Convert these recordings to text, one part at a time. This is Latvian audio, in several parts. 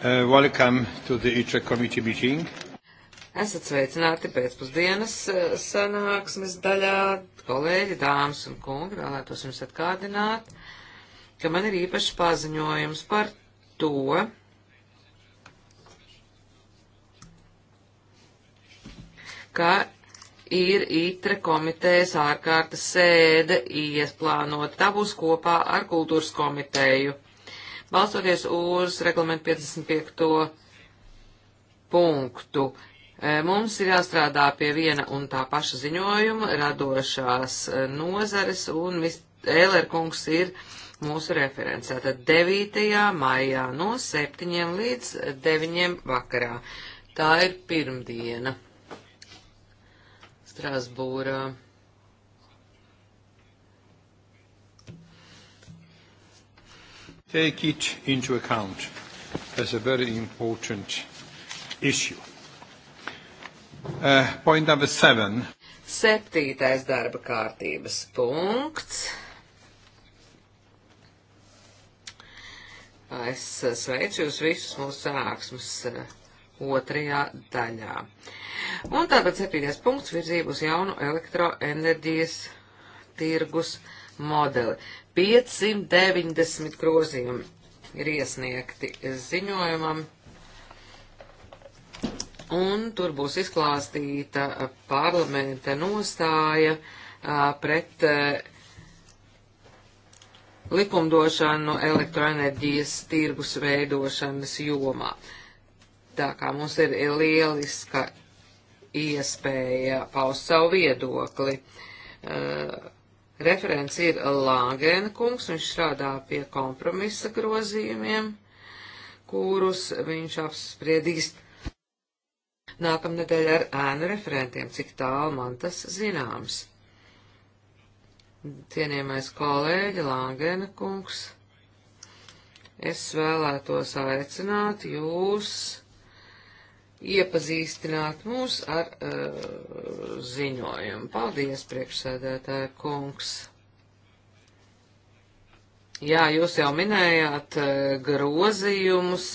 Uh, welcome to the ITRE committee meeting. Esat sveicināti pēcpusdienas uh, sanāksmes daļā. Kolēģi, dāmas un kungi, vēlētos jums atgādināt, ka man ir īpašs paziņojums par to, ka ir ITRE komitejas ārkārtas sēde ieplānota. Tā būs kopā ar kultūras komiteju balstoties uz reglamentu 55. punktu. E, mums ir jāstrādā pie viena un tā paša ziņojuma, radošās e, nozares, un Ēlerkungs ir mūsu referents. Tātad 9. maijā no 7. līdz 9. vakarā. Tā ir pirmdiena Strasbūrā. Take it into account as a very important issue. Uh, point number seven. Septītais darba kārtības punkts. Es uh, sveicu jūs visus mūsu sanāksmes uh, otrajā daļā. Un tātad septītais punkts virzību uz jaunu elektroenerģijas tirgus modeli. 590 grozījumi ir iesniegti ziņojumam, un tur būs izklāstīta parlamenta nostāja pret likumdošanu elektroenerģijas tirgus veidošanas jomā. Tā kā mums ir lieliska iespēja paust savu viedokli. Uh, Referents ir Lāgēna kungs, viņš strādā pie kompromisa grozījumiem, kurus viņš apspriedīs nākamnedēļ ar ēnu referentiem, cik tālu man tas zināms. Cienījamais kolēģi Lāgēna kungs, es vēlētos aicināt jūs iepazīstināt mūs ar uh, ziņojumu. Paldies, priekšsēdētāja kungs! Jā, jūs jau minējāt uh, grozījumus,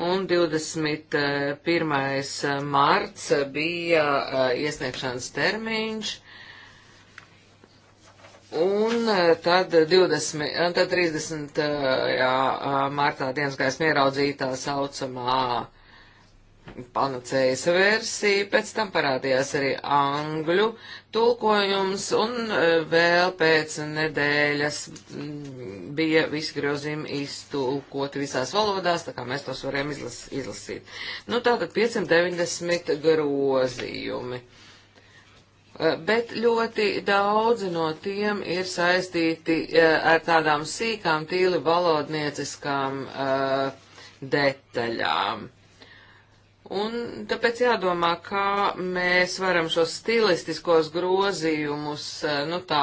un 21. Uh, marts bija uh, iesniegšanas termiņš, un tad, 20, tad 30. Jā, martā dienas gaisma ieraudzītā saucamā uh, panacējas versija, pēc tam parādījās arī angļu tulkojums, un e, vēl pēc nedēļas bija visi grozījumi iztulkoti visās valodās, tā kā mēs tos varējām izlas, izlasīt. Nu, tātad 590 grozījumi. E, bet ļoti daudzi no tiem ir saistīti e, ar tādām sīkām, tīli valodnieciskām detaļām. Un tāpēc jādomā, kā mēs varam šos stilistiskos grozījumus, eh, nu tā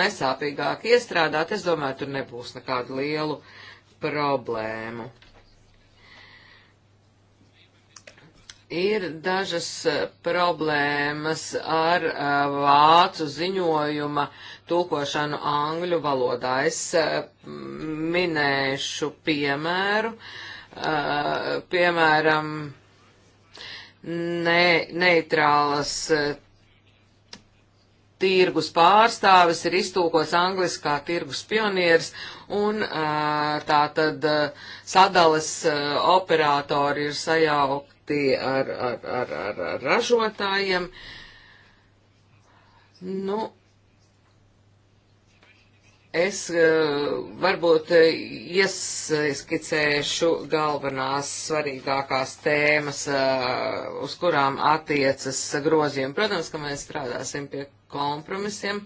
nesāpīgāk iestrādāt. Es domāju, tur nebūs nekādu lielu problēmu. ir dažas eh, problēmas ar uh, vācu ziņojuma tūkošanu angļu valodā. Es uh, minēšu piemēru. Uh, piemēram, ne, neitrālas eh, tirgus pārstāvis ir iztūkots angliski kā tirgus pionieris, un eh, tā tad eh, sadales operatori ir sajaukti ar, ar, ar, ar, ar ražotājiem. Nu, Es eh, varbūt eh, ieskicēšu galvenās svarīgākās tēmas, eh, uz kurām attiecas grozījumi. Protams, ka mēs strādāsim pie kompromisiem,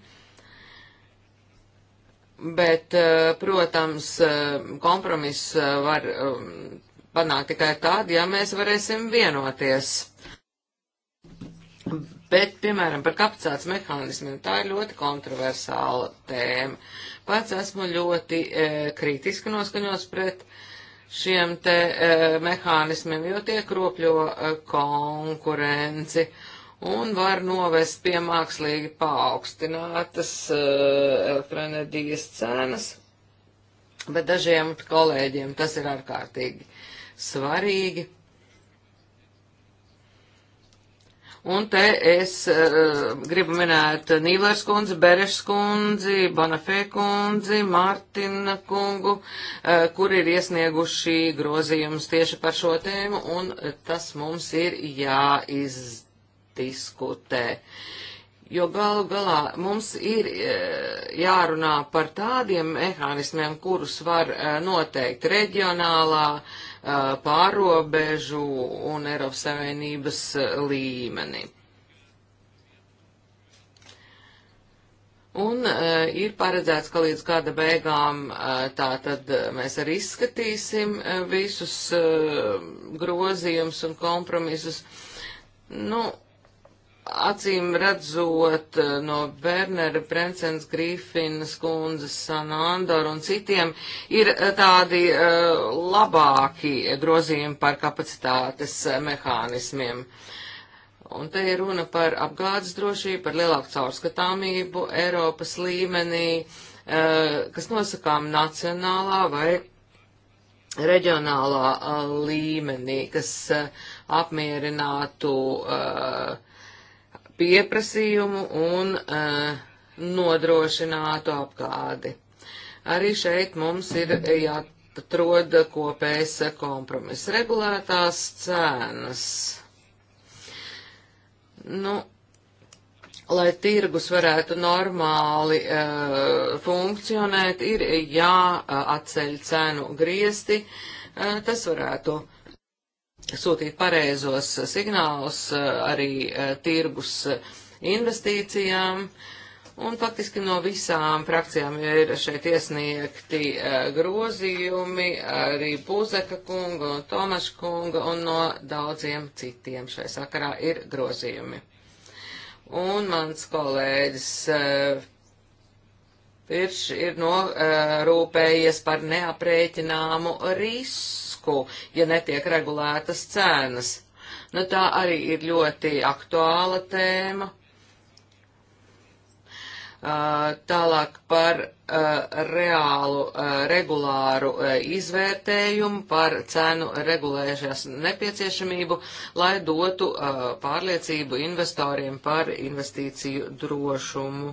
bet, protams, kompromis var panākt tikai tad, ja mēs varēsim vienoties. Bet, piemēram, par kapacitātes mehānismiem tā ir ļoti kontroversāla tēma. Pats esmu ļoti e, kritiski noskaņots pret šiem te e, mehānismiem, jo tie kropļo e, konkurenci un var novest pie mākslīgi paaugstinātas e, elektroenerģijas cenas. Bet dažiem kolēģiem tas ir ārkārtīgi svarīgi Un te es uh, gribu minēt Nīlers kundzi, Berešs kundzi, Bonafē kundzi, Mārtina kungu, uh, kur ir iesnieguši grozījumus tieši par šo tēmu, un tas mums ir jāizdiskutē. Jo galu galā mums ir uh, jārunā par tādiem mehānismiem, kurus var uh, noteikt reģionālā, uh, pārobežu un Eiropas Savienības līmeni. Un uh, ir paredzēts, ka līdz gada beigām uh, tā tad mēs arī izskatīsim uh, visus uh, grozījumus un kompromisus. Nu, uh, Acīm redzot eh, no Bernera, Prencens, Grīfinas, kundzes, Sanandora un citiem ir eh, tādi uh, labāki grozījumi par kapacitātes mehānismiem. Un te ir runa par apgādes drošību, par lielāku caurskatāmību Eiropas līmenī, uh, kas nosakām nacionālā vai reģionālā uh, līmenī, kas apmierinātu uh, pieprasījumu un uh, nodrošinātu apgādi. Arī šeit mums ir jāatrod kopējs kompromiss. Regulētās cenas. Nu, lai tirgus varētu normāli uh, funkcionēt, ir jāatceļ cenu griesti. Uh, tas varētu uh, sūtīt pareizos eh, signālus eh, arī eh, tirgus investīcijām. Un faktiski no visām frakcijām ir šeit iesniegti grozījumi arī Pūzeka kunga un Tomaša kunga un no daudziem citiem šai sakarā ir grozījumi. Un mans kolēģis Pirš ir norūpējies par neaprēķināmu risu risku, ja netiek regulētas cenas. Nu, tā arī ir ļoti aktuāla tēma. Tālāk par reālu, regulāru izvērtējumu, par cenu regulēšanas nepieciešamību, lai dotu pārliecību investoriem par investīciju drošumu.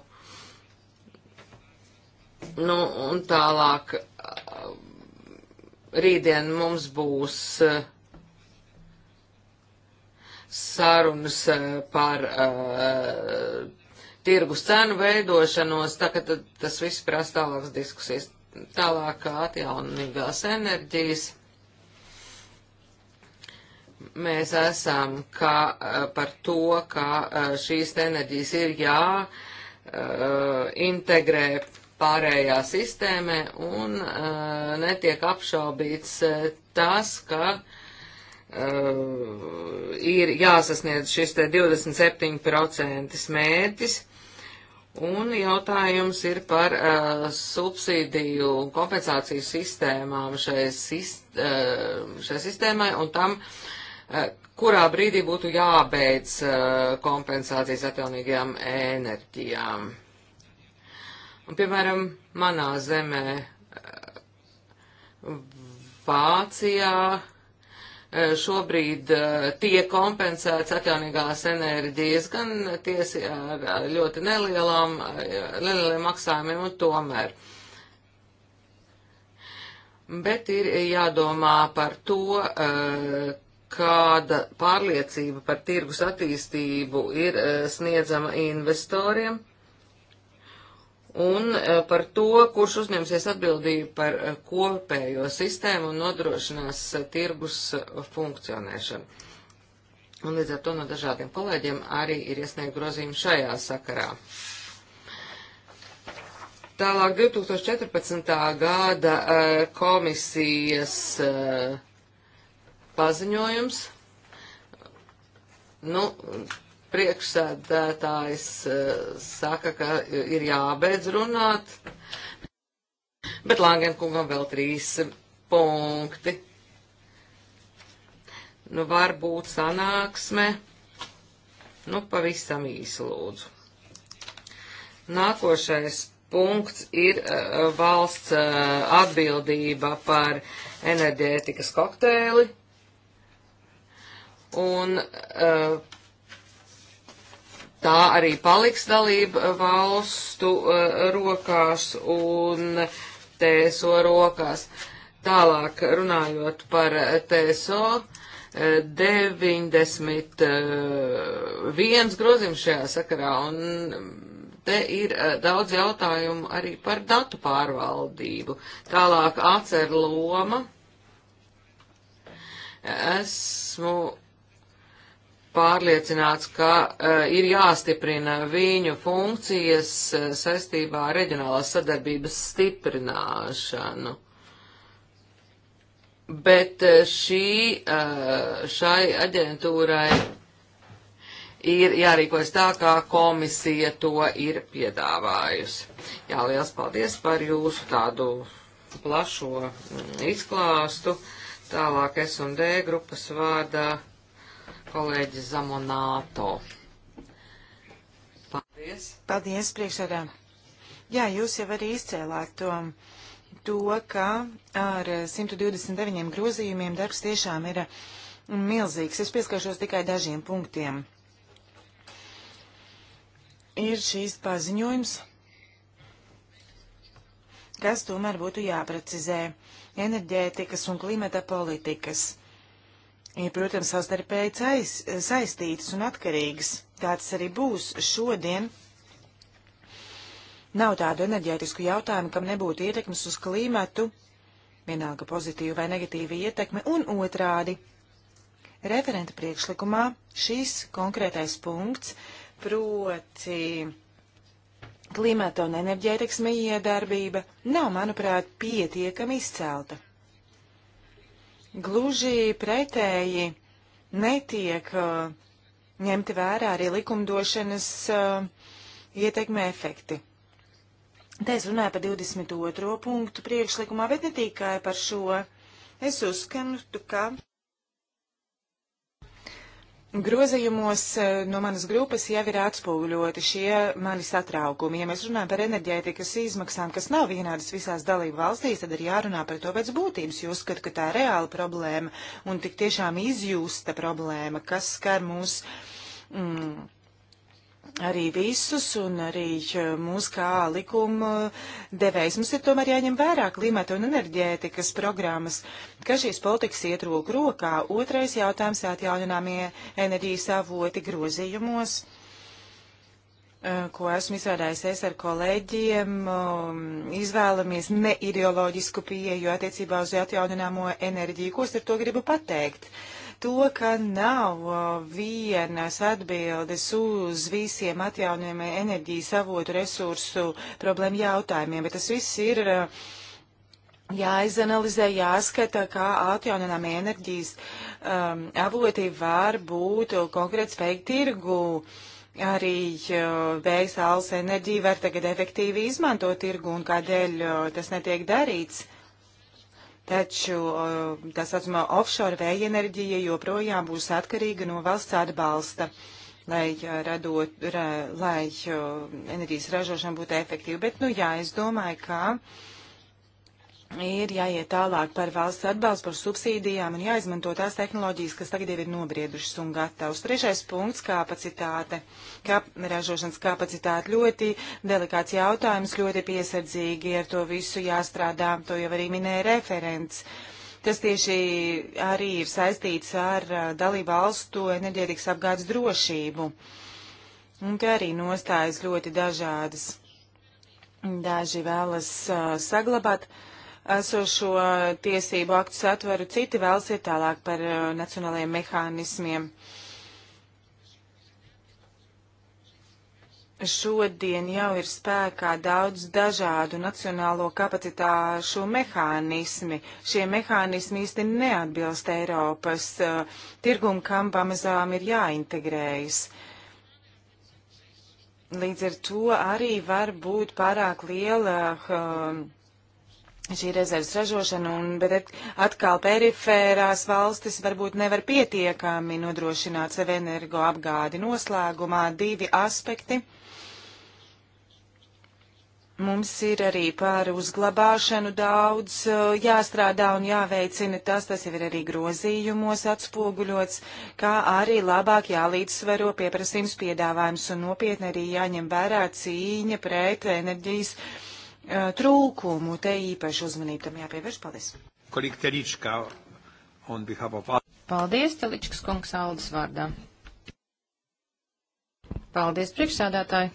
Nu, un tālāk rītdien mums būs eh, sarunas eh, par uh, tirgus cenu veidošanos, tā ka tas viss prasa tālākas diskusijas, tālāk atjaunīgās enerģijas. Mēs esam ka, par to, ka šīs enerģijas ir jā uh, integrē pārējā sistēmē un uh, netiek apšaubīts uh, tas, ka uh, ir jāsasniedz šis te 27% mērķis. Un jautājums ir par uh, subsīdiju un kompensāciju sistēmām šai, sist, uh, šai sistēmai un tam, uh, kurā brīdī būtu jābeidz uh, kompensācijas atjaunīgajām enerģijām. Un, piemēram, manā zemē, eh, Vācijā, eh, šobrīd eh, tiek kompensēts atjaunīgās enerģijas gan tiesi ar ļoti nelielām, nelieliem maksājumiem un tomēr. Bet ir jādomā par to, kāda pārliecība par tirgus attīstību ir sniedzama investoriem un eh, par to, kurš uzņemsies atbildību par eh, kopējo sistēmu un nodrošinās eh, tirgus funkcionēšanu. Un līdz ar to no dažādiem kolēģiem arī ir iesniegt grozījumi šajā sakarā. Tālāk 2014. gada komisijas paziņojums. Nu, priekšsēdētājs eh, saka, ka ir jābeidz runāt, bet Langenkungam vēl trīs punkti. Nu, varbūt sanāksme, nu, pavisam īsi lūdzu. Nākošais punkts ir uh, valsts uh, atbildība par enerģētikas kokteili. Un uh, tā arī paliks dalība valstu eh, rokās un TSO rokās. Tālāk runājot par TSO, 91 eh, eh, grozījums šajā sakarā, un te ir daudz jautājumu arī par datu pārvaldību. Tālāk atcer loma. Esmu pārliecināts, ka uh, ir jāstiprina viņu funkcijas uh, saistībā ar reģionālās sadarbības stiprināšanu. Bet uh, šī, uh, šai aģentūrai ir jārīkojas tā, kā komisija to ir piedāvājusi. Jā, liels paldies par jūsu tādu plašo mm, izklāstu. Tālāk S un D grupas vārdā kolēģi Zamonāto. Paldies. Paldies, priekšsēdā. Jā, jūs jau arī izcēlāt to, to, ka ar 129 grozījumiem darbs tiešām ir milzīgs. Es pieskaršos tikai dažiem punktiem. Ir šīs paziņojums, kas tomēr būtu jāprecizē enerģētikas un klimata politikas ir, protams, savstarpēji sais, saistītas un atkarīgas. Tāds arī būs šodien. Nav tādu enerģētisku jautājumu, kam nebūtu ietekmes uz klimatu, vienalga pozitīva vai negatīva ietekme, un otrādi. Referenta priekšlikumā šis konkrētais punkts, proti klimata un enerģētikas miedarbība, nav, manuprāt, pietiekami izcelta. Gluži pretēji netiek uh, ņemti vērā arī likumdošanas uh, ietekme efekti. Te es runāju par 22. punktu priekšlikumā, bet ne tikai par šo. Es uzskatu, ka Grozījumos eh, no manas grupas jau ir atspoguļoti šie mani satraukumi. Ja mēs runājam par enerģētikas izmaksām, kas nav vienādas visās dalību valstīs, tad ir jārunā par to pēc būtības. Jūs skat, ka tā ir reāla problēma un tik tiešām izjūsta problēma, kas skar mūs. Mm, arī visus un arī eh, mūs kā likuma devējs. Mums ir tomēr jāņem vērā klimata un enerģētikas programmas, ka šīs politikas iet roku rokā. Otrais jautājums - atjauninājumie enerģijas avoti grozījumos eh, ko esmu izrādājis es ar kolēģiem, um, izvēlamies neideoloģisku pieeju attiecībā uz atjaunināmo enerģiju. Ko es ar to gribu pateikt? Uh, to, ka nav uh, vienas atbildes uz visiem atjaunojumiem enerģijas avotu resursu problēmu jautājumiem, bet tas viss ir uh, jāizanalizē, jāskata, kā atjaunojumiem enerģijas um, avoti var būt konkrēti spēju tirgu. Arī uh, vēja saules enerģija var tagad efektīvi izmantot tirgu un kādēļ tas netiek darīts. Taču eh, tā saucamā offshore vēja enerģija joprojām būs atkarīga no valsts atbalsta, lai, eh, radot, ra, lai eh, enerģijas ražošana būtu efektīva. Bet, nu jā, es domāju, ka ir jāiet tālāk par valsts atbalstu, par subsīdijām un jāizmanto tās tehnoloģijas, kas tagad jau ir nobriedušas un gatavas. Trešais punkts - kapacitāte. Kap, ražošanas kapacitāte ļoti delikāts jautājums, ļoti piesardzīgi ar to visu jāstrādā, to jau arī minēja referents. Tas tieši arī ir saistīts ar uh, dalību valstu enerģētikas apgādes drošību, un ka arī nostājas ļoti dažādas. Daži vēlas uh, saglabāt uh, esošo tiesību aktu satveru, citi vēlas iet tālāk par uh, nacionālajiem mehānismiem. Šodien jau ir spēkā daudz dažādu nacionālo kapacitāšu mehānismi. Šie mehānismi īsti neatbilst Eiropas uh, tirgumu, kam pamazām ir jāintegrējas. Līdz ar to arī var būt pārāk liela uh, šī rezerves ražošana, un, bet atkal perifērās valstis varbūt nevar pietiekami nodrošināt sev energo apgādi. Noslēgumā divi aspekti. Mums ir arī par uzglabāšanu daudz jāstrādā un jāveicina tas, tas jau ir arī grozījumos atspoguļots, kā arī labāk jālīdzsvaro pieprasījums piedāvājums un nopietni arī jāņem vērā cīņa pret enerģijas uh, Eh, trūkumu. Te īpaši uzmanību tam jāpievērš. Paldies. Paldies, Teličkas kungs, Aldis vārdā. Paldies, priekšsādātāji.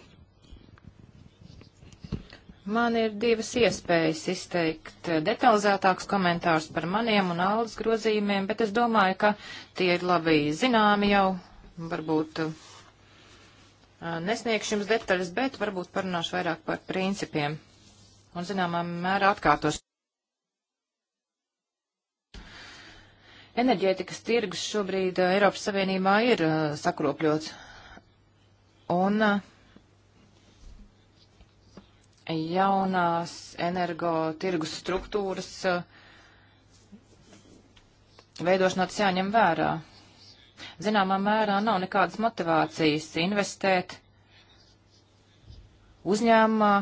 Man ir divas iespējas izteikt detalizētākus komentārus par maniem un Aldis grozījumiem, bet es domāju, ka tie ir labi zināmi jau, varbūt eh, nesniegšu jums detaļas, bet varbūt parunāšu vairāk par principiem un, zināmā mērā, atkārtos. Enerģētikas tirgus šobrīd eh, Eiropas Savienībā ir uh, sakropļots. Un uh, jaunās energo tirgus struktūras uh, veidošanā tas jāņem vērā. Zināmā mērā nav nekādas motivācijas investēt uzņēmumā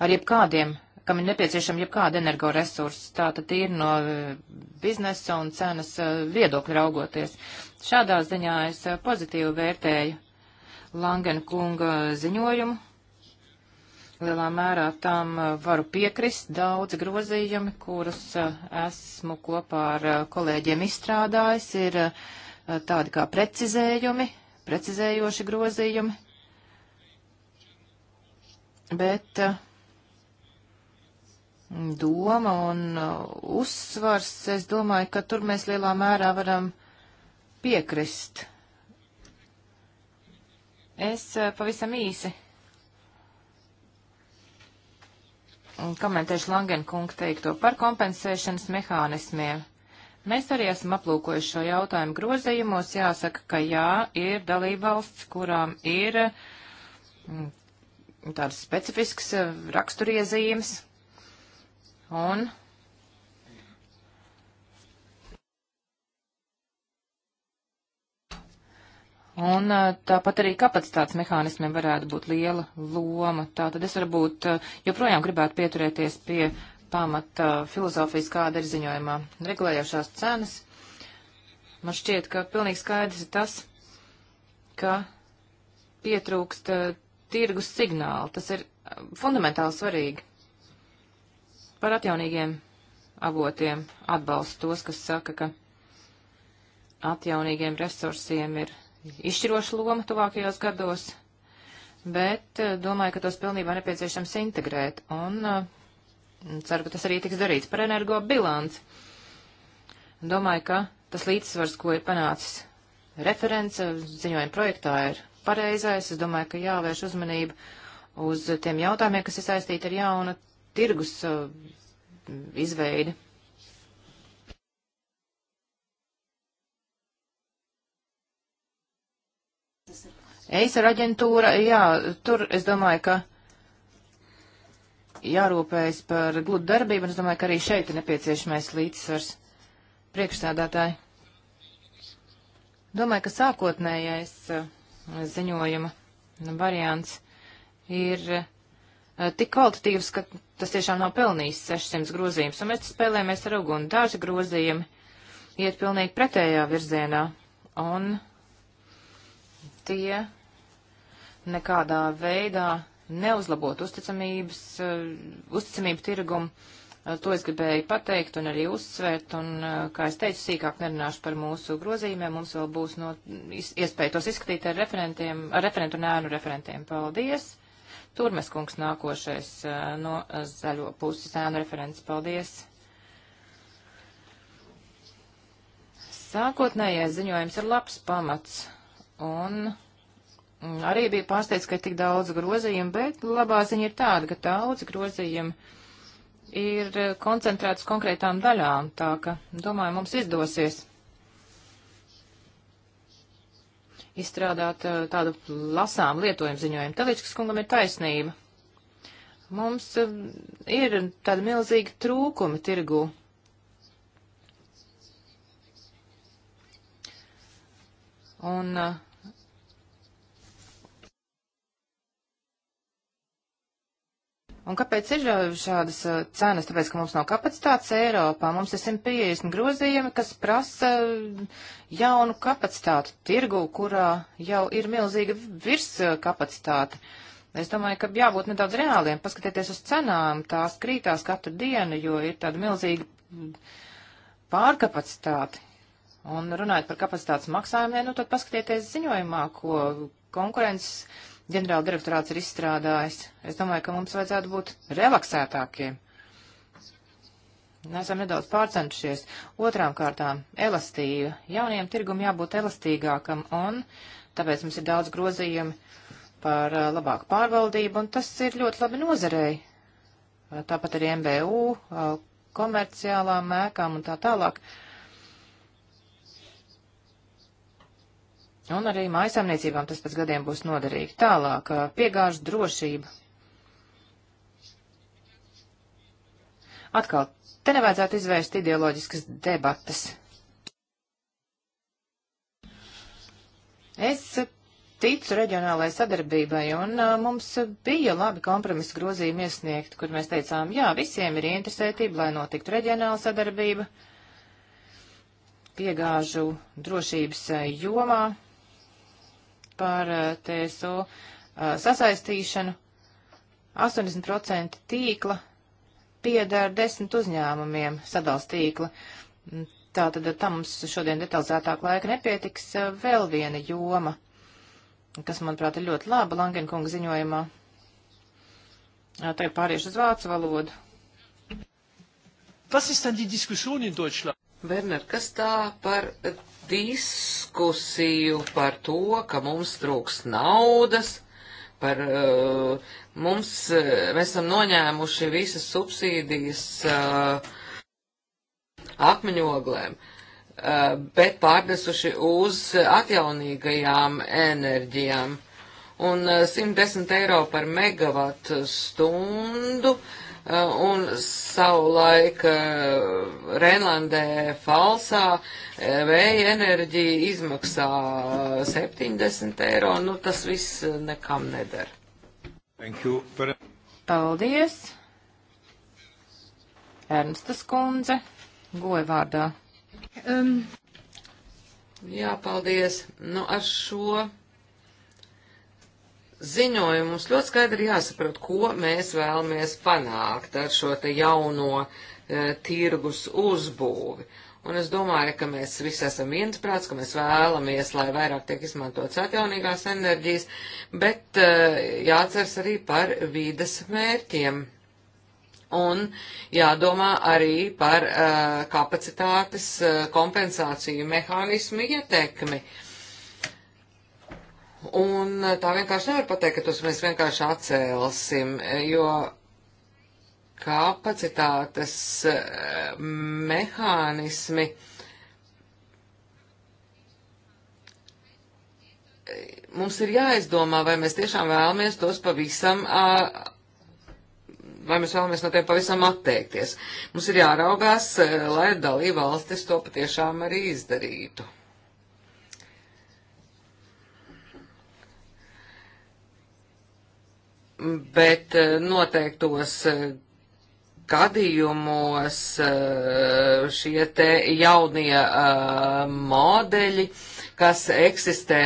ar jebkādiem kam ir nepieciešama jebkāda energoresursa. Tā tad ir no eh, biznesa un cenas eh, viedokļa raugoties. Šādā ziņā es eh, pozitīvi vērtēju Langena kunga ziņojumu. Lielā mērā tam varu piekrist daudz grozījumi, kurus esmu kopā ar kolēģiem izstrādājis, ir tādi kā precizējumi, precizējoši grozījumi. Bet uh, doma un uh, uzsvars, es domāju, ka tur mēs lielā mērā varam piekrist. Es uh, pavisam īsi komentēšu Langenkunga teikto par kompensēšanas mehānismiem. Mēs arī esam aplūkojuši šo jautājumu grozījumos. Jāsaka, ka jā, ir dalībvalsts, kurām ir mm, tādas specifiskas uh, raksturiezīmes, Un Un uh, tāpat arī kapacitātes mehānismiem varētu būt liela loma. Tātad es varbūt uh, joprojām gribētu pieturēties pie pamata filozofijas, kāda ir ziņojumā. Regulējošās cenas. Man šķiet, ka pilnīgi skaidrs ir tas, ka pietrūkst uh, tirgus signāli. Tas ir fundamentāli svarīgi. Par atjaunīgiem avotiem atbalstu tos, kas saka, ka atjaunīgiem resursiem ir izšķiroša loma tuvākajos gados, bet eh, domāju, ka tos pilnībā nepieciešams integrēt, un eh, ceru, ka tas arī tiks darīts par energo bilanci. Domāju, ka tas līdzsvars, ko ir panācis referents eh, ziņojuma projektā, ir pareizais. Es domāju, ka jāvērš uzmanība uz tiem jautājumiem, kas ir saistīti ar jaunu tirgus uh, izveidi. Eisar aģentūra, jā, tur es domāju, ka jārūpējas par gludu darbību, un es domāju, ka arī šeit ir nepieciešamais līdzsvars priekšstādātāji. Domāju, ka sākotnējais uh, ziņojuma variants ir uh, tik kvalitatīvs, ka tas tiešām nav pelnījis 600 grozījumus, un mēs spēlējamies ar uguni. Daži grozījumi iet pilnīgi pretējā virzienā, un tie nekādā veidā neuzlabot uzticamības, eh, uzticamību tirgumu. Eh, to es gribēju pateikt un arī uzsvērt, un, eh, kā es teicu, sīkāk nerunāšu par mūsu grozījumiem. Mums vēl būs no, iespēja tos izskatīt ar referentiem, ar referentu un ēnu referentiem. Paldies! Turmes kungs nākošais no zaļo puses ēnu referents. Paldies! Sākotnējais ziņojums ir labs pamats, un arī bija pārsteigts, ka ir tik daudz grozījumu, bet labā ziņa ir tāda, ka daudz grozījumu ir koncentrēts konkrētām daļām, tā ka, domāju, mums izdosies izstrādāt eh, tādu lasām lietojumu ziņojumu. Taličkas kungam ir taisnība. Mums eh, ir tāda milzīga trūkuma tirgu. Un uh, Un kāpēc ir uh, šādas uh, cenas? Tāpēc, ka mums nav kapacitātes Eiropā. Mums ir 150 grozījumi, kas prasa uh, jaunu kapacitātu tirgu, kurā jau ir milzīga virskapacitāte. Es domāju, ka jābūt nedaudz reāliem, paskatieties uz cenām, tās krītās katru dienu, jo ir tāda milzīga mm, pārkapacitāte. Un runājot par kapacitātes maksājumiem, nu tad paskatieties ziņojumā, ko konkurences ģenerāla direktorāts ir izstrādājis. Es domāju, ka mums vajadzētu būt relaksētākiem. Nesam nedaudz pārcentušies. Otrām kārtām - elastība. Jaunajam tirgum jābūt elastīgākam, un tāpēc mums ir daudz grozījumi par uh, labāku pārvaldību, un tas ir ļoti labi nozarei. Tāpat arī MBU, uh, komerciālām mēkām un tā tālāk. Uh, Un arī mājasemniecībām tas pēc gadiem būs noderīgi. Tālāk, piegāžu drošība. Atkal, te nevajadzētu izvērst ideoloģiskas debatas. Es ticu reģionālajai sadarbībai, un a, mums bija labi kompromisu grozījumi iesniegt, kur mēs teicām, jā, visiem ir interesētība, lai notiktu reģionāla sadarbība piegāžu drošības jomā par eh, TSO eh, sasaistīšanu. 80% tīkla piedara desmit uzņēmumiem sadalstīkla. Mm, Tātad tam mums šodien detalizētāk laika nepietiks eh, vēl viena joma, kas, manuprāt, ir ļoti laba Langenkunga ziņojumā. Tagad pāriešu uz vācu valodu. Tas ir tāda diskusija in Deutschland. Werner, kas tā par diskusiju par to, ka mums trūks naudas, par uh, mums, uh, mēs esam noņēmuši visas subsīdijas uh, akmeņoglēm, uh, bet pārnesuši uz atjaunīgajām enerģijām. Un 110 uh, eiro par megavatu stundu uh, Uh, un savu laiku uh, Renlandē falsā uh, vēja enerģija izmaksā 70 eiro, nu tas viss nekam neder. Paldies, Ernsta skundze, goja vārdā. Um. Jā, paldies. Nu, ar šo ziņojumu mums ļoti skaidri jāsaprot, ko mēs vēlamies panākt ar šo te jauno e, tirgus uzbūvi. Un es domāju, ka mēs visi esam viensprāts, ka mēs vēlamies, lai vairāk tiek izmantots atjaunīgās enerģijas, bet e, jāatceras arī par vīdes mērķiem. Un jādomā arī par uh, e, kapacitātes uh, kompensāciju mehānismu ietekmi. Uh, Un tā vienkārši nevar pateikt, ka tos mēs vienkārši atcēlsim, jo kapacitātes eh, mehānismi eh, mums ir jāizdomā, vai mēs tiešām vēlamies tos pavisam, eh, vai mēs vēlamies no tiem pavisam atteikties. Mums ir jāraugās, lai dalība valstis to patiešām arī izdarītu. bet eh, noteiktos eh, gadījumos eh, šie te jaunie modeļi, kas eksistē,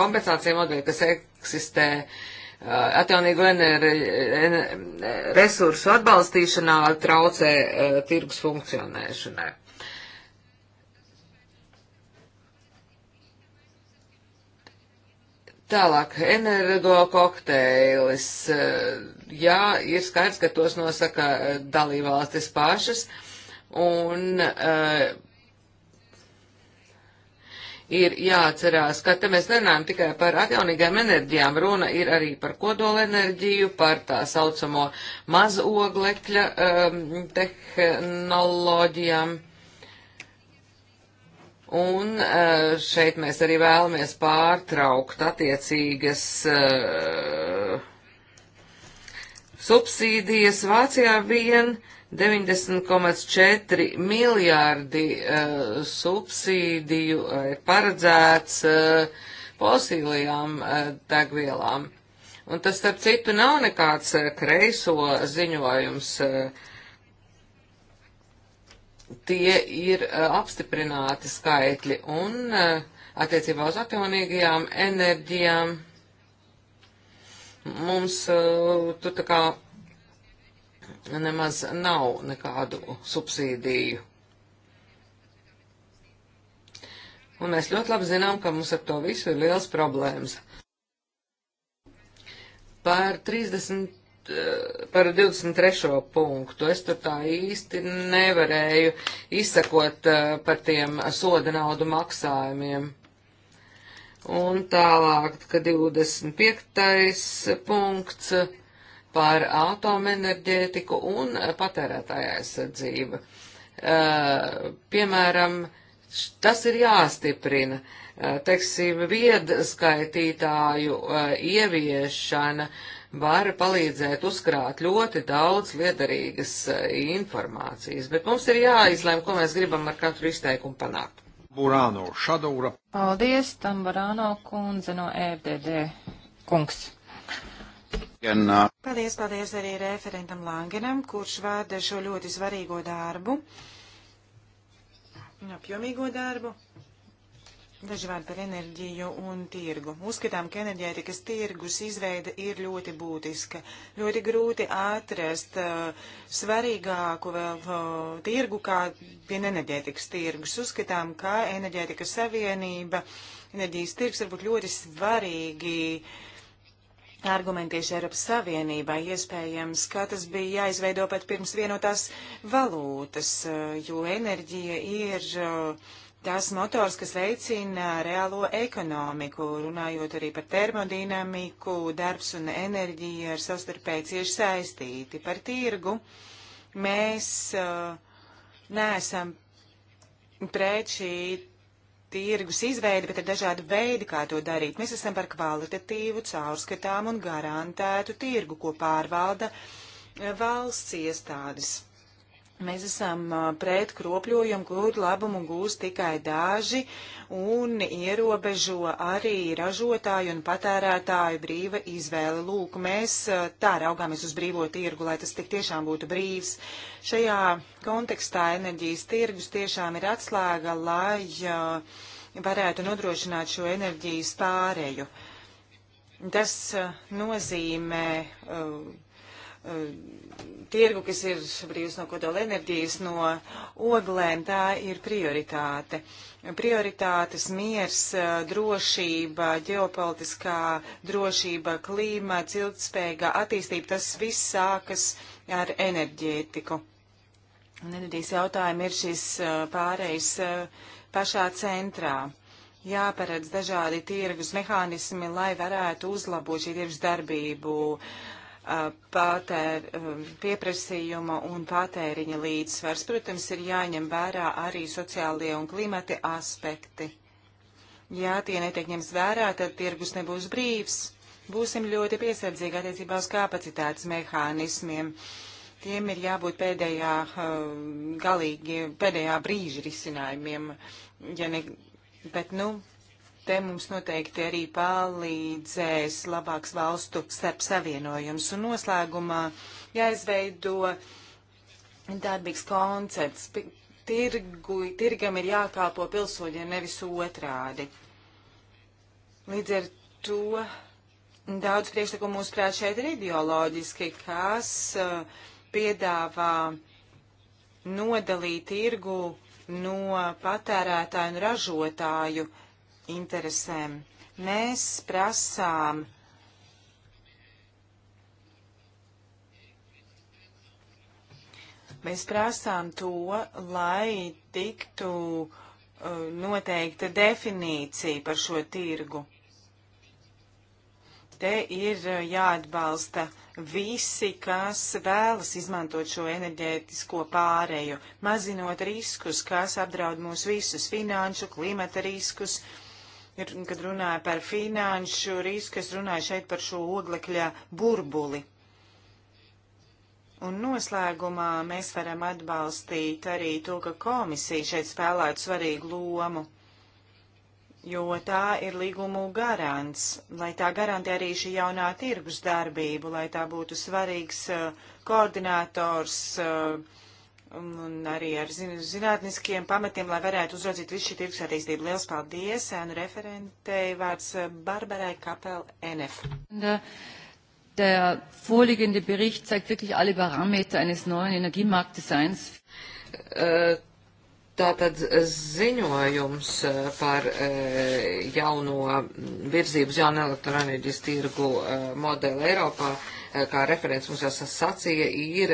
kompensācija modeļi, kas eksistē atjaunīgu resursu atbalstīšanā, traucē tirgus funkcionēšanai. Tālāk, energo kokteilis. Eh, jā, ir skaidrs, ka tos nosaka eh, dalībvalstis pašas, un uh, ir jāatcerās, ka te mēs nenājam tikai par atjaunīgām enerģijām, runa ir arī par kodolenerģiju, par tā saucamo mazoglekļa um, tehnoloģijām. Un eh, šeit mēs arī vēlamies pārtraukt attiecīgas eh, subsīdijas. Vācijā vien 90,4 miljārdi eh, subsīdiju ir paredzēts fosīlijām degvielām. Un tas, starp citu, nav nekāds kreiso ziņojums. Uh, tie ir eh, apstiprināti skaitļi un eh, attiecībā uz atjaunīgajām enerģijām mums eh, tur tā kā nemaz nav nekādu subsīdiju. Un mēs ļoti labi zinām, ka mums ar to visu ir liels problēmas. Par 30 Eh, par 23. punktu. Es tur tā īsti nevarēju izsakot eh, par tiem soda naudu maksājumiem. Un tālāk, ka 25. punkts par atomenerģētiku un patērētāja aizsardzību. Eh, piemēram, tas ir jāstiprina teiksim, viedskaitītāju ieviešana var palīdzēt uzkrāt ļoti daudz liederīgas eh, informācijas, bet mums ir jāizlēm, ko mēs gribam ar katru izteikumu panākt. Burāno, Šadūra. Paldies, Tamburāno kundze no FDD. Kungs. Uh, paldies, paldies arī referentam Langenam, kurš vada šo ļoti svarīgo darbu, apjomīgo darbu. Daži vārdi par enerģiju un tirgu. Uzskatām, ka enerģētikas tirgus izveida ir ļoti būtiska. Ļoti grūti atrast uh, svarīgāku vēl uh, tirgu kā vien enerģētikas tirgus. Uzskatām, ka enerģētikas savienība, enerģijas tirgs var būt ļoti svarīgi uh, argumenti tieši Eiropas Savienībai. Iespējams, ka tas bija jāizveido pat pirms vienotās valūtas, uh, jo enerģija ir uh, tas motors, kas veicina reālo ekonomiku, runājot arī par termodinamiku, darbs un enerģija ir savstarpēji cieši saistīti. Par tirgu mēs uh, neesam pret šī tirgus izveidi, bet ir dažādi veidi, kā to darīt. Mēs esam par kvalitatīvu, caurskatām un garantētu tirgu, ko pārvalda uh, valsts iestādes. Mēs esam pret kropļojumu, kur labumu gūs tikai daži un ierobežo arī ražotāju un patērētāju brīva izvēle. Lūk, mēs tā raugāmies uz brīvo tirgu, lai tas tik tiešām būtu brīvs. Šajā kontekstā enerģijas tirgus tiešām ir atslēga, lai varētu nodrošināt šo enerģijas pārēju. Tas nozīmē. Uh, Eh, tirgu, kas ir brīvs no kodola enerģijas, no oglēm, tā ir prioritāte. Prioritātes miers, eh, drošība, ģeopolitiskā drošība, klīmats, ilgspējīgā attīstība, tas viss sākas ar enerģētiku. Un enerģijas jautājumi ir šis eh, pārējs pašā centrā jāparedz dažādi tirgus mehānismi, lai varētu uzlabot šī tirgus darbību, patēr, um, pieprasījuma un patēriņa līdzsvars. Protams, ir jāņem vērā arī sociālie un klimati aspekti. Ja tie netiek ņemts vērā, tad tirgus nebūs brīvs. Būsim ļoti piesardzīgi attiecībā uz kapacitātes mehānismiem. Tiem ir jābūt pēdējā um, galīgi, pēdējā brīža risinājumiem, ja ne, bet, nu, Te mums noteikti arī palīdzēs labāks valstu starp savienojums un noslēgumā jāizveido darbīgs koncepts. Tirgu, tirgam ir jākalpo pilsoņiem, nevis otrādi. Līdz ar to daudz priekšlikumu mūsuprāt šeit ir ideoloģiski, kas uh, piedāvā nodalīt tirgu no patērētāju un ražotāju uh, interesēm. Mēs prasām Mēs prasām to, lai tiktu uh, noteikta definīcija par šo tirgu. Te ir uh, jāatbalsta visi, kas vēlas izmantot šo enerģētisko pāreju, mazinot riskus, kas apdraud mūs visus - finanšu, klimata riskus, uh, ir, kad runāju par finanšu risku, es runāju šeit par šo oglekļa burbuli. Un noslēgumā mēs varam atbalstīt arī to, ka komisija šeit spēlētu svarīgu lomu, jo tā ir līgumu garants, lai tā garantē arī šī jaunā tirgus darbību, lai tā būtu svarīgs uh, koordinators uh, un arī ar zinātniskiem pamatiem, lai varētu uzraudzīt visu šī tirgus attīstību. Liels paldies, ēnu referentei vārds eh, Barbarai Kapel NF. Äh, der vorliegende Bericht zeigt wirklich alle Parameter eines neuen Energiemarktdesigns. Äh, Tātad ziņojums äh, par jauno virzību uz jaunu elektroenerģijas tirgu modeli Eiropā, kā referents mums jau sacīja, ir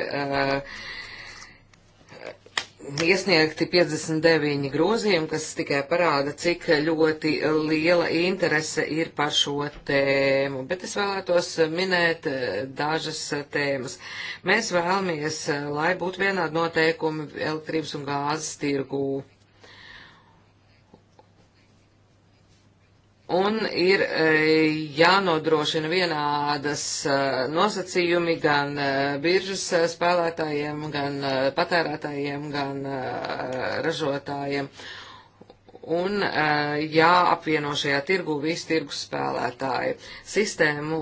iesniegti 59 grozījumi, kas tikai parāda, cik ļoti liela interese ir par šo tēmu. Bet es vēlētos minēt eh, dažas tēmas. Mēs vēlamies, eh, lai būtu vienādi noteikumi elektrības un gāzes tirgū. Un ir e, jānodrošina vienādas e, nosacījumi gan e, biržas spēlētājiem, gan patērētājiem, gan ražotājiem. Un jāapvieno šajā tirgu visi tirgus spēlētāji. Sistēmu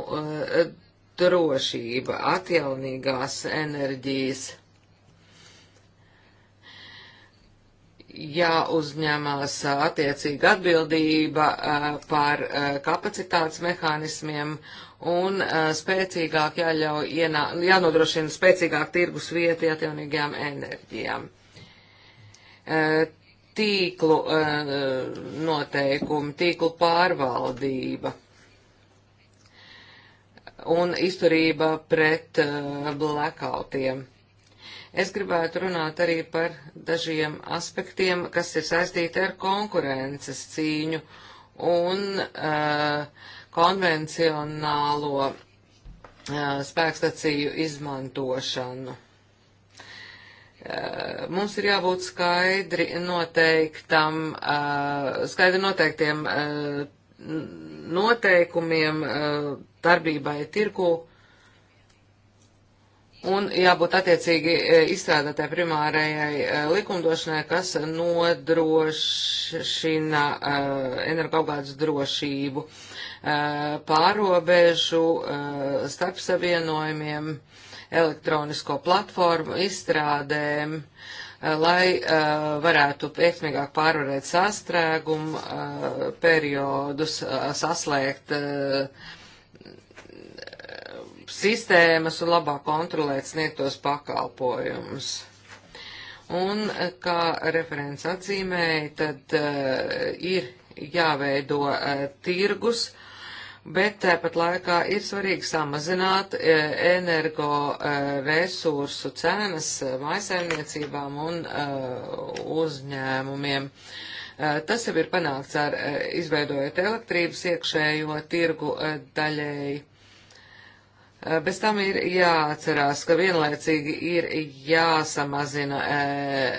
drošība, atjaunīgās enerģijas jāuzņemas attiecīga atbildība par kapacitātes mehānismiem un spēcīgāk jāļauj, ienā, jānodrošina spēcīgāk tirgus vieti atjaunīgajām enerģijām. Tīklu noteikumi, tīklu pārvaldība un izturība pret blackoutiem. Es gribētu runāt arī par dažiem aspektiem, kas ir saistīti ar konkurences cīņu un uh, konvencionālo uh, spēkstaciju izmantošanu. Uh, mums ir jābūt skaidri noteiktam, uh, skaidri noteiktiem uh, noteikumiem darbībai tirku un jābūt attiecīgi e, izstrādātai primārajai e, likumdošanai, kas nodrošina e, energoapgādes drošību pārobežu starp savienojumiem, elektronisko platformu izstrādēm, lai varētu veiksmīgāk pārvarēt sastrēgumu periodus, saslēgt sistēmas un labāk kontrolēt sniegtos pakalpojumus. Un, eh, kā referents atzīmēja, tad uh, ir jāveido uh, tirgus, bet tāpat laikā ir svarīgi samazināt uh, energo uh, resursu cenas uh, maisaimniecībām un uh, uzņēmumiem. Uh, Tas jau ir panākts ar izveidojot elektrības iekšējo tirgu daļēji. Eh, bez tam ir jāatcerās, ka vienlaicīgi ir jāsamazina eh,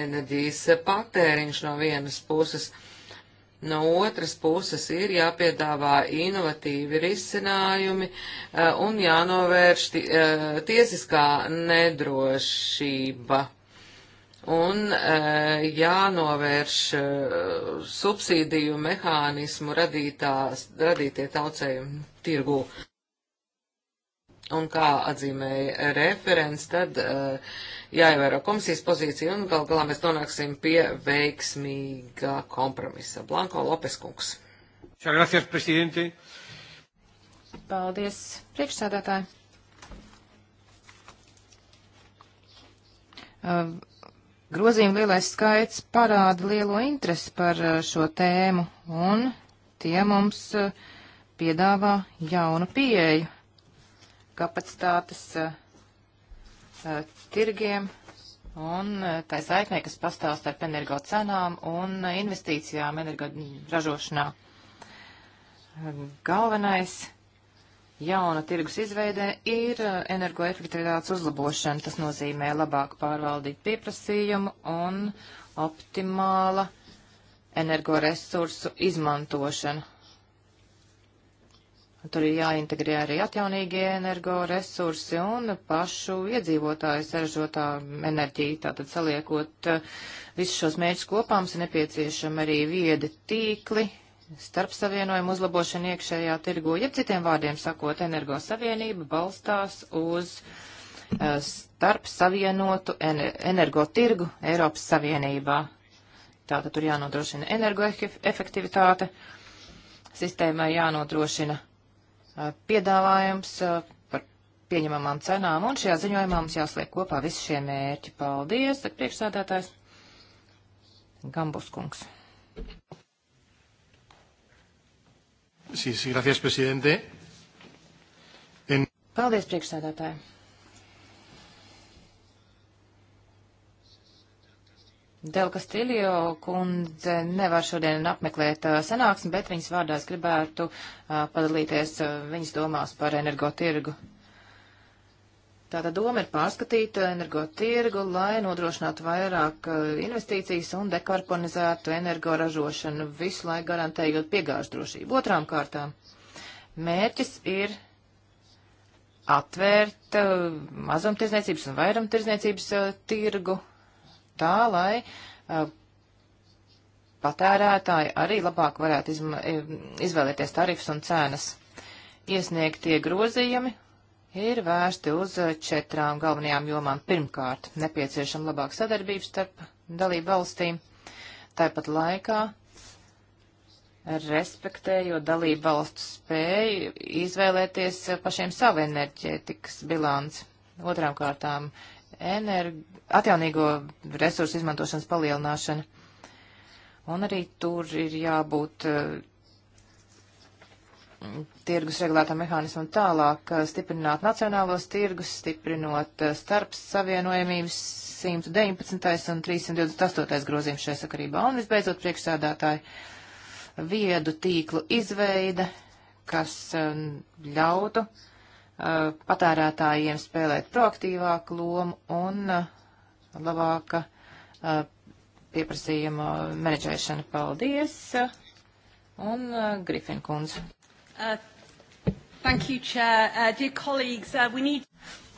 enerģijas patēriņš no vienas puses, no otras puses ir jāpiedāvā inovatīvi risinājumi eh, un jānovērš tiesiskā nedrošība un jānovērš subsīdiju mehānismu radītās, radītie taucējumi tirgū. Un kā atzīmēja referents, tad uh, jāievēro komisijas pozīcija un gal galā mēs nonāksim pie veiksmīgā kompromisa. Blanko Lopes kungs. Gracias, presidente. Paldies, priekšsādātāji. Uh, Grozījuma lielais skaits parāda lielo interesi par uh, šo tēmu, un tie mums piedāvā jaunu pieeju kapacitātes eh, eh, tirgiem un eh, tā saiknē, kas pastāv starp energo cenām un investīcijām energo ražošanā. Galvenais jauna tirgus izveidē ir energoefektivitātes uzlabošana. Tas nozīmē labāk pārvaldīt pieprasījumu un optimāla energoresursu izmantošana. Tur ir jāintegrē arī atjaunīgie energoresursi un pašu iedzīvotāju saražotā enerģija. Tātad saliekot eh, visus šos mērķus kopā, mums ir nepieciešama arī viedi tīkli, starp savienojumu uzlabošana iekšējā tirgu. Ja citiem vārdiem sakot, energo savienība balstās uz eh, starp savienotu energo tirgu Eiropas Savienībā. Tātad tur jānodrošina energoefektivitāte, sistēmai jānodrošina piedāvājums par pieņemamām cenām, un šajā ziņojumā mums jāsliek kopā visi šie mērķi. Paldies, tad priekšsādātājs Gambuskungs. Sí, sí, gracias, presidente. En... Paldies, priekšsādātāji. Del Castillo kundze nevar šodien apmeklēt uh, sanāksmi, bet viņas vārdā es gribētu uh, padalīties uh, viņas domās par energotirgu. Tātad doma ir pārskatīt uh, energotirgu, lai nodrošinātu vairāk uh, investīcijas un dekarbonizētu energoražošanu, visu laiku garantējot piegāžu drošību. Otrām kārtām mērķis ir atvērt uh, mazumtirdzniecības un vairumtirdzniecības tirgu tā, lai uh, patērētāji arī labāk varētu izvēlēties tarifus un cenas. Iesniegtie grozījumi ir vērsti uz četrām galvenajām jomām. Pirmkārt, nepieciešama labāka sadarbība starp dalību valstīm, tāpat laikā respektējot dalību valstu spēju izvēlēties pašiem savu enerģētikas bilanci. Otrām kārtām energi, atjaunīgo resursu izmantošanas palielināšana. Un arī tur ir jābūt uh, tirgus regulētā mehānismam tālāk, uh, stiprināt nacionālos tirgus, stiprinot uh, eh, starp savienojamības 119. un 328. grozījums šajā sakarībā. Un visbeidzot priekšsādātāju viedu tīklu izveida, kas ļautu uh, Eh, patērētājiem spēlēt proaktīvāku lomu un eh, labāka eh, pieprasījuma menedžēšana. Paldies! Un Grifin kundze. Uh, thank you, Chair. Uh, dear colleagues, uh, we need.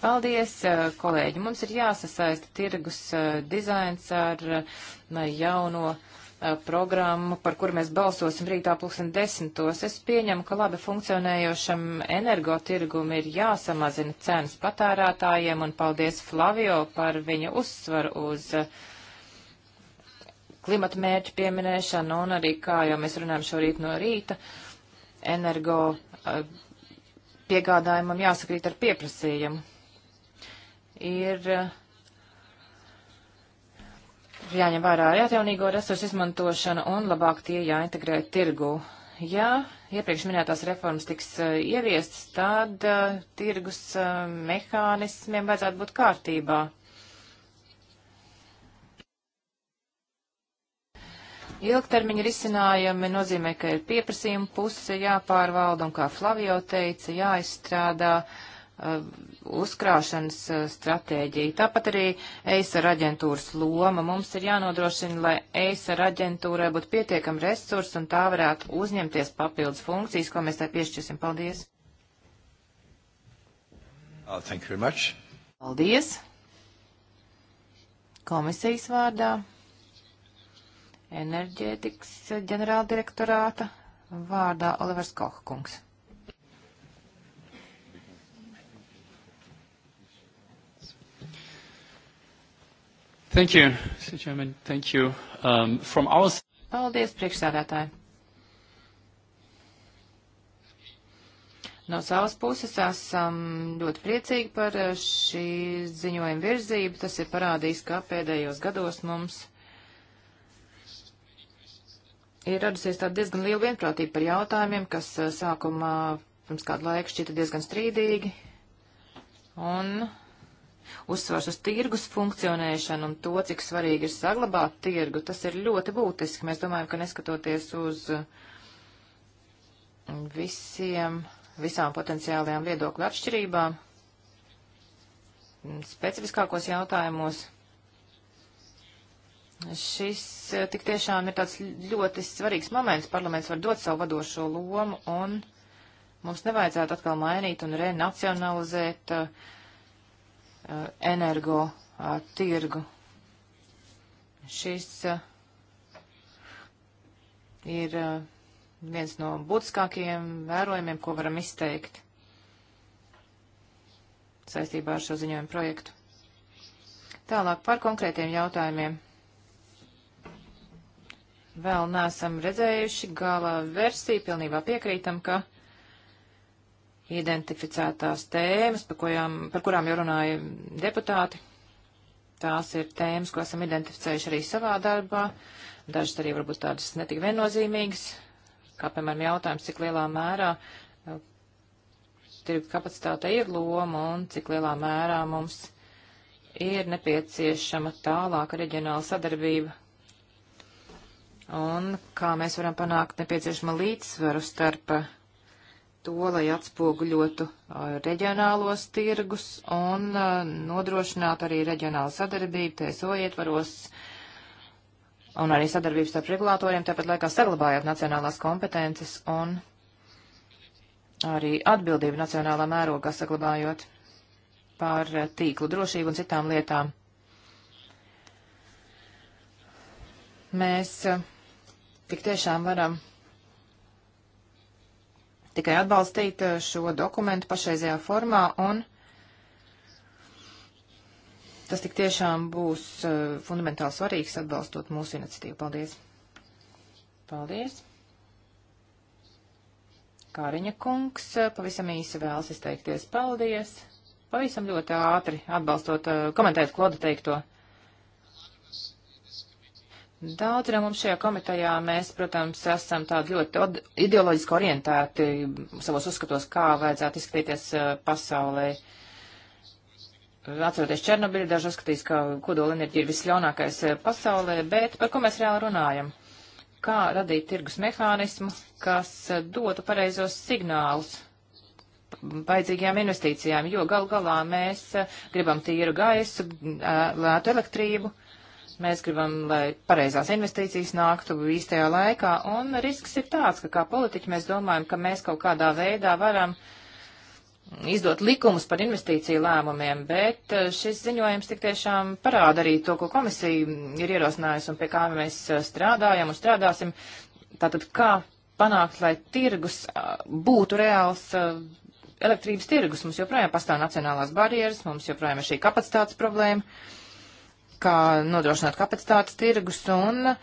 Paldies, kolēģi. Mums ir jāsasaista tirgus dizains ar jauno programmu, par kuru mēs balsosim rītā pulksten desmitos. Es pieņemu, ka labi funkcionējošam energotirgum ir jāsamazina cenas patērētājiem, un paldies Flavio par viņa uzsvaru uz klimata mērķu pieminēšanu, un arī, kā jau mēs runājam šorīt no rīta, energo piegādājumam jāsakrīt ar pieprasījumu. Ir uh, jāņem vērā arī atjaunīgo resursu izmantošana un labāk tie jāintegrē tirgu. Ja iepriekš minētās reformas tiks uh, ieviestas, tad uh, tirgus uh, mehānismiem vajadzētu būt kārtībā. Ilgtermiņa risinājumi nozīmē, ka ir pieprasījuma puse jāpārvalda un, kā Flavio teica, jāizstrādā uh, Uh, uzkrāšanas uh, stratēģiju. Tāpat arī EISAR aģentūras loma. Mums ir jānodrošina, lai EISAR aģentūrai būtu pietiekami resursi un tā varētu uzņemties papildus funkcijas, ko mēs tai piešķirsim. Paldies! Oh, thank you very much. Paldies! Komisijas vārdā enerģētikas ģenerāldirektorāta vārdā Olivers Kohkungs. Thank you, Mr. Chairman. Thank you. Um, from our... Paldies, priekšsēdētāji. No savas puses esam ļoti priecīgi par šī ziņojuma virzību. Tas ir parādījis, kā pēdējos gados mums ir radusies tāda diezgan liela vienprātība par jautājumiem, kas uh, sākumā pirms kādu laiku šķita diezgan strīdīgi. Un Uzsvars uz tirgus funkcionēšanu un to, cik svarīgi ir saglabāt tirgu, tas ir ļoti būtiski. Mēs domājam, ka neskatoties uz mm, visiem, visām potenciālajām viedokļu atšķirībām, mm, specifiskākos jautājumos, šis eh, tik tiešām ir tāds ļoti svarīgs moments. Parlaments var dot savu vadošo lomu un mums nevajadzētu atkal mainīt un renacionalizēt uh, Eh, energo eh, tirgu. Šis eh, ir viens no būtiskākajiem vērojumiem, ko varam izteikt saistībā ar šo ziņojumu projektu. Tālāk par konkrētiem jautājumiem. Vēl neesam redzējuši gala versiju, pilnībā piekrītam, ka identificētās tēmas, par, kojām, par kurām jau runāja deputāti. Tās ir tēmas, ko esam identificējuši arī savā darbā. Dažas arī varbūt tādas netik viennozīmīgas, kā piemēram jautājums, cik lielā mērā uh, tirgu kapacitāte ir loma un cik lielā mērā mums ir nepieciešama tālāka reģionāla sadarbība un kā mēs varam panākt nepieciešama līdzsvaru starp uh, to, lai atspoguļotu reģionālos tirgus un nodrošinātu arī reģionālu sadarbību TSO ietvaros un arī sadarbību starp regulātoriem, tāpat laikā saglabājot nacionālās kompetences un arī atbildību nacionālā mērogā saglabājot par tīklu drošību un citām lietām. Mēs tik tiešām varam tikai atbalstīt eh, šo dokumentu pašreizajā formā un tas tik tiešām būs eh, fundamentāli svarīgs atbalstot mūsu iniciatīvu. Paldies! Paldies! Kāriņa kungs eh, pavisam īsi vēlas izteikties. Paldies! Pavisam ļoti ātri atbalstot, komentēt Kloda teikto. Daudz no mums šajā komitejā mēs, protams, esam tādi ļoti ideoloģiski orientēti savos uzskatos, kā vajadzētu izskatīties uh, pasaulē. Atceroties Černobiļu, daži uzskatīs, ka kodola enerģija ir visļaunākais uh, pasaulē, bet par ko mēs reāli runājam? Kā radīt tirgus mehānismu, kas uh, dotu pareizos signālus vajadzīgajām investīcijām, jo gal galā mēs uh, gribam tīru gaisu, lētu elektrību Mēs gribam, lai pareizās investīcijas nāktu īstajā laikā, un risks ir tāds, ka kā politiķi mēs domājam, ka mēs kaut kādā veidā varam izdot likumus par investīciju lēmumiem, bet eh, šis ziņojums tik tiešām parāda arī to, ko komisija ir ierosinājusi un pie kā mēs eh, strādājam un strādāsim. Tātad kā panākt, lai tirgus eh, būtu reāls elektrības tirgus. Mums joprojām pastāv nacionālās barjeras, mums joprojām ir šī kapacitātes problēma kā nodrošināt kapacitātes tirgus un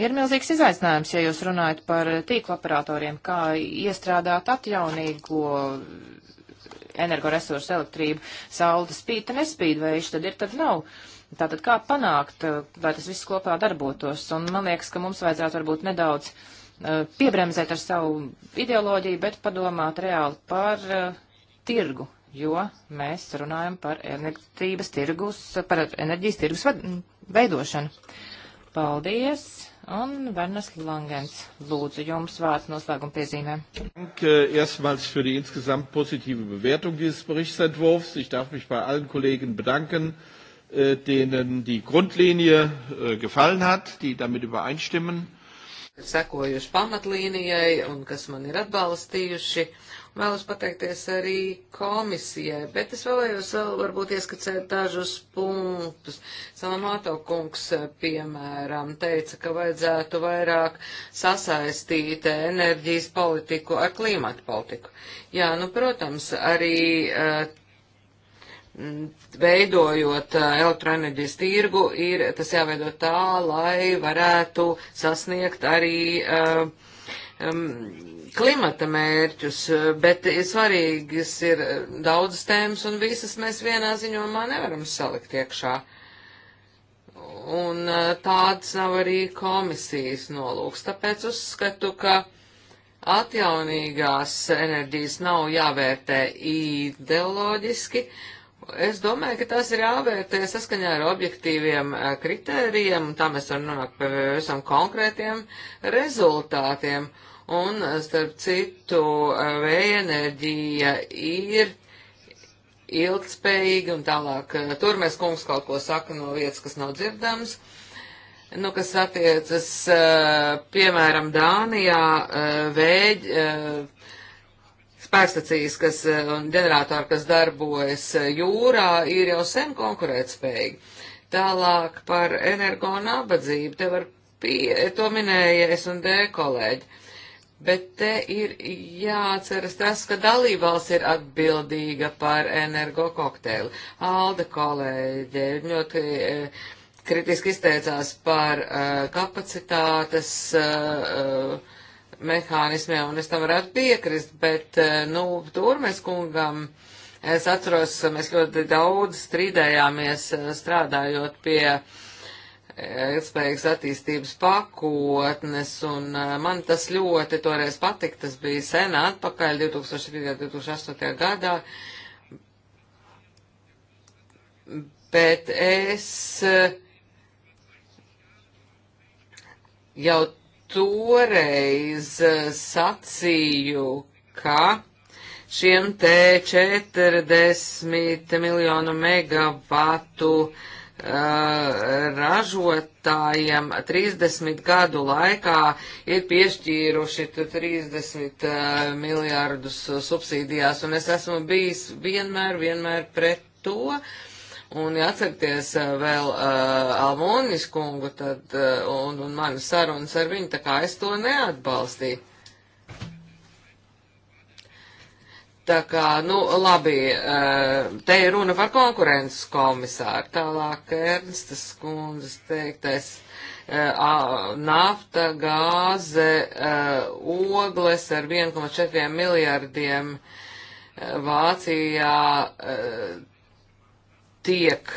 ir milzīgs izaicinājums, ja jūs runājat par tīkla operatoriem, kā iestrādāt atjaunīgo energoresursu elektrību, saule spīd, nespīd, vējš tad ir, tad nav. Tātad kā panākt, eh, lai tas viss kopā darbotos? Un man liekas, ka mums vajadzētu varbūt nedaudz uh, piebremzēt ar savu ideoloģiju, bet padomāt reāli par uh, tirgu jo mēs runājam par enerģijas tirgus, par enerģijas tirgus veidošanu. Paldies! Un Vernas Langens, lūdzu jums vārds noslēguma piezīmēm. Erstmals für die insgesamt positive Bewertung dieses Berichtsentwurfs. Ich darf mich bei allen Kollegen bedanken, äh, denen die Grundlinie äh, gefallen hat, die damit übereinstimmen. Sekojuši pamatlīnijai un kas man ir atbalstījuši. Uh, Vēlos pateikties arī komisijai, bet es vēlējos vēl varbūt ieskicēt dažus punktus. Salamato kungs, eh, piemēram, teica, ka vajadzētu vairāk sasaistīt enerģijas politiku ar klimatu politiku. Jā, nu, protams, arī eh, veidojot eh, elektroenerģijas tirgu, ir tas jāveido tā, lai varētu sasniegt arī uh, um, klimata mērķus, bet svarīgas ir daudzas tēmas, un visas mēs vienā ziņojumā nevaram salikt iekšā. Un uh, tāds nav arī komisijas nolūks. Tāpēc uzskatu, ka atjaunīgās enerģijas nav jāvērtē ideoloģiski. Es domāju, ka tās ir jāvērtē saskaņā ar objektīviem uh, kritērijiem, un tā mēs varam nonākt pie visam konkrētiem rezultātiem. Uh, Un, eh, starp citu, eh, vēja enerģija ir ilgspējīga un tālāk. Eh, tur mēs kungs kaut ko saka no vietas, kas nav dzirdams. Nu, kas attiecas, piemēram, Dānijā vēja spēkstacijas, kas un ģenerātori, kas darbojas jūrā, ir jau sen konkurētspējīgi. Tālāk par energo nabadzību. Te var pie, to minēja S&D kolēģi. Bet te ir jāatceras tas, ka dalībvalsts ir atbildīga par energo kokteili. Alda kolēģe ļoti eh, kritiski izteicās par uh, kapacitātes uh, mehānismiem, un es tam varētu piekrist, bet, uh, nu, tur mēs kungam, es atceros, mēs ļoti daudz strīdējāmies strādājot pie uh, ilgspējīgas attīstības pakotnes, un eh, man tas ļoti toreiz patika, tas bija sen atpakaļ, 2007. 2008. gadā, bet es eh, jau toreiz eh, sacīju, ka šiem te 40 miljonu megavatu uh, Eh, ražotājiem 30 gadu laikā ir piešķīruši 30 eh, miljārdus subsīdijās, un es esmu bijis vienmēr, vienmēr pret to. Un, ja atcerieties eh, vēl uh, Almonis kungu tad, uh, un, un manas sarunas ar viņu, tā kā es to neatbalstīju. Tā kā, nu, labi, eh, te ir runa par konkurences komisāru. Tālāk Ernstas kundzes teiktais eh, nafta, gāze, eh, ogles ar 1,4 miljardiem Vācijā tiek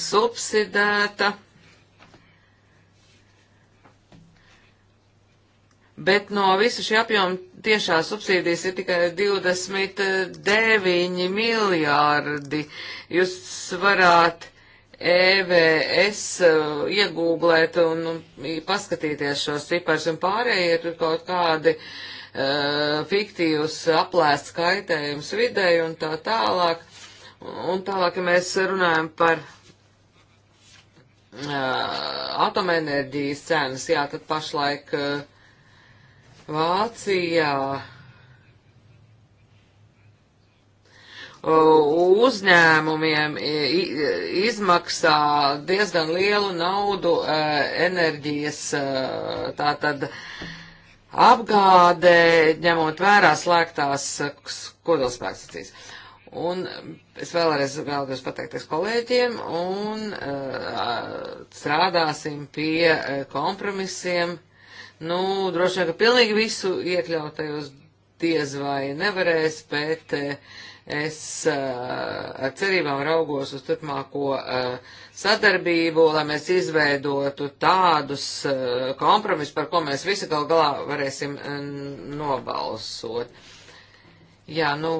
subsidēta. Bet no visu šī apjoma tiešās subsīdijas ir tikai 29 miljārdi. Jūs varāt EVS uh, iegūglēt un, un paskatīties šos cipars un pārējie ir kaut kādi uh, fiktīvs aplēsts kaitējums videi un tā tālāk. Un tālāk, ja mēs runājam par uh, atomenerģijas cenas, jā, tad pašlaik uh, Vācijā uzņēmumiem izmaksā diezgan lielu naudu e, enerģijas e, tātad apgādē, ņemot vērā slēgtās e, kodolspēkstacijas. Un es vēlreiz vēlos pateikties kolēģiem un strādāsim pie kompromisiem Nu, droši vien, ka pilnīgi visu iekļautajos diez vai nevarēs, bet eh, es eh, ar cerībām raugos uz turpmāko eh, sadarbību, lai mēs izveidotu tādus kompromisus, par ko mēs visi gal galā varēsim nobalsot. Jā, nu,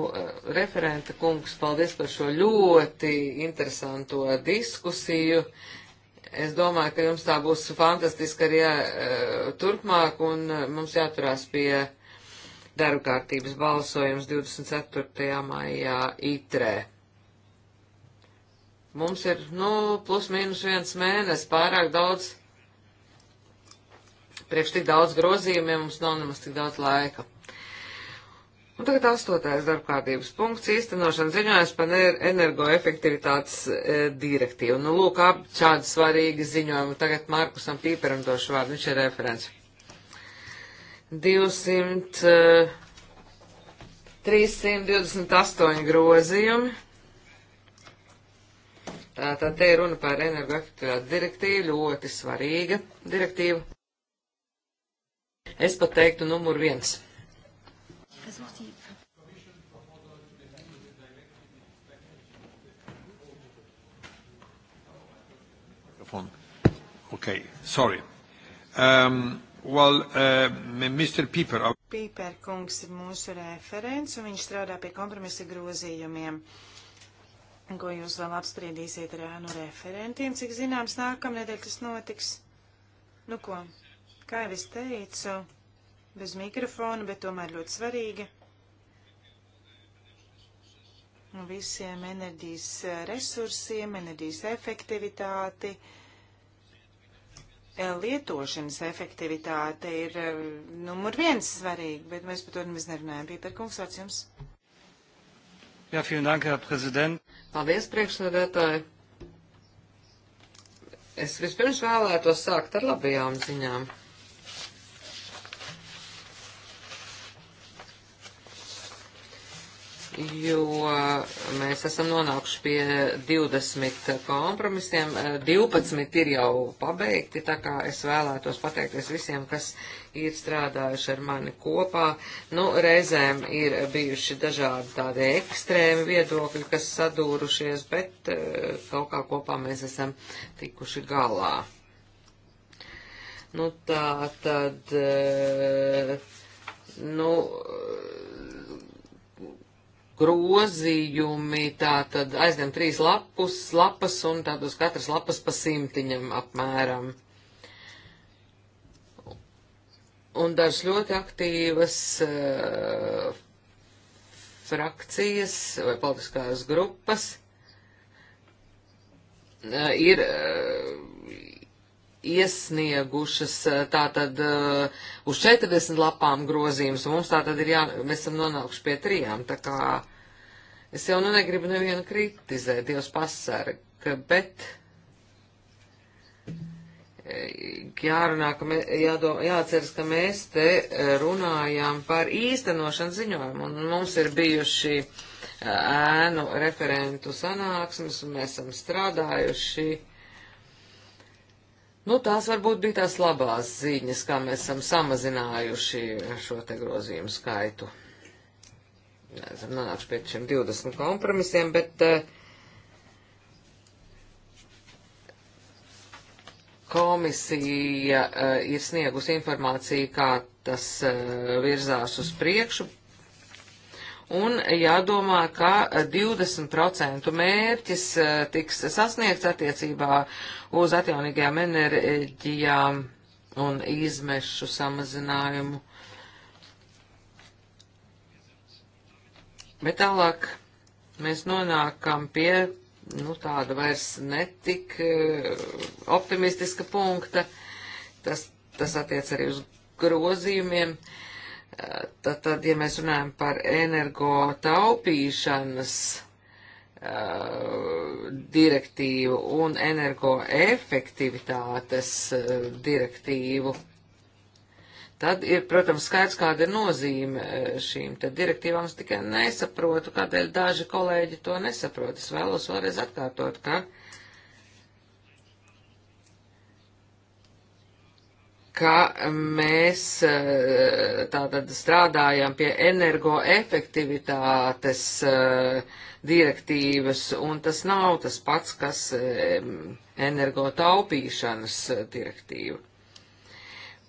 referenta kungs, paldies par šo ļoti interesanto diskusiju. Uh, Es domāju, ka jums tā būs fantastiska arī eh, turpmāk, un eh, mums jāturās pie darba kārtības balsojums 24. maijā itrē. Mums ir, nu, plus mīnus viens mēnesis, pārāk daudz, priekš tik daudz grozījumiem mums nav nemaz tik daudz laika. Un tagad astotais darbkārtības punkts - īstenošana ziņojums par energoefektivitātes e, direktīvu. Nu, lūk, ap šādi svarīgi ziņojumi. Tagad Markusam Pīperam došu vārdu, viņš ir referents. 200, e, 328 grozījumi. Tātad te ir runa par energoefektivitātes direktīvu, ļoti svarīga direktīva. Es pat teiktu numur viens. Okay, sorry. Um, well, uh, Mr. Pieper. Uh, Pieper kungs ir mūsu referents, un viņš strādā pie kompromisa grozījumiem, ko jūs vēl apspriedīsiet ar ēnu referentiem. Cik zināms, nākamnedēļ tas notiks. Nu ko, kā jau es teicu, bez mikrofona, bet tomēr ļoti svarīga. Visiem enerģijas uh, resursiem, enerģijas efektivitāti. Uh, Eh, lietošanas efektivitāte ir eh, numur viens svarīga, bet mēs par to nemaz nerunājam. Pīper kungs, vārds jums. Jā, vielen dank, Herr Prezident. Paldies, priekšsēdētāji. Es vispirms vēlētos sākt ar labajām ziņām. jo mēs esam nonākuši pie 20 kompromisiem. 12 eh, ir jau pabeigti, tā kā es vēlētos pateikties visiem, kas ir strādājuši ar mani kopā. Nu, reizēm ir bijuši dažādi tādi ekstrēmi viedokļi, kas sadūrušies, bet eh, kaut kā kopā mēs esam tikuši galā. Nu, tā tad. Eh, nu, grozījumi, tā tad aizņem trīs lapus, lapas un tad uz katras lapas pa simtiņam apmēram. Un dažas ļoti aktīvas uh, frakcijas vai politiskās grupas uh, ir uh, iesniegušas eh, tātad eh, uz 40 lapām grozījums, un mums tātad ir jā, mēs esam nonākuši pie trijām, tā kā es jau nu negribu nevienu kritizēt, Dievs pasarg, bet eh, jārunā, ka mē, jādo, jāceras, ka mēs te runājām par īstenošanu ziņojumu, un mums ir bijuši ēnu referentu sanāksmes, un mēs esam strādājuši Nu, tās varbūt bija tās labās ziņas, kā mēs esam samazinājuši šo te grozījumu skaitu. Esam nonākuši pie šiem 20 kompromisiem, bet eh, komisija eh, ir sniegusi informāciju, kā tas eh, virzās uz priekšu, un jādomā, ka 20% mērķis eh, tiks sasniegts attiecībā uz atjaunīgajām enerģijām un izmešu samazinājumu. Bet tālāk mēs nonākam pie nu, tāda vairs netik eh, optimistiska punkta. Tas, tas attiec arī uz grozījumiem. Uh, Tad, tad, ja mēs runājam par energo taupīšanas uh, eh, direktīvu un energoefektivitātes uh, direktīvu, tad ir, protams, skaidrs, kāda ir nozīme eh, šīm te direktīvām. Es tikai nesaprotu, kādēļ daži kolēģi to nesaprot. Es vēlos vēlreiz atkārtot, ka uh, ka mēs eh, tātad strādājam pie energoefektivitātes eh, direktīvas, un tas nav tas pats, kas eh, energotaupīšanas direktīva.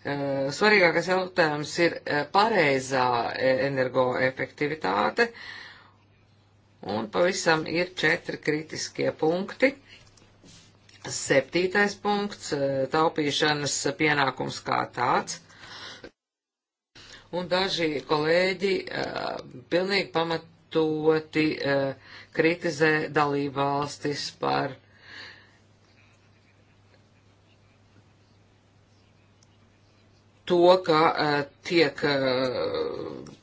Svarīgākais jautājums ir pareizā energoefektivitāte, un pavisam ir četri kritiskie punkti Septītais punkts eh, - taupīšanas pienākums kā tāds. Un daži kolēģi uh, pilnīgi pamatoti uh, kritizē dalībvalstis par to, ka uh, tiek uh,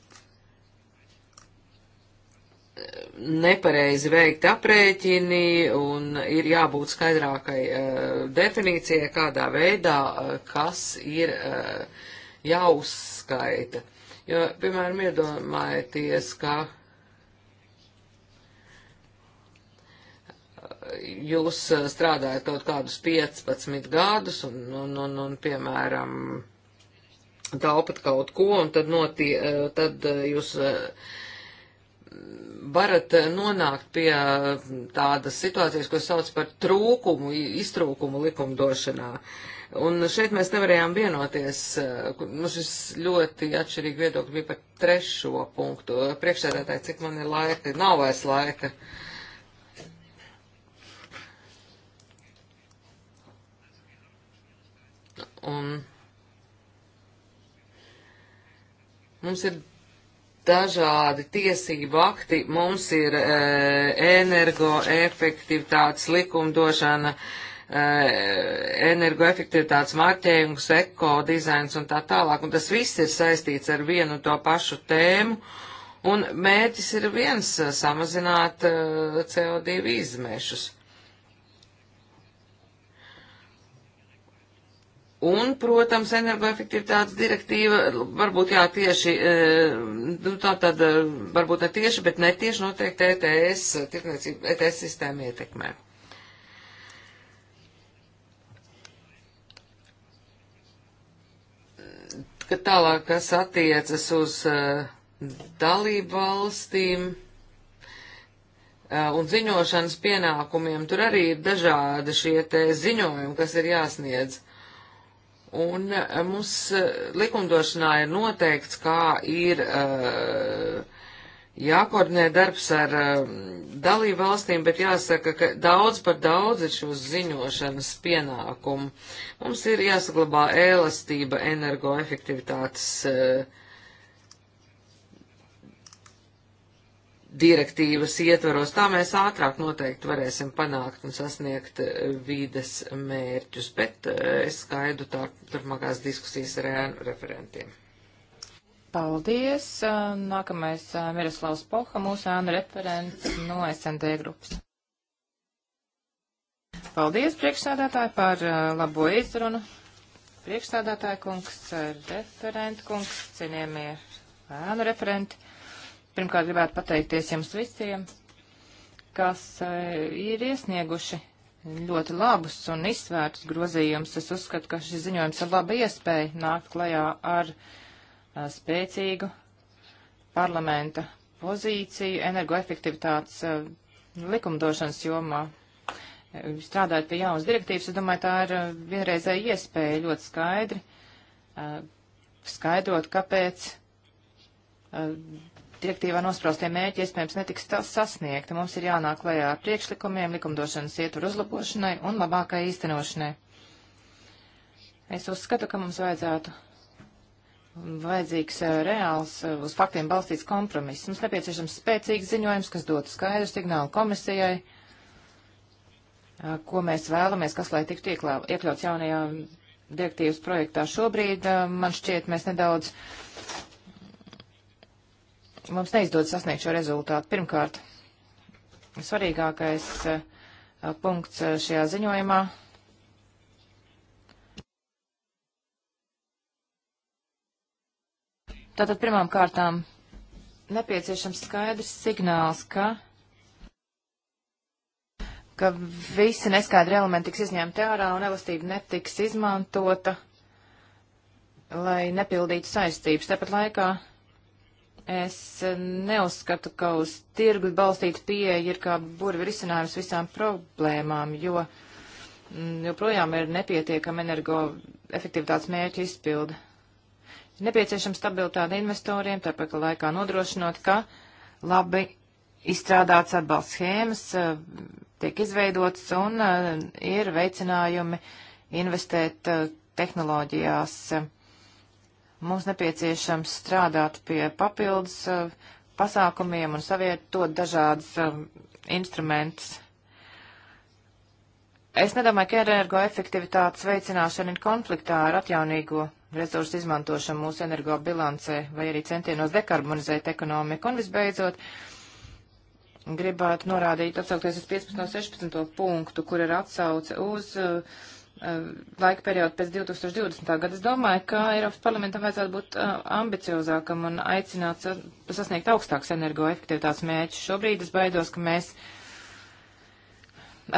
nepareizi veikt aprēķini un ir jābūt skaidrākai uh, definīcijai, kādā veidā, uh, kas ir uh, jāuzskaita. Jo, piemēram, iedomājieties, ka jūs strādājat kaut kādus 15 gadus un, un, un, un piemēram, taupat kaut ko, un tad, notie, tad jūs varat eh, nonākt pie eh, tādas situācijas, ko sauc par trūkumu, iztrūkumu likumdošanā. Un šeit mēs nevarējām vienoties, mums eh, nu, šis ļoti atšķirīgi viedokļi bija par trešo punktu. Priekšsēdētāji, cik man ir laika? Nav vairs laika. Un mums ir dažādi tiesību akti, mums ir e, energoefektivitātes likumdošana, e, energoefektivitātes marķējums, eko dizains un tā tālāk. Un tas viss ir saistīts ar vienu to pašu tēmu. Un mērķis ir viens e, - samazināt e, CO2 izmešus. Un, protams, energoefektivitātes direktīva varbūt jā, tieši, eh, nu tā tad eh, varbūt ne tieši, bet netieši noteikti ETS, ETS e sistēma ietekmē. Kad tālāk, kas attiecas uz eh, dalību valstīm un ziņošanas pienākumiem, tur arī ir dažādi šie te ziņojumi, kas ir jāsniedz Un eh, mums eh, likumdošanā ir noteikts, kā ir eh, jākoordinē darbs ar dalību valstīm, bet jāsaka, ka daudz par daudz ir šos ziņošanas pienākumu. Mums ir jāsaglabā ēlastība energoefektivitātes direktīvas ietvaros, tā mēs ātrāk noteikti varēsim panākt un sasniegt eh, vīdes mērķus, bet eh, es skaidu tā turpmākās diskusijas ar ēnu referentiem. Paldies. Eh, nākamais Miroslavs Poha, mūsu ēnu referents no SND grupas. Paldies, priekšsādātāji, par labo izrunu. Priekšsādātāja kungs, referenta kungs, cienījamie ēnu referenti. Pirmkārt, gribētu pateikties jums visiem, kas e, ir iesnieguši ļoti labus un izsvērtus grozījumus. Es uzskatu, ka šis ziņojums ir laba iespēja nākt klajā ar e, spēcīgu parlamenta pozīciju energoefektivitātes e, likumdošanas jomā. Strādājot pie jaunas direktīvas, es domāju, tā ir vienreizēja iespēja ļoti skaidri skaidrot, kāpēc direktīvā nospraustie mērķi iespējams netiks sasniegti. Mums ir jānāk lajā ar priekšlikumiem, likumdošanas ietvaru uzlabošanai un labākai īstenošanai. Es uzskatu, ka mums vajadzētu vajadzīgs eh, reāls, eh, uz faktiem balstīts kompromiss. Mums nepieciešams spēcīgs ziņojums, kas dotu skaidru signālu komisijai, eh, ko mēs vēlamies, kas lai tiktu iekļauts jaunajā direktīvas projektā šobrīd. Man šķiet, mēs nedaudz mums neizdodas sasniegt šo rezultātu. Pirmkārt, svarīgākais eh, punkts eh, šajā ziņojumā. Tātad pirmām kārtām nepieciešams skaidrs signāls, ka ka visi neskaidri elementi tiks izņemti ārā un elastība netiks izmantota, lai nepildītu saistības. Tāpat laikā Es neuzskatu, ka uz tirgu balstīta pieeja ir kā burvi risinājums visām problēmām, jo mm, joprojām ir nepietiekama energoefektivitātes mērķa izpilde. Ir nepieciešama stabilitāte investoriem, tāpēc laikā nodrošinot, ka labi izstrādāts atbalsts schēmas eh, tiek izveidotas un eh, ir veicinājumi investēt eh, tehnoloģijās. Uh, Mums nepieciešams strādāt pie papildus eh, pasākumiem un savietot dažādas eh, instrumentus. Es nedomāju, ka energoefektivitātes veicināšana ir konfliktā ar atjaunīgo resursu izmantošanu mūsu energobilancē vai arī centienos dekarbonizēt ekonomiku. Un visbeidzot, gribētu norādīt, atsaukties uz 15. un 16. punktu, kur ir atsauce uz uh, Eh, laika periodu pēc 2020. gada. Es domāju, ka Eiropas parlamentam vajadzētu būt eh, ambiciozākam un aicināt sasniegt augstākus energoefektivitātes mērķus. Šobrīd es baidos, ka mēs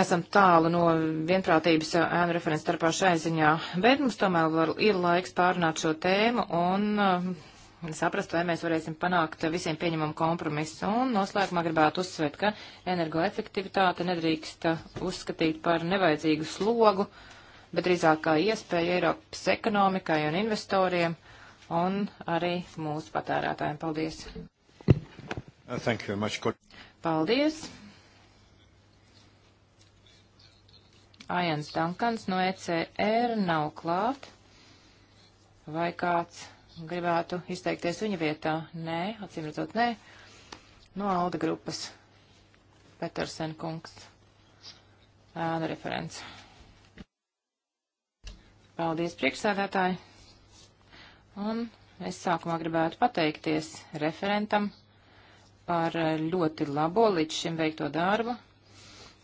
esam tālu no vienprātības eh, ēnu referents starpā šai ziņā, bet mums tomēr var, ir laiks pārunāt šo tēmu un saprast, vai mēs varēsim panākt visiem pieņemamu kompromisu. Un noslēgumā gribētu uzsvērt, ka energoefektivitāte nedrīkst uzskatīt par nevajadzīgu slogu. Uh, bet drīzāk kā iespēja Eiropas ekonomikai un investoriem un arī mūsu patērētājiem. Paldies! Uh, thank you very much. Paldies! Ajans Dankans no ECR nav klāt. Vai kāds gribētu izteikties viņa vietā? Nē, acīmredzot, nē. No Alda grupas Petersen kungs. Ēnu referents. Paldies, priekšsēdētāji! Un es sākumā gribētu pateikties referentam par ļoti labo līdz šim veikto darbu.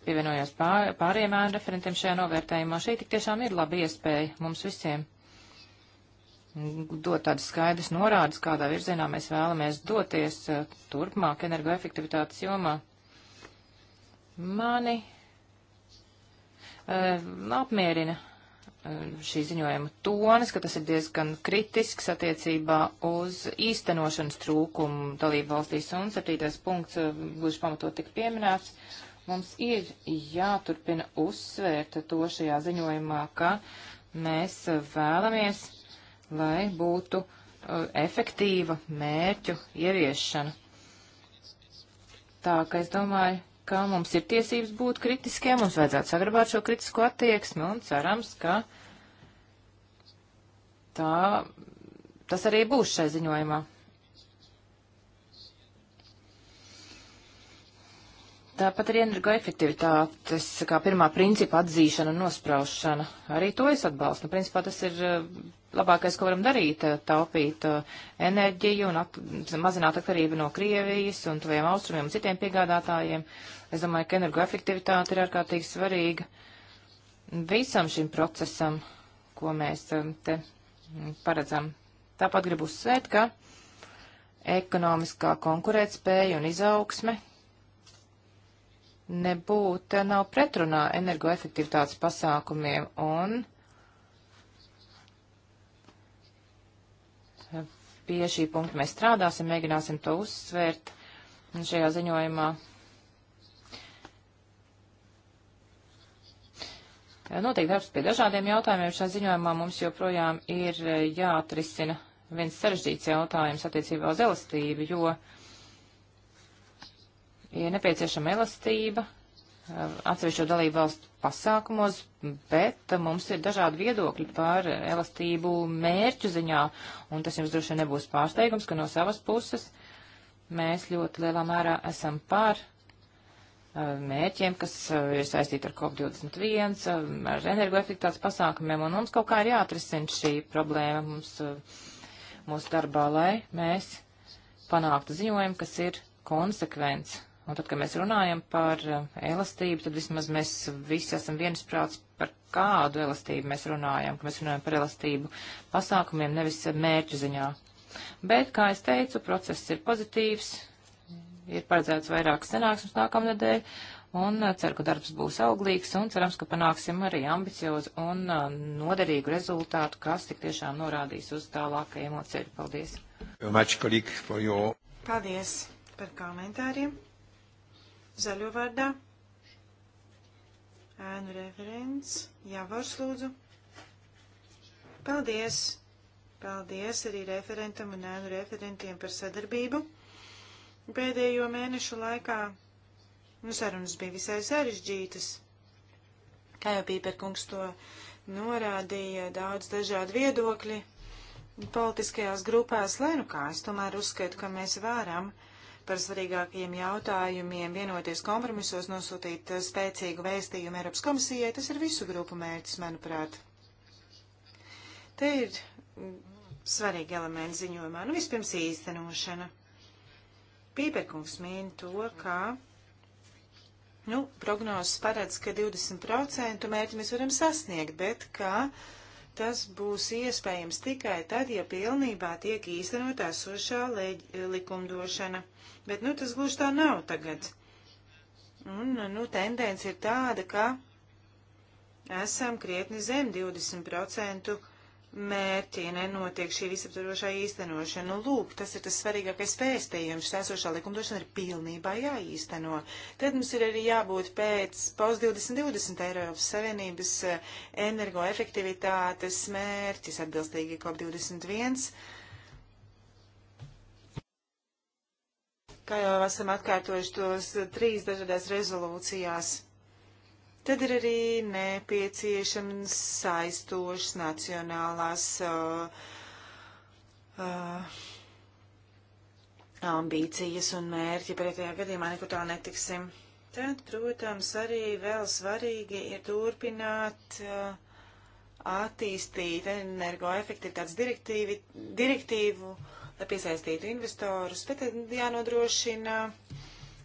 Pievienojos pār, pāriem ēnu referentiem šajā novērtējumā. Šī tik tiešām ir laba iespēja mums visiem dot tādas skaidras norādes, kādā virzienā mēs vēlamies doties eh, turpmāk energoefektivitātes jomā. Mani uh, apmierina šī ziņojuma tonis, ka tas ir diezgan kritisks attiecībā uz īstenošanas trūkumu dalību valstīs. Un septītais punkts, uh, gluži pamatot tik pieminēts, mums ir jāturpina uzsvērt to šajā ziņojumā, ka mēs vēlamies, lai būtu uh, efektīva mērķu ieviešana. Tā ka es domāju, ka mums ir tiesības būt kritiskiem, mums vajadzētu saglabāt šo kritisko attieksmi un cerams, ka tā, tas arī būs šai ziņojumā. Tāpat arī energoefektivitātes kā pirmā principa atzīšana un nospraušana. Arī to es atbalstu. Nu, principā tas ir eh, labākais, ko varam darīt eh, - taupīt eh, enerģiju un at mazināt atkarību no Krievijas un tuviem austrumiem un citiem piegādātājiem. Uh, Es domāju, ka energoefektivitāte ir ārkārtīgi svarīga visam šim procesam, ko mēs um, te mm, paredzam. Tāpat gribu uzsvērt, ka ekonomiskā konkurētspēja un izaugsme nebūtu eh, nav pretrunā energoefektivitātes pasākumiem un pie šī punkta mēs strādāsim, mēģināsim to uzsvērt šajā ziņojumā Notiek darbs pie dažādiem jautājumiem. Šajā ziņojumā mums joprojām ir e, jāatrisina viens sarežģīts jautājums attiecībā uz elastību, jo ir nepieciešama elastība e, atsevišķo dalību valstu pasākumos, bet mums ir dažādi viedokļi par elastību mērķu ziņā, un tas jums droši nebūs pārsteigums, ka no savas puses mēs ļoti lielā mērā esam par Eh, mērķiem, kas eh, ir saistīti ar COP21, eh, ar energoefektāts pasākumiem, un mums kaut kā ir jāatrisina šī problēma mums, mūsu darbā, lai mēs panāktu ziņojumu, kas ir konsekvents. Un tad, kad mēs runājam par elastību, tad vismaz mēs visi esam viensprāts par kādu elastību mēs runājam, ka mēs runājam par elastību pasākumiem, nevis mērķu ziņā. Bet, kā es teicu, process ir pozitīvs, ir paredzēts vairākas sanāksmes nākamnedēļ, un uh, ceru, ka darbs būs auglīgs, un cerams, ka panāksim arī ambiciozu un uh, noderīgu rezultātu, kas tik tiešām norādīs uz tālākajiem ceļu. Paldies! Paldies par komentāriem! Zaļo vārdā! Ēnu referents, Javors lūdzu. Paldies! Paldies arī referentam un ēnu referentiem par sadarbību. Pēdējo mēnešu laikā nu, sarunas bija visai sarežģītas. Kā jau Pīperkungs to norādīja, daudz dažādu viedokļi politiskajās grupās, lai nu kā es tomēr uzskatu, ka mēs varam par svarīgākajiem jautājumiem vienoties kompromisos, nosūtīt spēcīgu vēstījumu Eiropas komisijai. Tas ir visu grupu mērķis, manuprāt. Te ir svarīgi elementi ziņojumā. Nu, vispirms īstenošana. Pīperkungs mīna to, ka nu, prognozes paredz, ka 20% mērķi mēs varam sasniegt, bet ka tas būs iespējams tikai tad, ja pilnībā tiek īstenot esošā likumdošana. Bet nu, tas gluži tā nav tagad. Un, nu, tendence ir tāda, ka esam krietni zem 20% mērķi, nenotiek šī visaptvarošā īstenošana. Nu, lūk, tas ir tas svarīgākais pēstījums. Sēsošā likumdošana ir pilnībā jāīsteno. Tad mums ir arī jābūt pēc paus 2020 Eiropas Savienības eh, energoefektivitātes mērķis atbilstīgi COP21. Kā jau esam atkārtojuši tos trīs dažādās rezolūcijās. Tad ir arī nepieciešams saistošs nacionālās uh, uh, ambīcijas un mērķi, pretējā gadījumā nekur tā netiksim. Tad, protams, arī vēl svarīgi ir turpināt uh, attīstīt energoefektivitātes direktīvu, lai piesaistītu investorus, bet jānodrošina uh,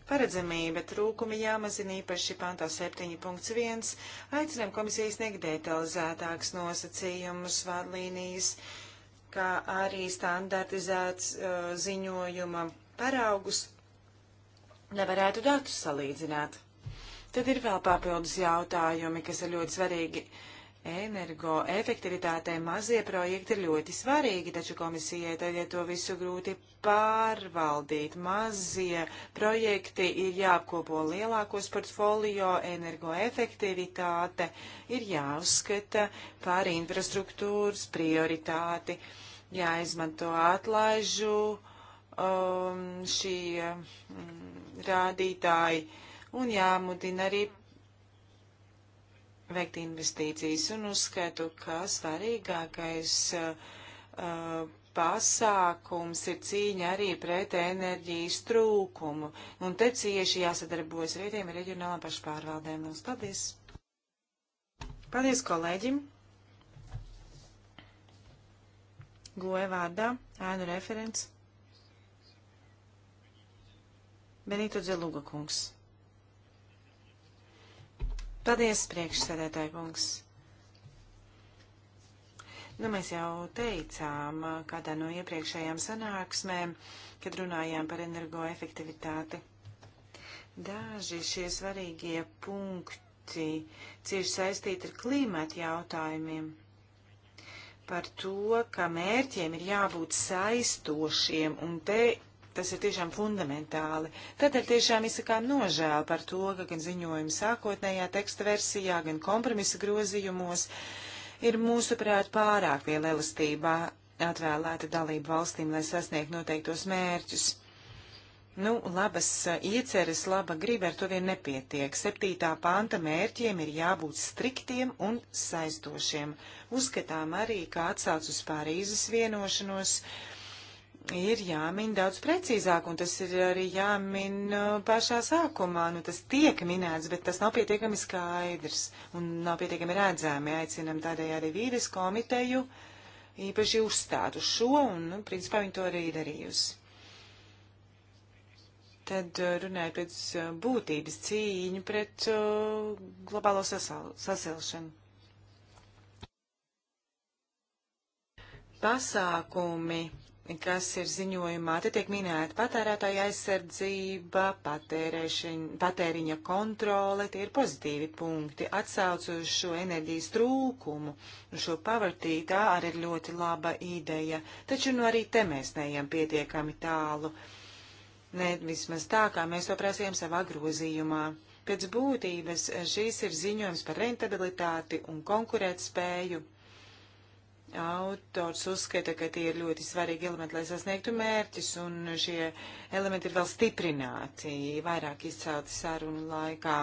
Paredzamība trūkumi jāmazina īpaši pantā 7.1. Aicinām komisiju sniegt detalizētāks nosacījumus, vadlīnijas, kā arī standartizēts uh, ziņojuma paraugus, nevarētu datus salīdzināt. Tad ir vēl papildus jautājumi, kas ir ļoti svarīgi. Uh, energoefektivitātei mazie projekti ir ļoti svarīgi, taču komisijai tagad to visu grūti pārvaldīt. Mazie projekti ir jāapkopo lielākos portfolio, energoefektivitāte ir jāuzskata par infrastruktūras prioritāti, jāizmanto atlaižu um, šī um, mm, rādītāji un jāmudina arī veikt investīcijas un uzskatu, ka svarīgākais uh, pasākums ir cīņa arī pret enerģijas trūkumu. Un te cieši jāsadarbojas vietiem reģionālām pašpārvaldēm. Mums paldies! Paldies kolēģim! Goja vārdā, ēnu referents. Benito Dzeluga kungs. Paldies, priekšsēdētāji kungs. Nu, mēs jau teicām kādā no iepriekšējām sanāksmēm, kad runājām par energoefektivitāti. Daži šie svarīgie punkti cieši saistīti ar klimata jautājumiem. Par to, ka mērķiem ir jābūt saistošiem, un te Tas ir tiešām fundamentāli. Tādēļ tiešām izsakām nožēlu par to, ka gan ziņojuma sākotnējā teksta versijā, gan kompromisa grozījumos ir mūsuprāt pārāk liela elastībā atvēlēta dalību valstīm, lai sasniegtu noteiktos mērķus. Nu, labas eh, ieceres, laba griba ar to vien nepietiek. Septītā panta mērķiem ir jābūt striktiem un saistošiem. Uzskatām arī, kā atsauc uz Pārīzes vienošanos, uh, ir jāmin daudz precīzāk, un tas ir arī jāmin uh, pašā sākumā. Nu, tas tiek minēts, bet tas nav pietiekami skaidrs un nav pietiekami redzami. Aicinam tādēļ arī vīdes komiteju īpaši uzstāt uz šo, un, nu, principā viņi to arī darījusi. Tad uh, runājot pēc uh, būtības cīņu pret uh, globālo sasal sasilšanu. Pasākumi kas ir ziņojumā. Te tiek minēta patērētāja aizsardzība, patēriņa kontrole, tie ir pozitīvi punkti. Atsauc uz šo enerģijas trūkumu, uz šo pavartī, tā arī ir ļoti laba ideja. Taču nu arī te mēs neejam pietiekami tālu. Ne vismaz tā, kā mēs to prasījām savā grozījumā. Pēc būtības šīs ir ziņojums par rentabilitāti un konkurētspēju Autors uzskata, ka tie ir ļoti svarīgi elementi, lai sasniegtu mērķus, un šie elementi ir vēl stiprināti, vairāk izcelti sarunu laikā.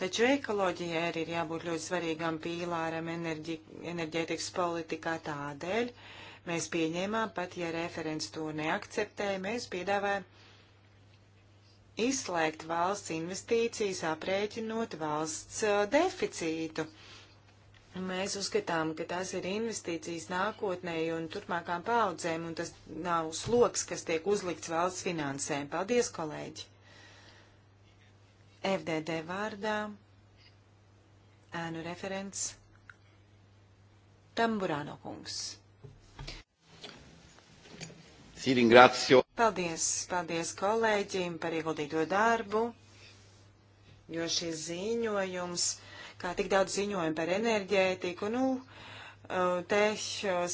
Taču ekoloģija arī ir jābūt ļoti svarīgam pīlāram enerģi, enerģētikas politikā tādēļ. Mēs pieņēmām, pat ja referents to neakceptēja, mēs piedāvājam izslēgt valsts investīcijas, aprēķinot valsts uh, deficītu. Uh, Mēs uzskatām, ka tās ir investīcijas nākotnē un turpmākām paudzēm, un tas nav sloks, kas tiek uzlikts valsts finansēm. Paldies, kolēģi! FDD vārdā ēnu referents Tamburāno kungs. Paldies, paldies kolēģim par ieguldīto darbu, jo šis ziņojums kā tik daudz ziņojumu par enerģētiku, nu, eh, te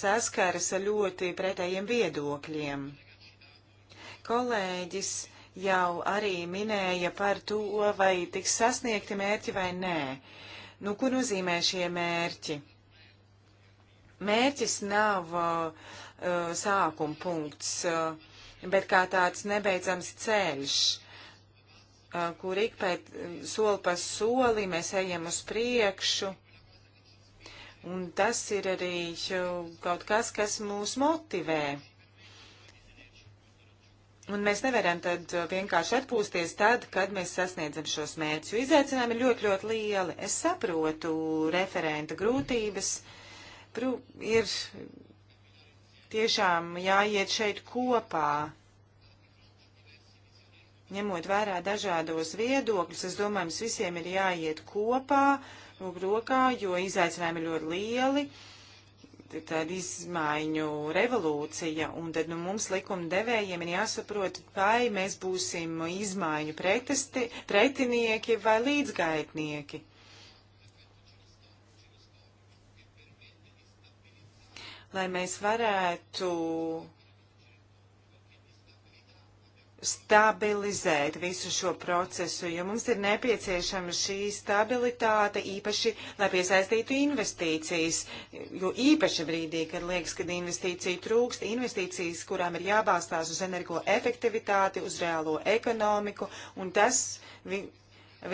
saskaras ar ļoti pretējiem viedokļiem. Kolēģis jau arī minēja par to, vai tiks sasniegti mērķi vai nē. Nu, ko nozīmē šie mērķi? Mērķis nav uh, sākuma punkts, uh, bet kā tāds nebeidzams ceļš. Uh, Uh, kur ik pēc mm, soli pa soli mēs ejam uz priekšu. Un tas ir arī kaut kas, kas mūs motivē. Un mēs nevaram tad uh, vienkārši atpūsties tad, kad mēs sasniedzam šos mērķus. Izaicinājumi ir ļoti, ļoti lieli. Es saprotu referenta grūtības. Pru, ir tiešām jāiet šeit kopā Ņemot vērā dažādos viedokļus, es domāju, mums visiem ir jāiet kopā, rokā, jo izaicinājumi ir ļoti lieli tāda izmaiņu revolūcija, un tad nu, mums likumdevējiem ir jāsaprot, vai mēs būsim izmaiņu pretesti, pretinieki vai līdzgaitnieki. Lai mēs varētu stabilizēt visu šo procesu, jo mums ir nepieciešama šī stabilitāte īpaši, lai piesaistītu investīcijas, jo īpaši brīdī, kad liekas, kad investīcija trūkst, investīcijas, kurām ir jābāstās uz energoefektivitāti, uz reālo ekonomiku, un tas vi,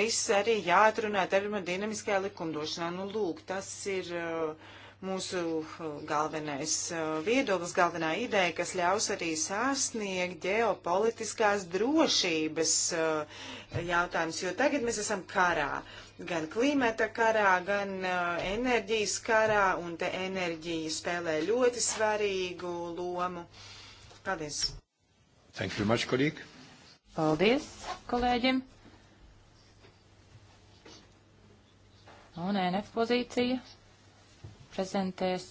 viss arī jāatrunā termodinamiskajā likumdošanā. Nu, lūk, tas ir. Uh, mūsu uh, galvenais uh, viedoklis, galvenā ideja, kas ļaus arī sāsniegt ģeopolitiskās drošības uh, jautājumus, jo tagad mēs esam karā. Gan klimata karā, gan enerģijas karā, un te enerģija spēlē ļoti svarīgu lomu. Paldies! Thank you very much, kolēģi! Paldies, kolēģim! Un NF pozīcija prezentēs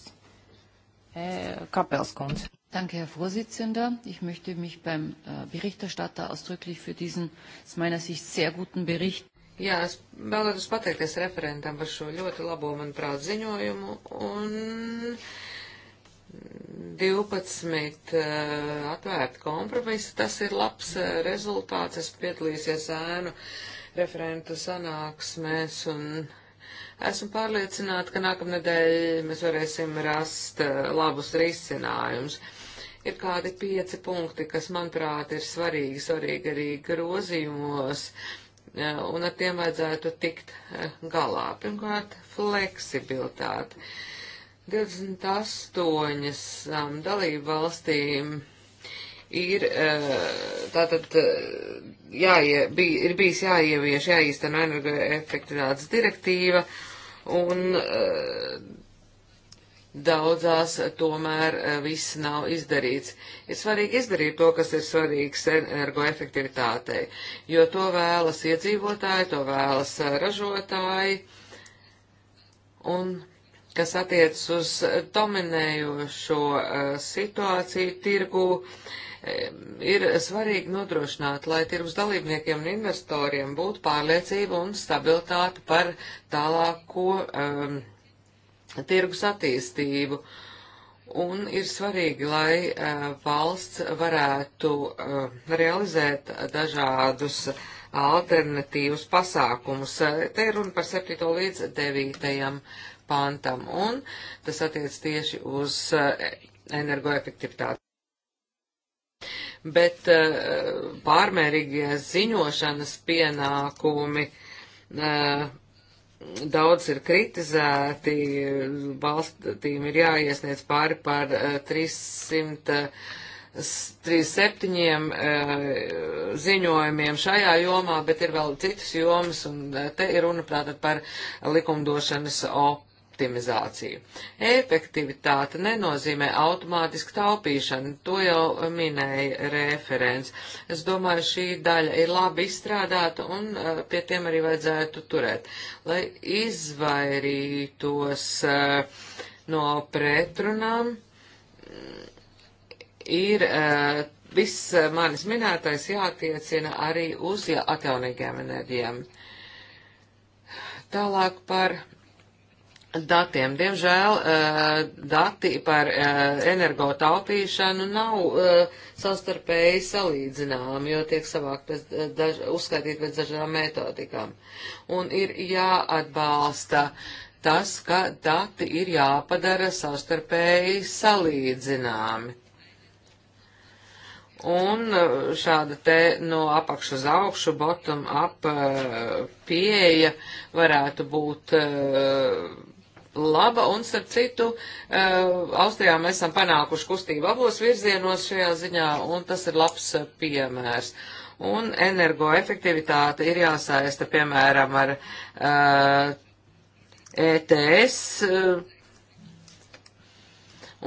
e, Kapelskundze. Danke, Herr Vorsitzender. Ich möchte mich beim äh, Berichterstatter ausdrücklich für diesen aus meiner Sicht sehr guten Bericht. Jā, es vēlētos pateikties referentam par šo ļoti labo, manuprāt, ziņojumu un 12 uh, äh, atvērta kompromisa. Tas ir labs uh, rezultāts. Es piedalīsies ēnu referentu sanāksmēs un uh, Esmu pārliecināta, ka nākamnedēļ mēs varēsim rast eh, labus risinājumus. Ir kādi pieci punkti, kas, manuprāt, ir svarīgi, svarīgi arī grozījumos, eh, un ar tiem vajadzētu tikt eh, galā. Pirmkārt, fleksibilitāte. 28 um, dalību valstīm ir, eh, tātad, eh, jāie, bij, ir bijis jāievieš, jāīsteno energoefektivitātes direktīva, un eh, daudzās tomēr viss nav izdarīts. Ir svarīgi izdarīt to, kas ir svarīgs energoefektivitātei, jo to vēlas iedzīvotāji, to vēlas ražotāji, un kas attiec uz dominējošo situāciju tirgū. Uh, Ir svarīgi nodrošināt, lai tirgus dalībniekiem un investoriem būtu pārliecība un stabilitāte par tālāko um, tirgus attīstību. Un ir svarīgi, lai uh, valsts varētu uh, realizēt dažādus alternatīvus pasākumus. Te ir runa par 7. līdz 9. pantam, un tas attiec tieši uz uh, energoefektivitāti. Bet eh, pārmērīgie ziņošanas pienākumi eh, daudz ir kritizēti, valstīm ir jāiesniedz pāri par 300. Eh, 37 ziņojumiem šajā jomā, bet ir vēl citas jomas, un te ir runa prātad par likumdošanas op optimizāciju. Efektivitāte nenozīmē automātiski taupīšanu, to jau minēja referents. Es domāju, šī daļa ir labi izstrādāta un eh, pie tiem arī vajadzētu turēt, lai izvairītos eh, no pretrunām. Ir eh, viss manis minētais jātiecina arī uz atjaunīgiem enerģijām. Tālāk par datiem. Diemžēl eh, dati par eh, energotaupīšanu nav eh, savstarpēji salīdzināmi, jo tiek savākt pēc daž, uzskaitīt pēc dažādām metodikām. Un ir jāatbalsta tas, ka dati ir jāpadara savstarpēji salīdzināmi. Un šāda te no apakšu uz augšu, bottom up pieeja varētu būt uh, laba, un starp citu, uh, Austrijā mēs esam panākuši kustību abos virzienos šajā ziņā, un tas ir labs eh, piemērs. Un energoefektivitāte ir jāsaista, piemēram, ar uh, eh, ETS, uh,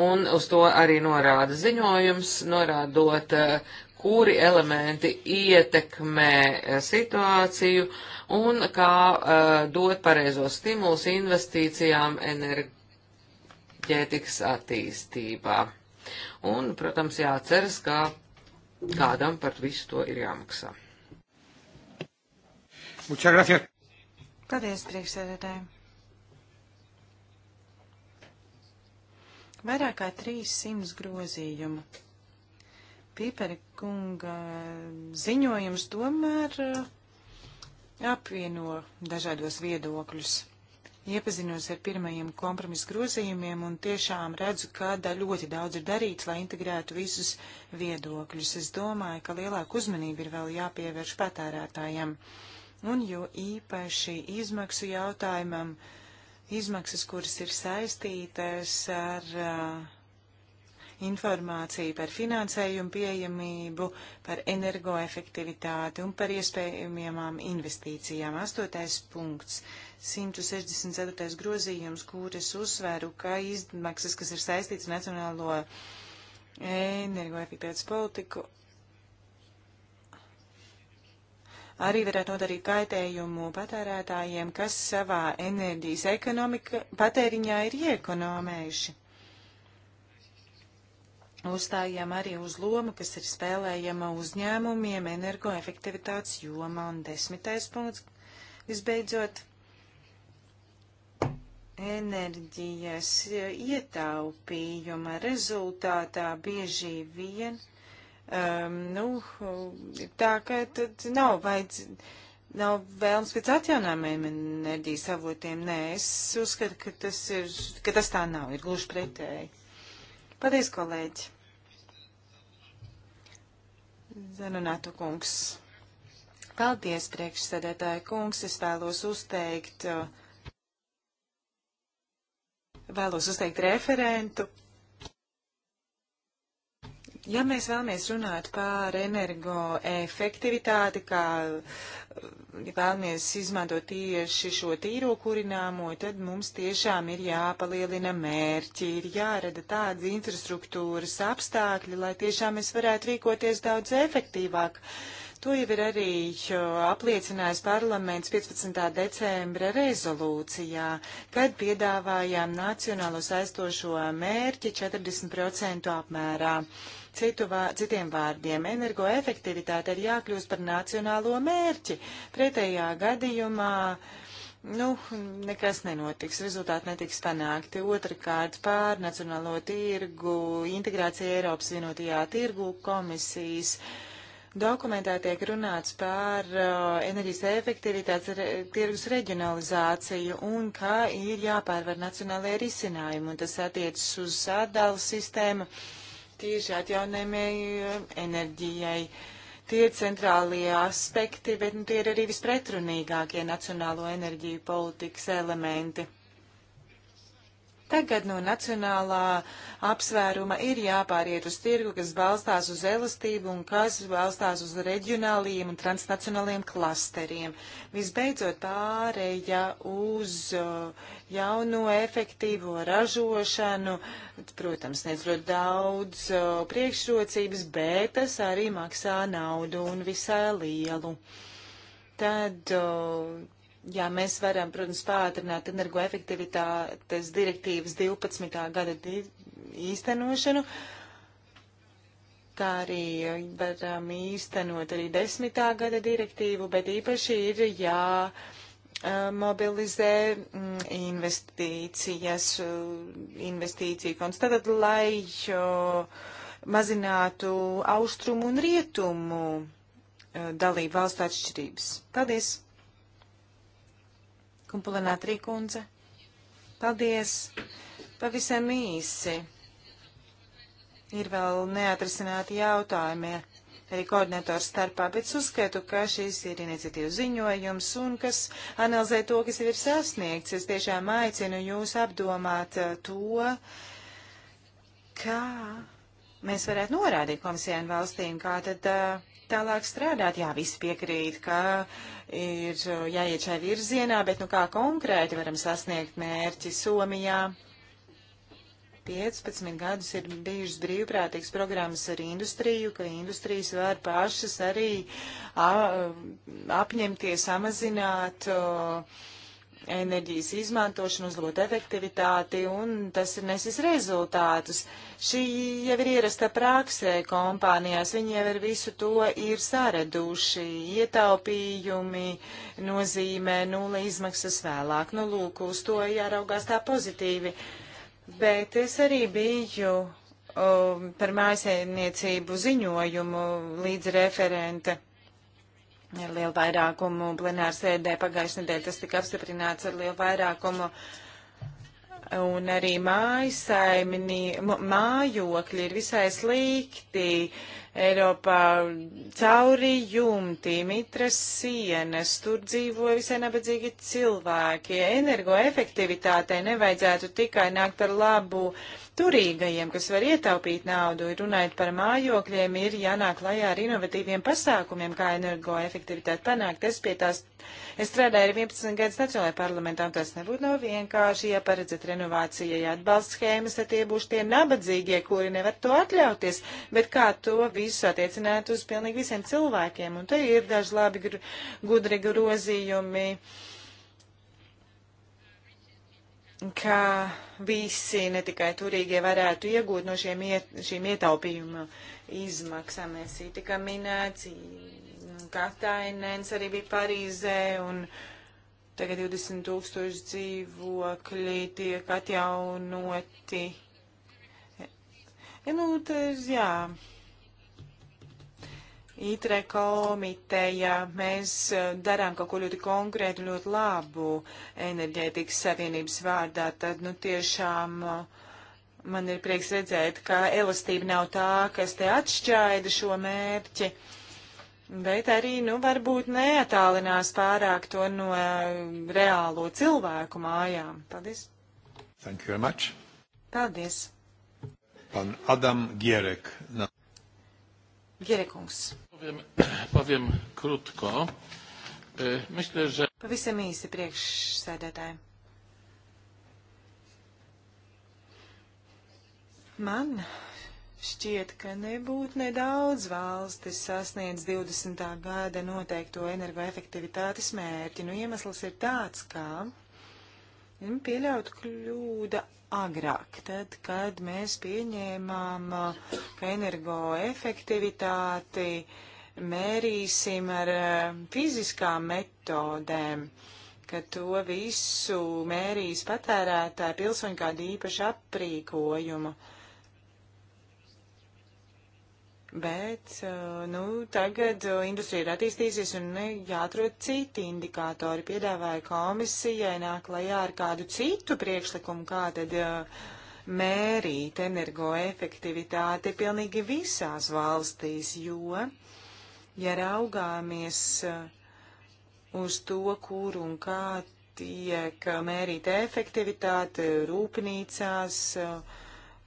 un uz to arī norāda ziņojums, norādot uh, kuri elementi ietekmē eh, situāciju un kā uh, dot pareizos stimulus investīcijām enerģētikas attīstībā. Un, protams, jāceras, ka kādam par visu to ir jāmaksā. Paldies, priekšsēdētāji! Vairāk kā 300 grozījumu Pīperi kunga ziņojums tomēr eh, apvieno dažādos viedokļus. Iepazinos ar pirmajiem kompromisu grozījumiem un tiešām redzu, ka ļoti daudz ir darīts, lai integrētu visus viedokļus. Es domāju, ka lielāka uzmanība ir vēl jāpievērš patērētājiem. Un jo īpaši izmaksu jautājumam, izmaksas, kuras ir saistītas ar uh, informāciju par finansējumu pieejamību, par energoefektivitāti un par iespējamām investīcijām. Astotais punkts. 164. grozījums, kur es uzsveru, ka izmaksas, kas ir saistīts nacionālo energoefektivitātes politiku, arī varētu nodarīt kaitējumu patērētājiem, kas savā enerģijas patēriņā ir iekonomējuši. Uzstājām arī uz lomu, kas ir spēlējama uzņēmumiem energoefektivitātes jomā. Un desmitais punkts, visbeidzot, enerģijas ietaupījuma rezultātā bieži vien, um, nu, tā ka tad nav vajadz. Nav vēlms pēc atjaunāmiem enerģijas avotiem. Nē, es uzskatu, ka tas, ir, ka tas tā nav, ir gluži pretēji. Paldies, kolēģi! Zanonātu kungs. Paldies, priekšsēdētāji kungs. Es vēlos uzteikt, uh, vēlos uzteikt referentu ja mēs vēlamies runāt par energoefektivitāti kā ja vēlamies izmantot tieši šo tīro kurināmo, tad mums tiešām ir jāpalielina mērķi, ir jārada tādas infrastruktūras apstākļi, lai tiešām mēs varētu rīkoties daudz efektīvāk. To jau ir arī apliecinājis parlaments 15. decembra rezolūcijā, kad piedāvājām nacionālo saistošo mērķi 40% apmērā. Citu vār, citiem vārdiem, energoefektivitāte ir jākļūst par nacionālo mērķi. Pretējā gadījumā. Nu, nekas nenotiks, rezultāti netiks panākti. Otrakārt, pārnacionālo tirgu, integrācija Eiropas vienotajā tirgu komisijas dokumentā tiek runāts par uh, enerģijas efektivitātes re, tirgus reģionalizāciju un kā ir jāpārvar nacionālajie risinājumi, un tas attiecas uz atdalu sistēmu. Uh, tīši atjaunēmēji eh, enerģijai. Tie ir centrālie aspekti, bet nu, tie ir arī vispretrunīgākie nacionālo enerģiju politikas elementi. Tagad no nacionālā apsvēruma ir jāpāriet uz tirgu, kas balstās uz elastību un kas balstās uz reģionāliem un transnacionāliem klasteriem. Visbeidzot pārēja uz uh, jauno efektīvo ražošanu, protams, nedzot daudz uh, priekšrocības, bet tas arī maksā naudu un visai lielu. Tad uh, Jā, mēs varam, protams, pātrināt energoefektivitātes direktīvas 12. gada īstenošanu, kā arī varam īstenot arī 10. gada direktīvu, bet īpaši ir jā mobilizē investīcijas, investīciju konstatēt, lai mazinātu austrumu un rietumu dalību valstu atšķirības. Paldies! Kumpulēnā Trīkundze. Paldies! Pavisam īsi. Ir vēl neatrisināti jautājumi arī koordinatoru starpā, bet uzskatu, ka šis ir iniciatīvas ziņojums un kas analizē to, kas ir sasniegts. Es tiešām aicinu jūs apdomāt uh, to, kā mēs varētu norādīt komisijām valstīm, kā tad uh, tālāk strādāt. Jā, visi piekrīt, ka ir uh, jāiet šai virzienā, bet nu kā konkrēti varam sasniegt mērķi Somijā? 15 gadus ir bijušas brīvprātīgas programmas ar industriju, ka industrijas var pašas arī apņemties samazināt uh, enerģijas izmantošanu, uzlabot efektivitāti, un tas ir nesis rezultātus. Uh, Šī jau ir ierasta praksē kompānijās, viņi jau ar visu to ir sāreduši. Ietaupījumi nozīmē nulli izmaksas vēlāk. Nu, lūk, uz to jāraugās tā pozitīvi. Bet es arī biju um, par mājasēmniecību ziņojumu līdz referente ar lielu vairākumu plenārsēdē pagājušajā nedēļā. Tas tika apstiprināts ar lielu vairākumu. Uh, Un arī mājasaimni, mājokļi ir visai slikti. Eiropā cauri jumti, mitras sienas, tur dzīvo visai nabadzīgi cilvēki. Energoefektivitātei nevajadzētu tikai nākt par labu turīgajiem, kas var ietaupīt naudu. Runājot par mājokļiem, ir jānāk lajā ar inovatīviem pasākumiem, kā energoefektivitāti panākt. Es pie tās Es strādāju ar 11 gadus Nacionālajā parlamentā, un tas nebūtu nav vienkārši, ja paredzat renovācijai atbalsts schēmas, tad tie būs tie nabadzīgie, kuri nevar to atļauties, bet kā to visu attiecināt uz pilnīgi visiem cilvēkiem, un te ir daži labi gudri grozījumi. ka visi, ne tikai turīgie, varētu iegūt no iet, šīm ietaupījuma izmaksām. Mēs tika minēts Katainens arī bija Parīzē un tagad 20 tūkstoši dzīvokļi tiek atjaunoti. Ja, nu, tas, jā. ITRE komiteja, mēs eh, darām kaut ko ļoti konkrētu, ļoti labu enerģētikas savienības vārdā, tad nu tiešām eh, man ir prieks redzēt, ka elastība nav tā, kas te atšķaida šo mērķi. Uh, bet arī, nu, varbūt neatālinās pārāk to no eh, reālo cilvēku mājām. Paldies! Thank you very much! Paldies! Pan Adam Gierek. Na... Gierekungs. Powiem, powiem krótko. E, myślę, że... Pavisam īsi priekšsēdētāji. Man Šķiet, ka nebūtu nedaudz valstis sasniedz 20. gada noteikto energoefektivitātes mērķi. Nu, iemesls ir tāds, ka nu, pieļaut kļūda agrāk, tad, kad mēs pieņēmām, ka energoefektivitāti mērīsim ar um, fiziskām metodēm ka to visu mērīs patērētāji pilsoņu kādu īpašu aprīkojumu. Uh, Bet eh, nu, tagad eh, industrija ir attīstīsies un eh, jāatrod citi indikātori. Piedāvāja komisijai nāk lajā ar kādu citu priekšlikumu, kā tad mērīt energoefektivitāti pilnīgi visās valstīs, jo, ja raugāmies uz to, kur un kā tiek mērīta efektivitāte rūpnīcās, uh,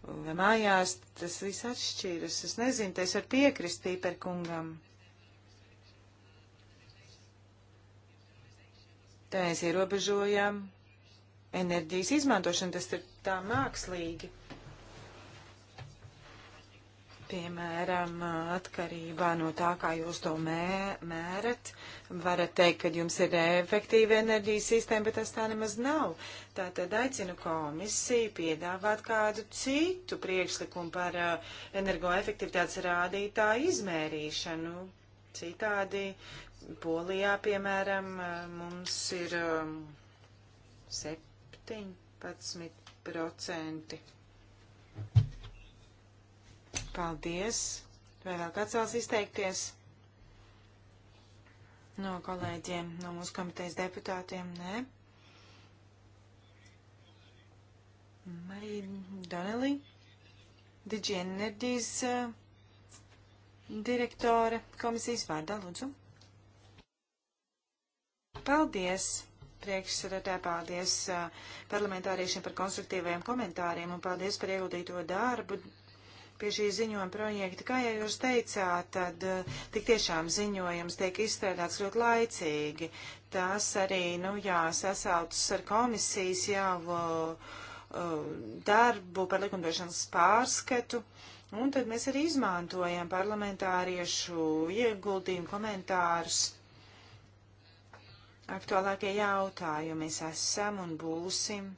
vai mājās, tas viss atšķīras. Es nezinu, te es varu piekrist Pīperkungam. Tā mēs ierobežojam enerģijas izmantošanu, tas ir tā mākslīgi. Piemēram, atkarībā no tā, kā jūs to mē, mērat, varat teikt, ka jums ir efektīva enerģijas sistēma, bet tas tā nemaz nav. Tātad aicinu komisiju piedāvāt kādu citu priekšlikumu par uh, energoefektivitātes rādītāju izmērīšanu. Citādi Polijā, piemēram, uh, mums ir um, 17%. Paldies! Vai vēl kāds vēlas izteikties? No kolēģiem, no mūsu komitejas deputātiem, nē. Marija Donnelly, Digi Energies uh, eh, direktore komisijas vārdā, lūdzu. Paldies, priekšsēdētāji, paldies uh, parlamentāriešiem par konstruktīvajiem komentāriem un paldies par ieguldīto darbu pie šī ziņojuma projekta. Kā jau jūs teicāt, tad eh, tik tiešām ziņojums tiek izstrādāts ļoti laicīgi. Tas arī, nu jā, sasautas ar komisijas jau eh, darbu par likumdošanas pārskatu. Un tad mēs arī izmantojam parlamentāriešu ieguldījumu komentārus. Aktuālākie jautājumi mēs esam un būsim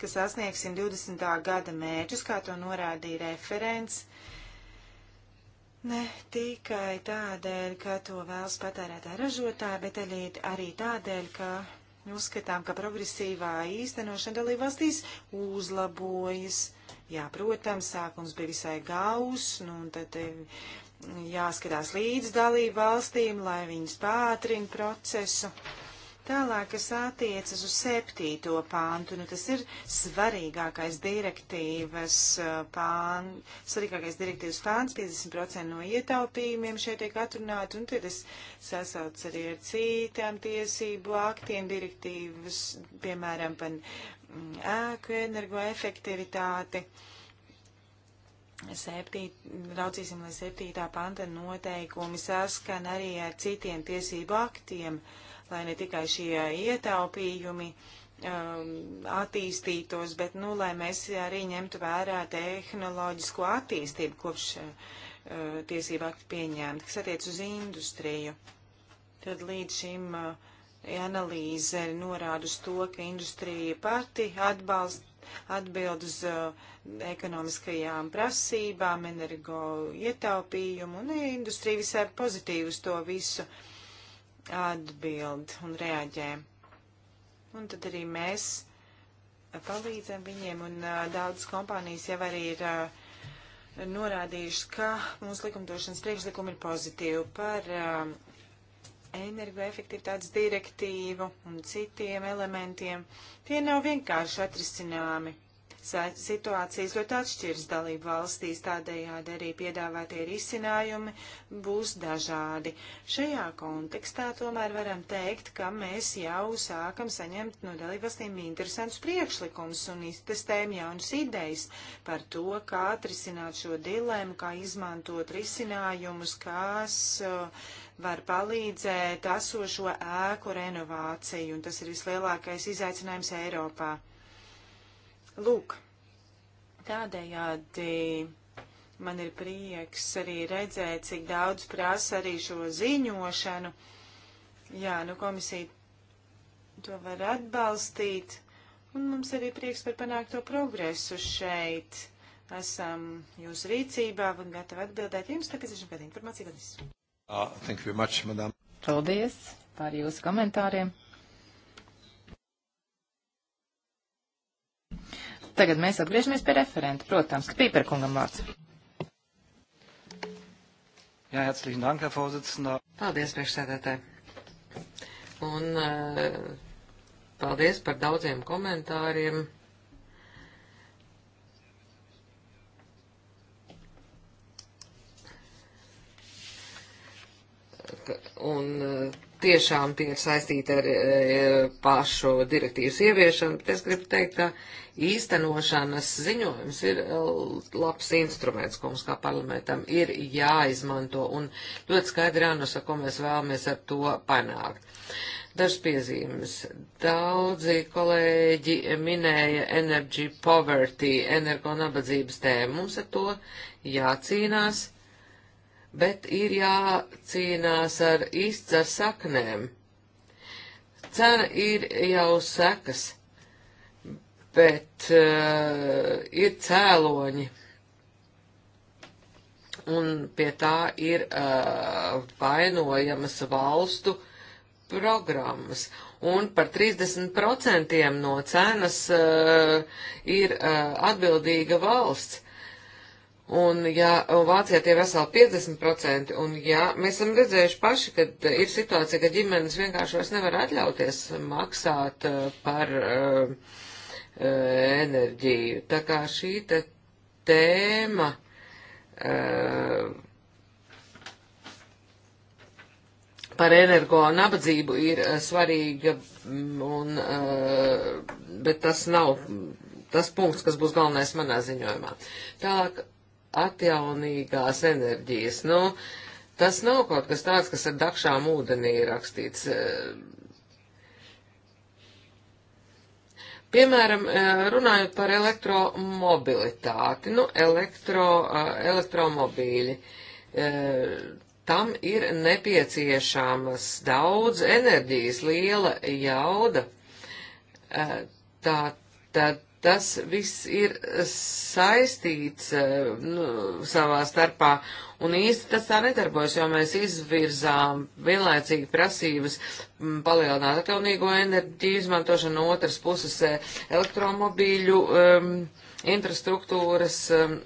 ka sasniegsim 20. gada mērķus, kā to norādīja referents, ne tikai tādēļ, ka to vēlas patērētāji ražotāji, bet arī tādēļ, ka uzskatām, ka progresīvā īstenošana dalībvalstīs uzlabojas. Jā, protams, sākums bija visai gaus, nu, un tad eh, jāskatās līdz dalībvalstīm, lai viņas pātrina procesu. Tālāk, kas attiecas uz septīto pāntu, nu tas ir svarīgākais direktīvas uh, pāns, svarīgākais direktīvas pāns, 50% no ietaupījumiem šeit tiek atrunāti, un tad tas sasauc arī ar citām tiesību aktiem direktīvas, piemēram, par mm, ēku energoefektivitāti. Septīt, raudzīsim, lai septītā panta noteikumi saskan arī ar citiem tiesību aktiem. Uh, lai ne tikai šie ietaupījumi um, attīstītos, bet, nu, lai mēs arī ņemtu vērā tehnoloģisko attīstību kopš uh, tiesību aktu pieņēmta, kas attiec uz industriju. Tad līdz šim uh, analīze norāda uz to, ka industrija pati atbalst, atbild uz uh, ekonomiskajām prasībām, energo ietaupījumu, un industrija visai pozitīvi uz to visu uh, atbild un reaģē. Un tad arī mēs palīdzam viņiem, un uh, daudzas kompānijas jau arī ir uh, norādījušas, ka mūsu likumdošanas priekšlikumi ir pozitīvi par uh, energoefektivitātes direktīvu un citiem elementiem. Tie nav vienkārši atrisināmi situācijas ļoti atšķiras dalību valstīs, tādējādi arī piedāvātie risinājumi būs dažādi. Šajā kontekstā tomēr varam teikt, ka mēs jau sākam saņemt no dalību valstīm interesantus priekšlikumus un iztestējam jaunas idejas par to, kā atrisināt šo dilēmu, kā izmantot risinājumus, kas uh, var palīdzēt esošo ēku renovāciju, un tas ir vislielākais izaicinājums Eiropā. Lūk, tādējādi man ir prieks arī redzēt, cik daudz prasa arī šo ziņošanu. Jā, nu komisija to var atbalstīt. Un mums arī prieks par panākto progresu šeit. Esam jūsu rīcībā un gatavi atbildēt. Jums nepieciešama kāda informācija, Vanis. Uh, ah, thank you very much, madam. Paldies par jūsu komentāriem. Tagad mēs atgriežamies pie referenta, protams, ka Pīperkungam vārds. Jā, herzlichen Dank, Herr Vorsitzender. Paldies, priekšsēdētāji. Un uh, paldies par daudziem komentāriem. Un uh, tiešām tie ir saistīti ar e, pašu direktīvas ieviešanu, bet es gribu teikt, ka īstenošanas ziņojums ir e, labs instruments, ko mums kā parlamentam ir jāizmanto un ļoti skaidri jānosaka, ko mēs vēlamies ar to panākt. Dažas piezīmes. Daudzi kolēģi minēja energy poverty, energo nabadzības tēmu. Mums ar to jācīnās bet ir jācīnās ar īsts ar saknēm. Cena ir jau sekas, bet uh, ir cēloņi un pie tā ir uh, vainojamas valstu programmas. Un par 30% no cenas uh, ir uh, atbildīga valsts. Un ja Vācijā tie veseli 50%, un ja mēs esam redzējuši paši, ka eh, ir situācija, ka ģimenes vienkārši vairs nevar atļauties maksāt eh, par uh, enerģiju. Tā kā šī te tēma uh, par energo nabadzību ir svarīga, mm, un, uh, bet tas nav tas punkts, kas būs galvenais manā ziņojumā. Tālāk atjaunīgās enerģijas. Nu, tas nav kaut kas tāds, kas ar dakšām ūdenī ir rakstīts. Piemēram, runājot par elektromobilitāti, nu, elektro, elektromobīļi, tam ir nepieciešamas daudz enerģijas, liela jauda. Tā tad tas viss ir saistīts eh, nu, savā starpā, un īsti tas tā nedarbojas, jo mēs izvirzām vienlaicīgi prasības mm, palielināt atjaunīgo enerģiju izmantošanu, no otras puses eh, elektromobīļu um, infrastruktūras um,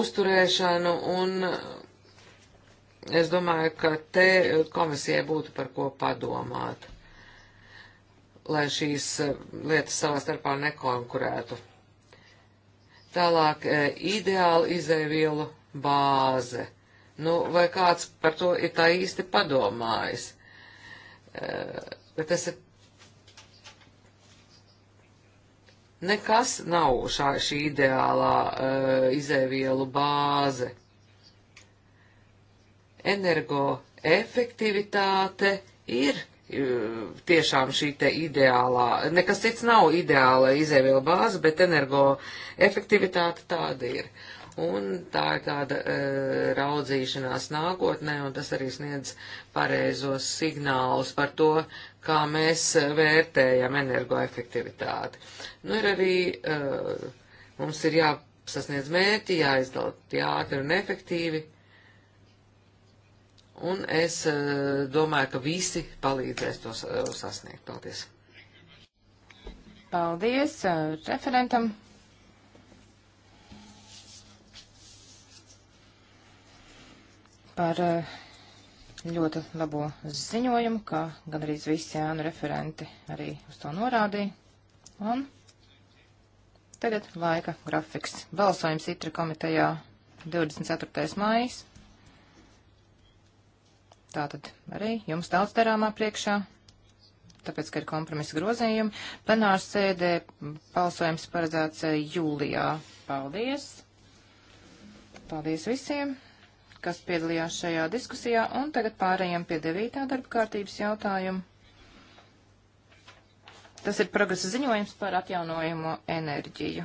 uzturēšanu, un eh, es domāju, ka te komisijai būtu par ko padomāt lai šīs eh, lietas savā starpā nekonkurētu. Tālāk, eh, ideāla izēvielu bāze. Nu, vai kāds par to ir tā īsti padomājis? Eh, bet tas ir. Nekas nav šā, šī ideālā uh, izēvielu bāze. Energoefektivitāte ir Eh, tiešām šī te ideālā, nekas cits nav ideāla izēviela bāze, bet energo efektivitāte tāda ir. Un tā ir tāda e, raudzīšanās nākotnē, un tas arī sniedz pareizos signālus par to, kā mēs vērtējam energoefektivitāti. Nu, ir arī, e, mums ir jāsasniedz mērķi, jāizdala ātri un efektīvi, Un es eh, domāju, ka visi palīdzēs to eh, sasniegt. Paldies! Paldies eh, referentam! Par ļoti labo ziņojumu, kā gandrīz visi ēnu referenti arī uz to norādīja. Un tagad laika grafiks. Balsojums itra komitejā 24. mājas. Tātad arī jums daudz darāmā priekšā, tāpēc, ka ir kompromisa grozījumi. Plenārs sēdē balsojums paredzēts eh, jūlijā. Paldies! Paldies visiem, kas piedalījās šajā diskusijā, un tagad pārējiem pie devītā darba kārtības jautājumu. Tas ir progresa ziņojums par atjaunojumu enerģiju.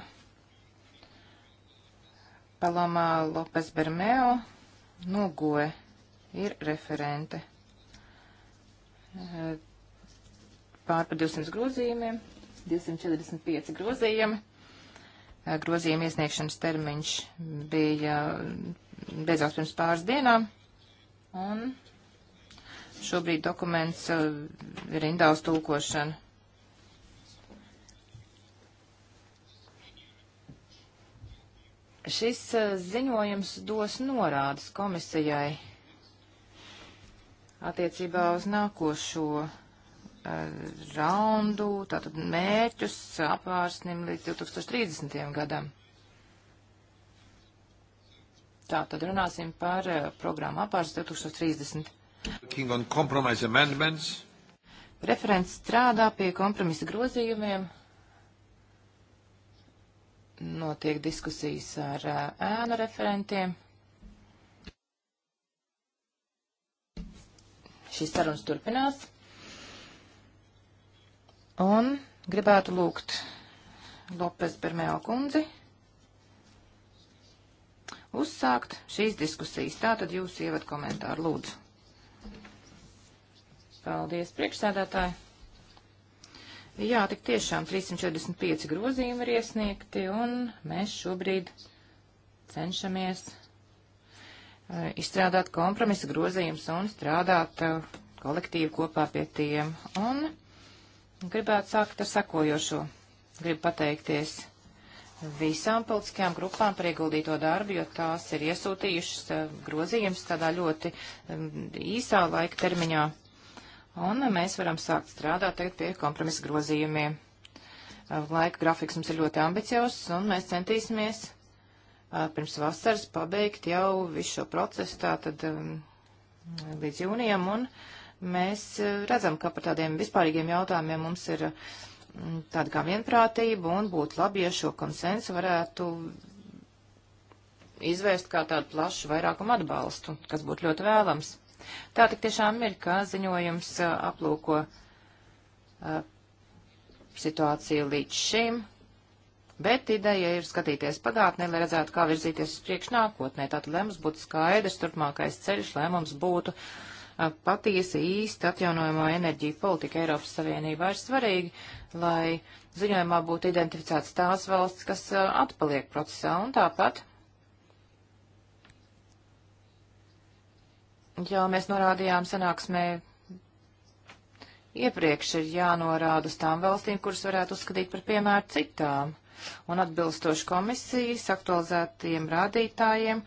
Palomā Lopes Bermeo nogoja ir referente eh, pār par 200 grozījumiem, 245 grozījumi. Eh, grozījuma iesniegšanas termiņš bija mm, beidzās pirms pāris dienām, un šobrīd dokuments ir eh, rindā uz tulkošanu. Šis ziņojums dos norādes komisijai attiecībā uz nākošo eh, raundu, tātad mērķus apvārsnim līdz 2030. gadam. Tā, tad runāsim par uh, programmu apārs 2030. Referents strādā pie kompromisa grozījumiem. Notiek diskusijas ar uh, ēnu referentiem. Šīs sarunas turpinās. Un gribētu lūgt Lopes Bermēla kundzi uzsākt šīs diskusijas. Tātad jūs ievad komentāru, lūdzu. Paldies, priekšsēdētāji. Jā, tik tiešām 345 grozījumi ir iesniegti, un mēs šobrīd cenšamies izstrādāt kompromisa grozījums un strādāt kolektīvi kopā pie tiem. Un gribētu sākt ar sekojošo. Gribu pateikties visām politiskajām grupām par ieguldīto darbu, jo tās ir iesūtījušas grozījums tādā ļoti īsā laika termiņā. Un mēs varam sākt strādāt tagad pie kompromisa grozījumiem. Laika grafiks mums ir ļoti ambiciozs, un mēs centīsimies pirms vasaras pabeigt jau visu šo procesu tātad um, līdz jūnijam, un mēs redzam, ka par tādiem vispārīgiem jautājumiem mums ir mm, tāda kā vienprātība, un būtu labi, ja šo konsensu varētu izvērst kā tādu plašu vairākumu atbalstu, kas būtu ļoti vēlams. Tā tik tiešām ir, ka ziņojums aplūko situāciju līdz šim, bet ideja ir skatīties pagātnē, lai redzētu, kā virzīties uz priekšu nākotnē. Tātad, lai mums būtu skaidrs turpmākais ceļš, lai mums būtu uh, patiesi īsti atjaunojamo enerģiju politika Eiropas Savienībā ir svarīgi, lai ziņojumā būtu identificēts tās valsts, kas uh, atpaliek procesā un tāpat. Jā, mēs norādījām sanāksmē iepriekš ir jānorāda uz tām valstīm, kuras varētu uzskatīt par piemēru citām un atbilstoši komisijas aktualizētiem rādītājiem.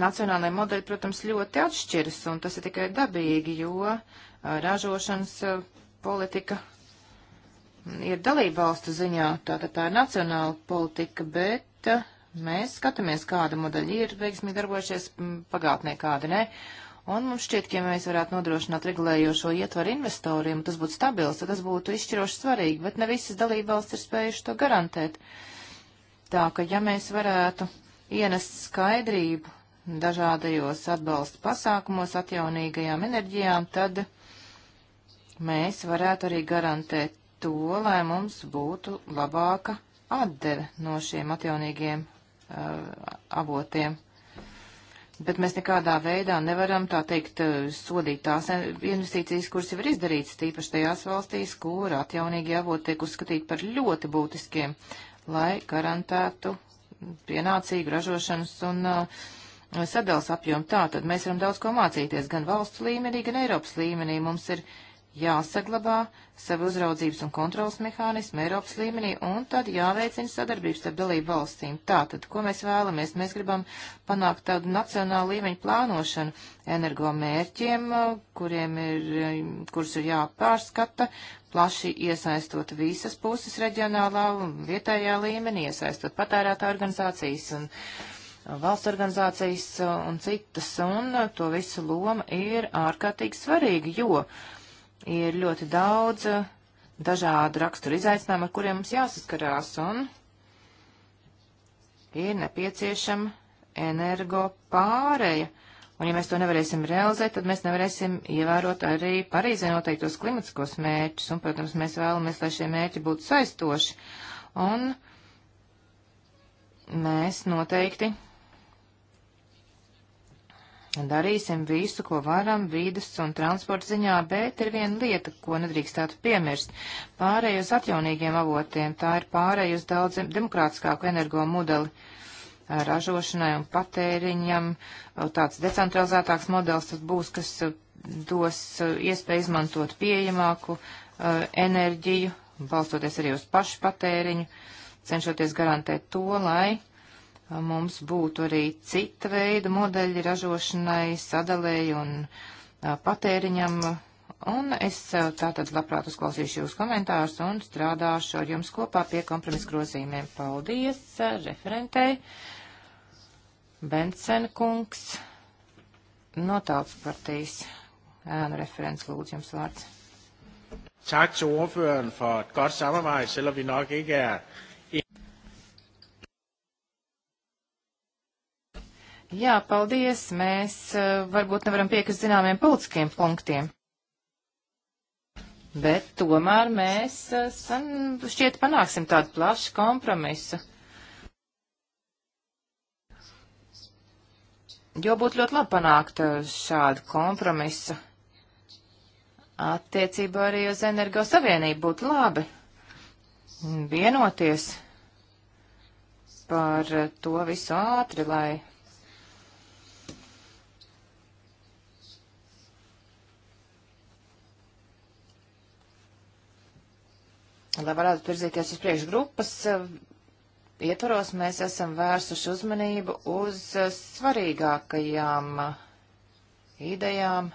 Nacionālajie modeļi, protams, ļoti atšķiras, un tas ir tikai dabīgi, jo ražošanas politika ir dalībvalstu ziņā, tātad tā ir nacionāla politika, bet mēs skatāmies, kāda modeļa ir veiksmīgi darbojušies pagātnē, kāda ne. Un mums šķiet, ka ja mēs varētu nodrošināt regulējošo ietvaru investoriem, tas būtu stabils, tad tas būtu izšķiroši svarīgi, bet ne visas dalībvalsts ir spējuši to garantēt. Tā ka, ja mēs varētu ienest skaidrību dažādajos atbalsta pasākumos atjaunīgajām enerģijām, tad mēs varētu arī garantēt to, lai mums būtu labāka atdeve no šiem atjaunīgiem uh, avotiem. Bet mēs nekādā veidā nevaram, tā teikt, eh, sodīt tās investīcijas, kuras jau ir izdarītas, tīpaši tajās valstīs, kur atjaunīgi avoti tiek uzskatīti par ļoti būtiskiem, lai garantētu pienācīgu ražošanas un uh, eh, sadals apjomu. Tā tad mēs varam daudz ko mācīties gan valsts līmenī, gan Eiropas līmenī. Mums ir uh, jāsaglabā savu uzraudzības un kontrolas mehānismu Eiropas līmenī, un tad jāveicina sadarbības starp dalību valstīm. Tātad, ko mēs vēlamies? Mēs gribam panākt tādu nacionālu līmeņu plānošanu energomērķiem, uh, kuriem ir, uh, kurus ir jāpārskata, plaši iesaistot visas puses reģionālā un vietējā līmenī, iesaistot patērētā organizācijas un uh, valsts organizācijas un citas, un to visu loma ir ārkārtīgi svarīga, jo uh, ir ļoti daudz eh, dažādu raksturu izaicinājumu, ar kuriem mums jāsaskarās, un ir nepieciešama energo pāreja. Un ja mēs to nevarēsim realizēt, tad mēs nevarēsim ievērot arī Parīzē noteiktos klimatiskos mērķus, un, protams, mēs vēlamies, lai šie mērķi būtu saistoši. Un mēs noteikti Darīsim visu, ko varam vīdas un transporta ziņā, bet ir viena lieta, ko nedrīkstētu piemirst. Pārēj uz atjaunīgiem avotiem, tā ir pārēj uz daudz demokrātiskāku energo modeli ražošanai un patēriņam. Tāds decentralizētāks modelis tas būs, kas dos iespēju izmantot pieejamāku enerģiju, balstoties arī uz pašu patēriņu, cenšoties garantēt to, lai mums būtu arī cita veida modeļi ražošanai, sadalēji un patēriņam. Un es tātad labprāt uzklausīšu jūs komentārus un strādāšu ar jums kopā pie kompromisu grozījumiem. Paldies referentei. Bensen kungs no tautas partijas. Ēnu referents lūdzu jums vārds. Tak til ordføreren for et godt samarbejde, selvom vi nok ikke er Jā, paldies. Mēs eh, varbūt nevaram piekrist zināmiem politiskiem punktiem. Bet tomēr mēs eh, san, šķiet panāksim tādu plašu kompromisu. Jo būtu ļoti labi panākt eh, šādu kompromisu. Attiecībā arī uz energo savienību būtu labi vienoties par to visu ātri, lai Un, lai varētu virzīties uz priekšu grupas, eh, ietvaros mēs esam vērsuši uzmanību uz eh, svarīgākajām eh, idejām.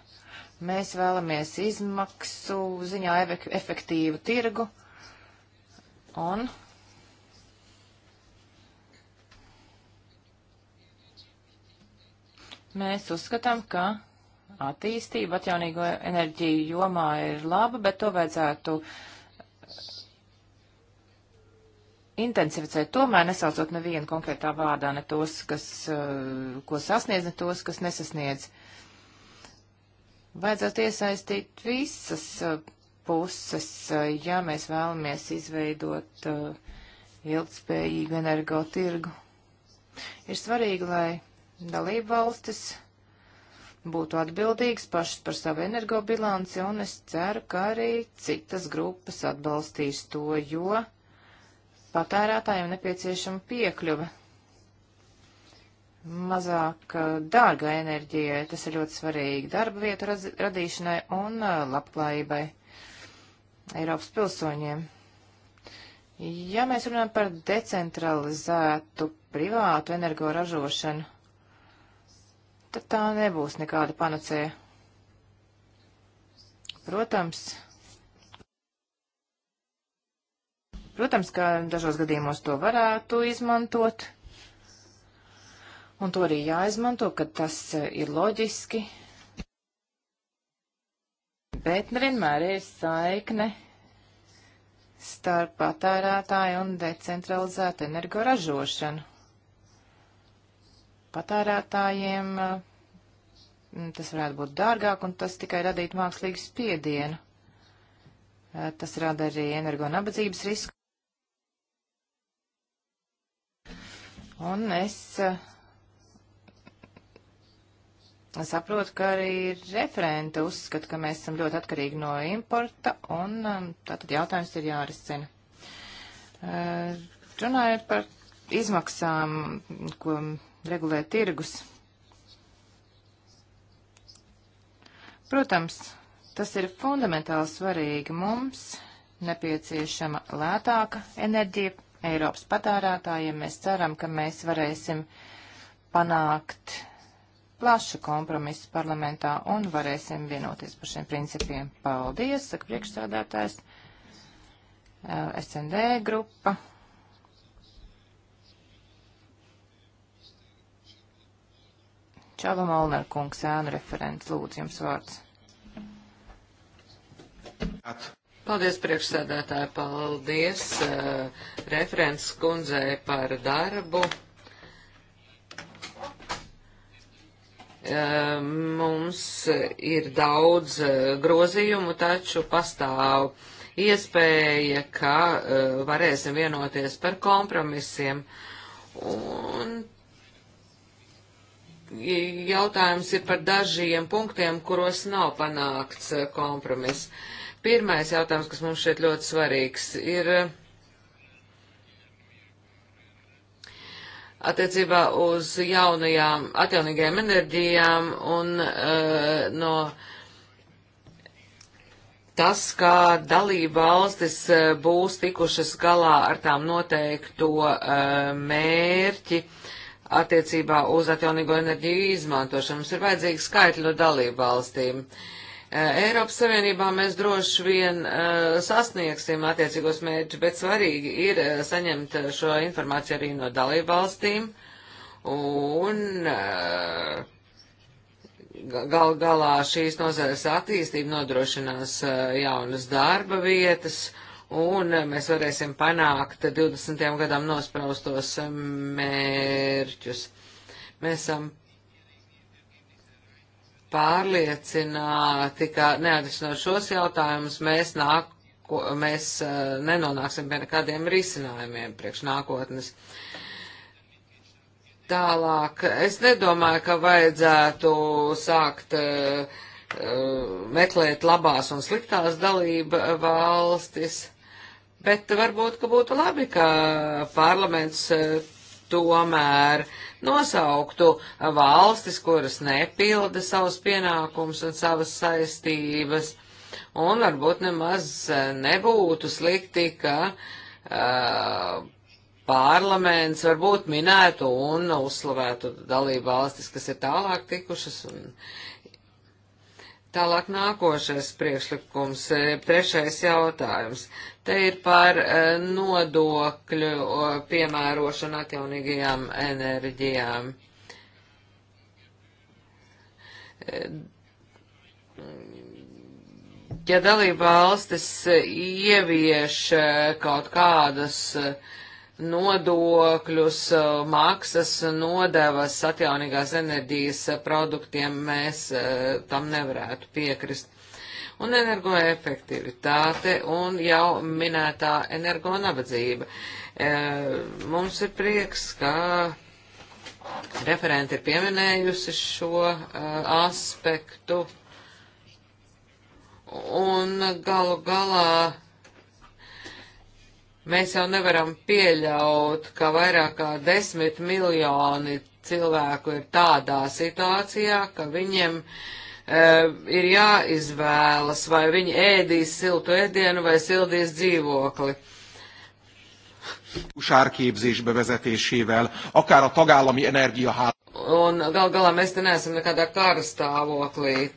Mēs vēlamies izmaksu ziņā efektīvu tirgu un mēs uzskatām, ka attīstība atjaunīgo enerģiju jomā ir laba, bet to vajadzētu uh, intensificēt, tomēr nesaucot nevienu konkrētā vārdā, ne tos, kas, eh, ko sasniedz, ne tos, kas nesasniedz. Vajadzētu iesaistīt visas eh, puses, eh, ja mēs vēlamies izveidot ilgspējīgu energo tirgu. Ir svarīgi, lai dalību valstis būtu atbildīgas pašas par savu energobilanci, un es ceru, ka arī citas grupas atbalstīs to, jo patērētājiem nepieciešama piekļuve mazāk eh, dārga enerģijai. Tas ir ļoti svarīgi darba vietu radīšanai un eh, labklājībai Eiropas pilsoņiem. Ja mēs runājam par decentralizētu privātu energoražošanu, tad tā nebūs nekāda panacēja. Protams, Protams, ka dažos gadījumos to varētu izmantot, un to arī jāizmanto, kad tas eh, ir loģiski, bet nevienmēr ir saikne starp patērētāju un decentralizētu energoražošanu. Patērētājiem eh, tas varētu būt dārgāk, un tas tikai radītu mākslīgu spiedienu. Eh, tas rada arī energo nabadzības risku. Un es Es eh, saprotu, ka arī referente uzskata, ka mēs esam ļoti atkarīgi no importa, un eh, tātad jautājums ir jārisina. Uh, runājot par izmaksām, ko regulē tirgus. Protams, tas ir fundamentāli svarīgi mums, nepieciešama lētāka enerģija, Eiropas patērētājiem. Mēs ceram, ka mēs varēsim panākt plašu kompromisu parlamentā un varēsim vienoties par šiem principiem. Paldies, saka priekšsādātājs. Eh, SND grupa. Čava Molnar kungs, ēnu referents, lūdzu jums vārds. At. Paldies, priekšsēdētāji, paldies uh, referents kundzei par darbu. Uh, mums ir daudz uh, grozījumu, taču pastāv iespēja, ka uh, varēsim vienoties par kompromisiem. Un jautājums ir par dažiem punktiem, kuros nav panākts kompromiss. Uh, Pirmais jautājums, kas mums šeit ļoti svarīgs, ir uh, attiecībā uz jaunajām atjaunīgajām enerģijām un uh, no tas, kā dalība valstis uh, būs tikušas galā ar tām noteikto uh, mērķi attiecībā uz atjaunīgo enerģiju izmantošanu. Mums ir vajadzīgi skaitļu no dalību valstīm. Uh, Eh, Eiropas Savienībā mēs droši vien uh, sasniegsim attiecīgos mērķus, bet svarīgi ir uh, saņemt šo informāciju arī no dalību valstīm un uh, gal galā šīs nozares attīstība nodrošinās jaunas darba vietas un mēs varēsim panākt 20. gadam nospraustos mērķus. Mēs esam pārliecināti, ka neatrisinot šos jautājumus, mēs, nāk, ko, mēs uh, nenonāksim pie nekādiem risinājumiem priekš nākotnes. Tālāk, es nedomāju, ka vajadzētu sākt uh, meklēt labās un sliktās dalība valstis, bet varbūt, ka būtu labi, ka parlaments uh, tomēr uh, nosauktu valstis, kuras nepilda savus pienākumus un savas saistības. Un varbūt nemaz eh, nebūtu slikti, ka uh, parlaments varbūt minētu un uzslavētu dalību valstis, kas ir tālāk tikušas. Un, Tālāk nākošais priekšlikums, eh, trešais jautājums. Te ir par e, nodokļu piemērošanu atjaunīgajām enerģijām. E, ja dalība valstis ievieš e, kaut kādas nodokļus, maksas, nodevas atjaunīgās enerģijas produktiem, mēs tam nevarētu piekrist un energoefektivitāte un jau minētā energo nabadzība. E, mums ir prieks, ka referenti ir pieminējusi šo e, aspektu un galu galā mēs jau nevaram pieļaut, ka vairāk kā desmit miljoni cilvēku ir tādā situācijā, ka viņiem uh, E, ir jāizvēlas, vai viņi ēdīs siltu ēdienu vai sildīs dzīvokli. Sárképzés bevezetésével, akár a tagállami energiahálózat. Un gal galā mēs te neesam nekādā kara stāvoklī.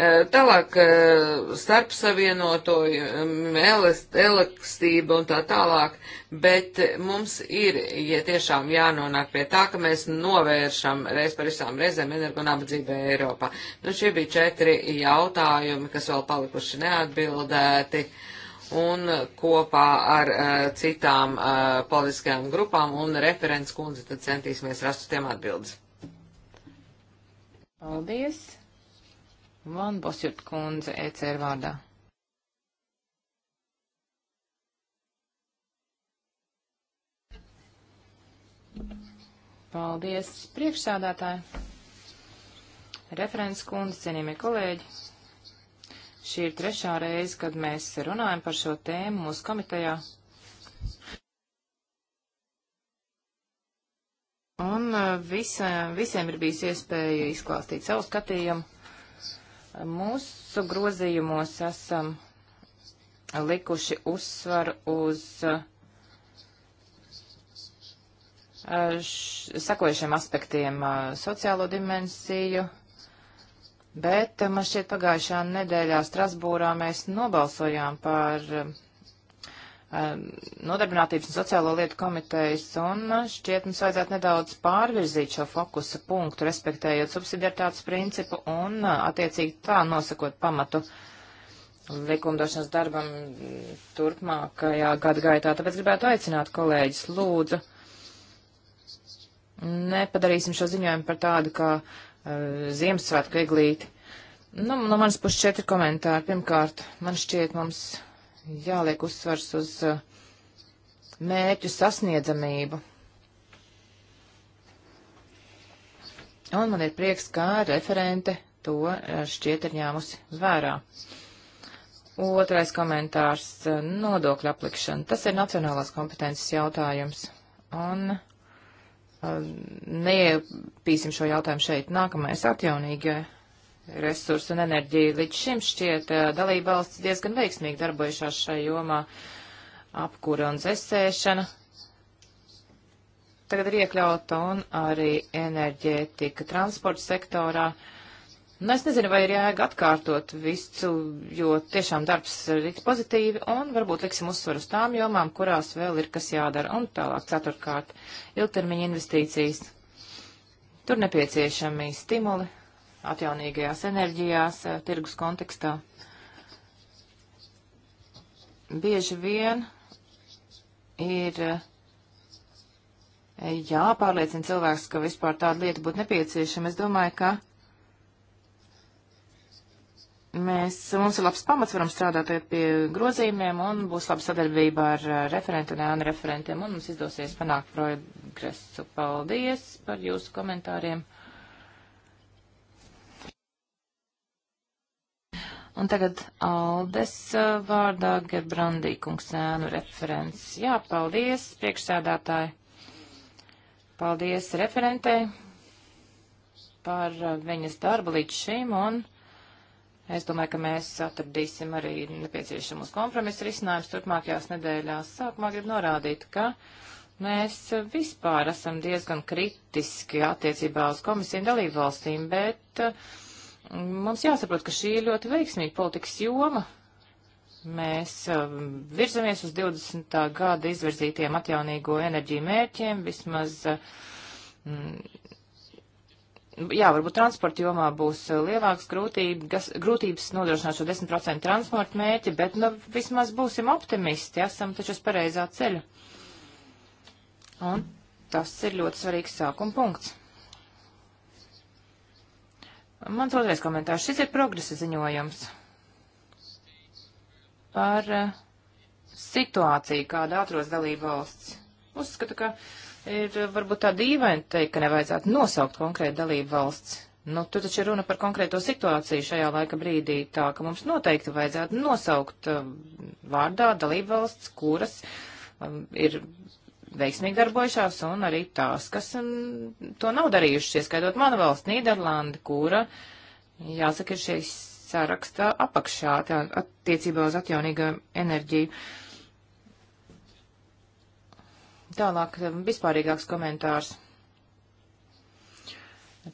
Eh, tālāk eh, starp savienotojumu, mm, elastība un tā tālāk, bet mums ir, ja tiešām jānonāk pie tā, ka mēs novēršam reiz par visām reizēm energo nabadzību Eiropā. Nu, šie bija četri jautājumi, kas vēl palikuši neatbildēti un kopā ar uh, citām uh, politiskajām grupām un referents kundze tad centīsimies rast uz tiem atbildes. Paldies! Van Bosjurt kundze ECR vārdā. Paldies, priekšsādātāji! Referents kundze, cienījamie kolēģi! Šī ir trešā reize, kad mēs runājam par šo tēmu mūsu komitejā. Un eh, visa, visiem ir bijis iespēja izklāstīt savu skatījumu. Mūsu grozījumos esam likuši uzsvaru uz eh, sakojušiem aspektiem eh, - sociālo dimensiju, bet eh, man šķiet pagājušā nedēļā Strasbūrā mēs nobalsojām par Um, nodarbinātības un sociālo lietu komitejas, un uh, šķiet mums vajadzētu nedaudz pārvirzīt šo fokusa punktu, respektējot subsidiartātes principu un uh, attiecīgi tā nosakot pamatu likumdošanas darbam turpmākajā gada gaitā. Tāpēc gribētu aicināt kolēģis, lūdzu, nepadarīsim šo ziņojumu par tādu kā uh, Ziemassvētku eglīti. Nu, no manas puses četri komentāri. Pirmkārt, man šķiet mums jāliek uzsvars uz uh, mērķu sasniedzamību. Un man ir prieks, ka referente to uh, šķiet ir ņēmusi vērā. Otrais komentārs uh, - nodokļu aplikšana. Tas ir nacionālās kompetences jautājums. Un neiepīsim šo jautājumu šeit. Nākamais - atjaunīgie resursu un enerģiju. Līdz šim šķiet dalība valsts diezgan veiksmīgi darbojušās šajā jomā apkūra un zesēšana. Tagad ir iekļauta un arī enerģētika transporta sektorā. Nu, es nezinu, vai ir jēga atkārtot visu, jo tiešām darbs ir pozitīvi, un varbūt liksim uzsvaru uz tām jomām, kurās vēl ir kas jādara, un tālāk ceturkārt ilgtermiņa investīcijas. Tur nepieciešami stimuli, atjaunīgajās enerģijās eh, tirgus kontekstā. Bieži vien ir eh, jāpārliecina cilvēks, ka vispār tāda lieta būtu nepieciešama. Es domāju, ka mēs, mums ir labs pamats, varam strādāt pie grozījumiem un būs laba sadarbība ar eh, referentu un ēnu referentiem un mums izdosies panākt progresu. Paldies par jūsu komentāriem. Un tagad Aldes uh, vārdā Gebrandī kungs ēnu referents. Jā, paldies, priekšsēdātāji. Paldies referentē par uh, viņas darbu līdz šim, un es domāju, ka mēs atradīsim arī nepieciešamos kompromisu risinājumus turpmākajās nedēļās. Sākumā gribu norādīt, ka mēs vispār esam diezgan kritiski attiecībā uz komisiju dalību valstīm, bet uh, Mums jāsaprot, ka šī ir ļoti veiksmīga politikas joma. Mēs um, virzamies uz 20. gada izvirzītiem atjaunīgo enerģiju mērķiem, vismaz, mm, jā, varbūt transporta jomā būs uh, lielāks grūtības, grūtības nodrošināt šo 10% transporta mērķi, bet, nu, vismaz būsim optimisti, esam taču uz pareizā ceļa. Un tas ir ļoti svarīgs sākuma punkts. Mans otrais komentārs. Šis ir progresa ziņojums par eh, situāciju, kāda atrodas dalība valsts. Uzskatu, ka ir eh, varbūt tā dīvaini teikt, ka nevajadzētu nosaukt konkrēti dalību valsts. Nu, tu taču runa par konkrēto situāciju šajā laika brīdī, tā ka mums noteikti vajadzētu nosaukt eh, vārdā dalību valsts, kuras um, ir veiksmīgi darbojušās, un arī tās, kas um, to nav darījušas, ieskaitot manu valsts Nīderlandi, kura, jāsaka, ir šīs sarakstā apakšā tā, attiecībā uz atjaunīgo enerģiju. Tālāk um, vispārīgāks komentārs.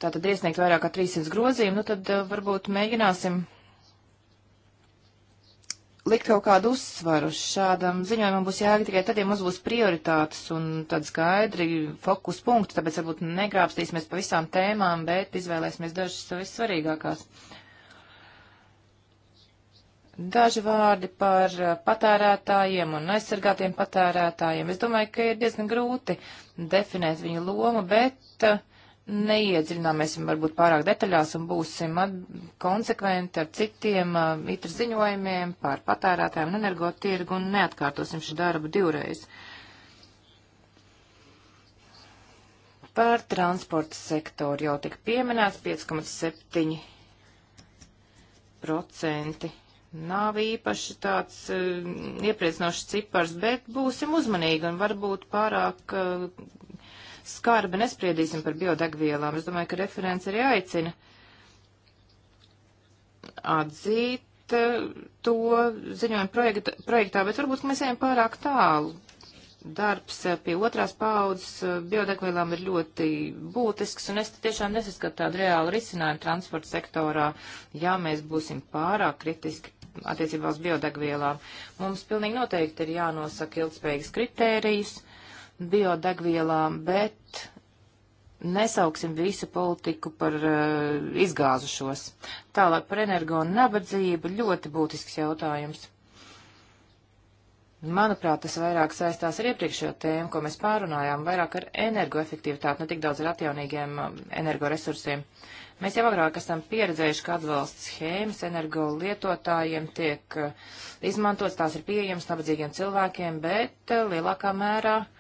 Tātad iesniegt vairāk kā 300 grozījumu, nu tad uh, varbūt mēģināsim likt kaut kādu uzsvaru. Šādam ziņojumam būs jēga tikai tad, ja mums būs prioritātes un tad skaidri fokus punkti, tāpēc varbūt negrāpstīsimies pa visām tēmām, bet izvēlēsimies dažas vissvarīgākās. Daži vārdi par uh, patērētājiem un aizsargātiem patērētājiem. Es domāju, ka ir diezgan grūti definēt viņu lomu, bet uh, neiedziļināmies varbūt pārāk detaļās un būsim konsekventi ar citiem uh, itra ziņojumiem par patērētājiem un energotirgu un neatkārtosim šo darbu divreiz. Par transporta sektoru jau tika pieminēts 5,7% nav īpaši tāds uh, iepriecinošs cipars, bet būsim uzmanīgi un varbūt pārāk uh, skarbi nespriedīsim par biodegvielām. Es domāju, ka referents arī aicina atzīt eh, to ziņojumu projekta, projektā, bet varbūt mēs ejam pārāk tālu. Darbs eh, pie otrās paudzes eh, biodegvielām ir ļoti būtisks, un es tiešām nesaskatu tādu reālu risinājumu transporta sektorā, ja mēs būsim pārāk kritiski attiecībā uz biodegvielām. Mums pilnīgi noteikti ir jānosaka ilgspējīgas kritērijas, uh, biodegvielām, bet nesauksim visu politiku par uh, izgāzušos. Tālāk par energo un nabadzību ļoti būtisks jautājums. Manuprāt, tas vairāk saistās ar iepriekšējo tēmu, ko mēs pārunājām, vairāk ar energoefektivitāti, ne tik daudz ar atjaunīgiem um, energoresursiem. Mēs jau agrāk esam pieredzējuši, ka atbalsts schēmas energo lietotājiem tiek uh, izmantots, tās ir pieejamas nabadzīgiem cilvēkiem, bet uh, lielākā mērā uh,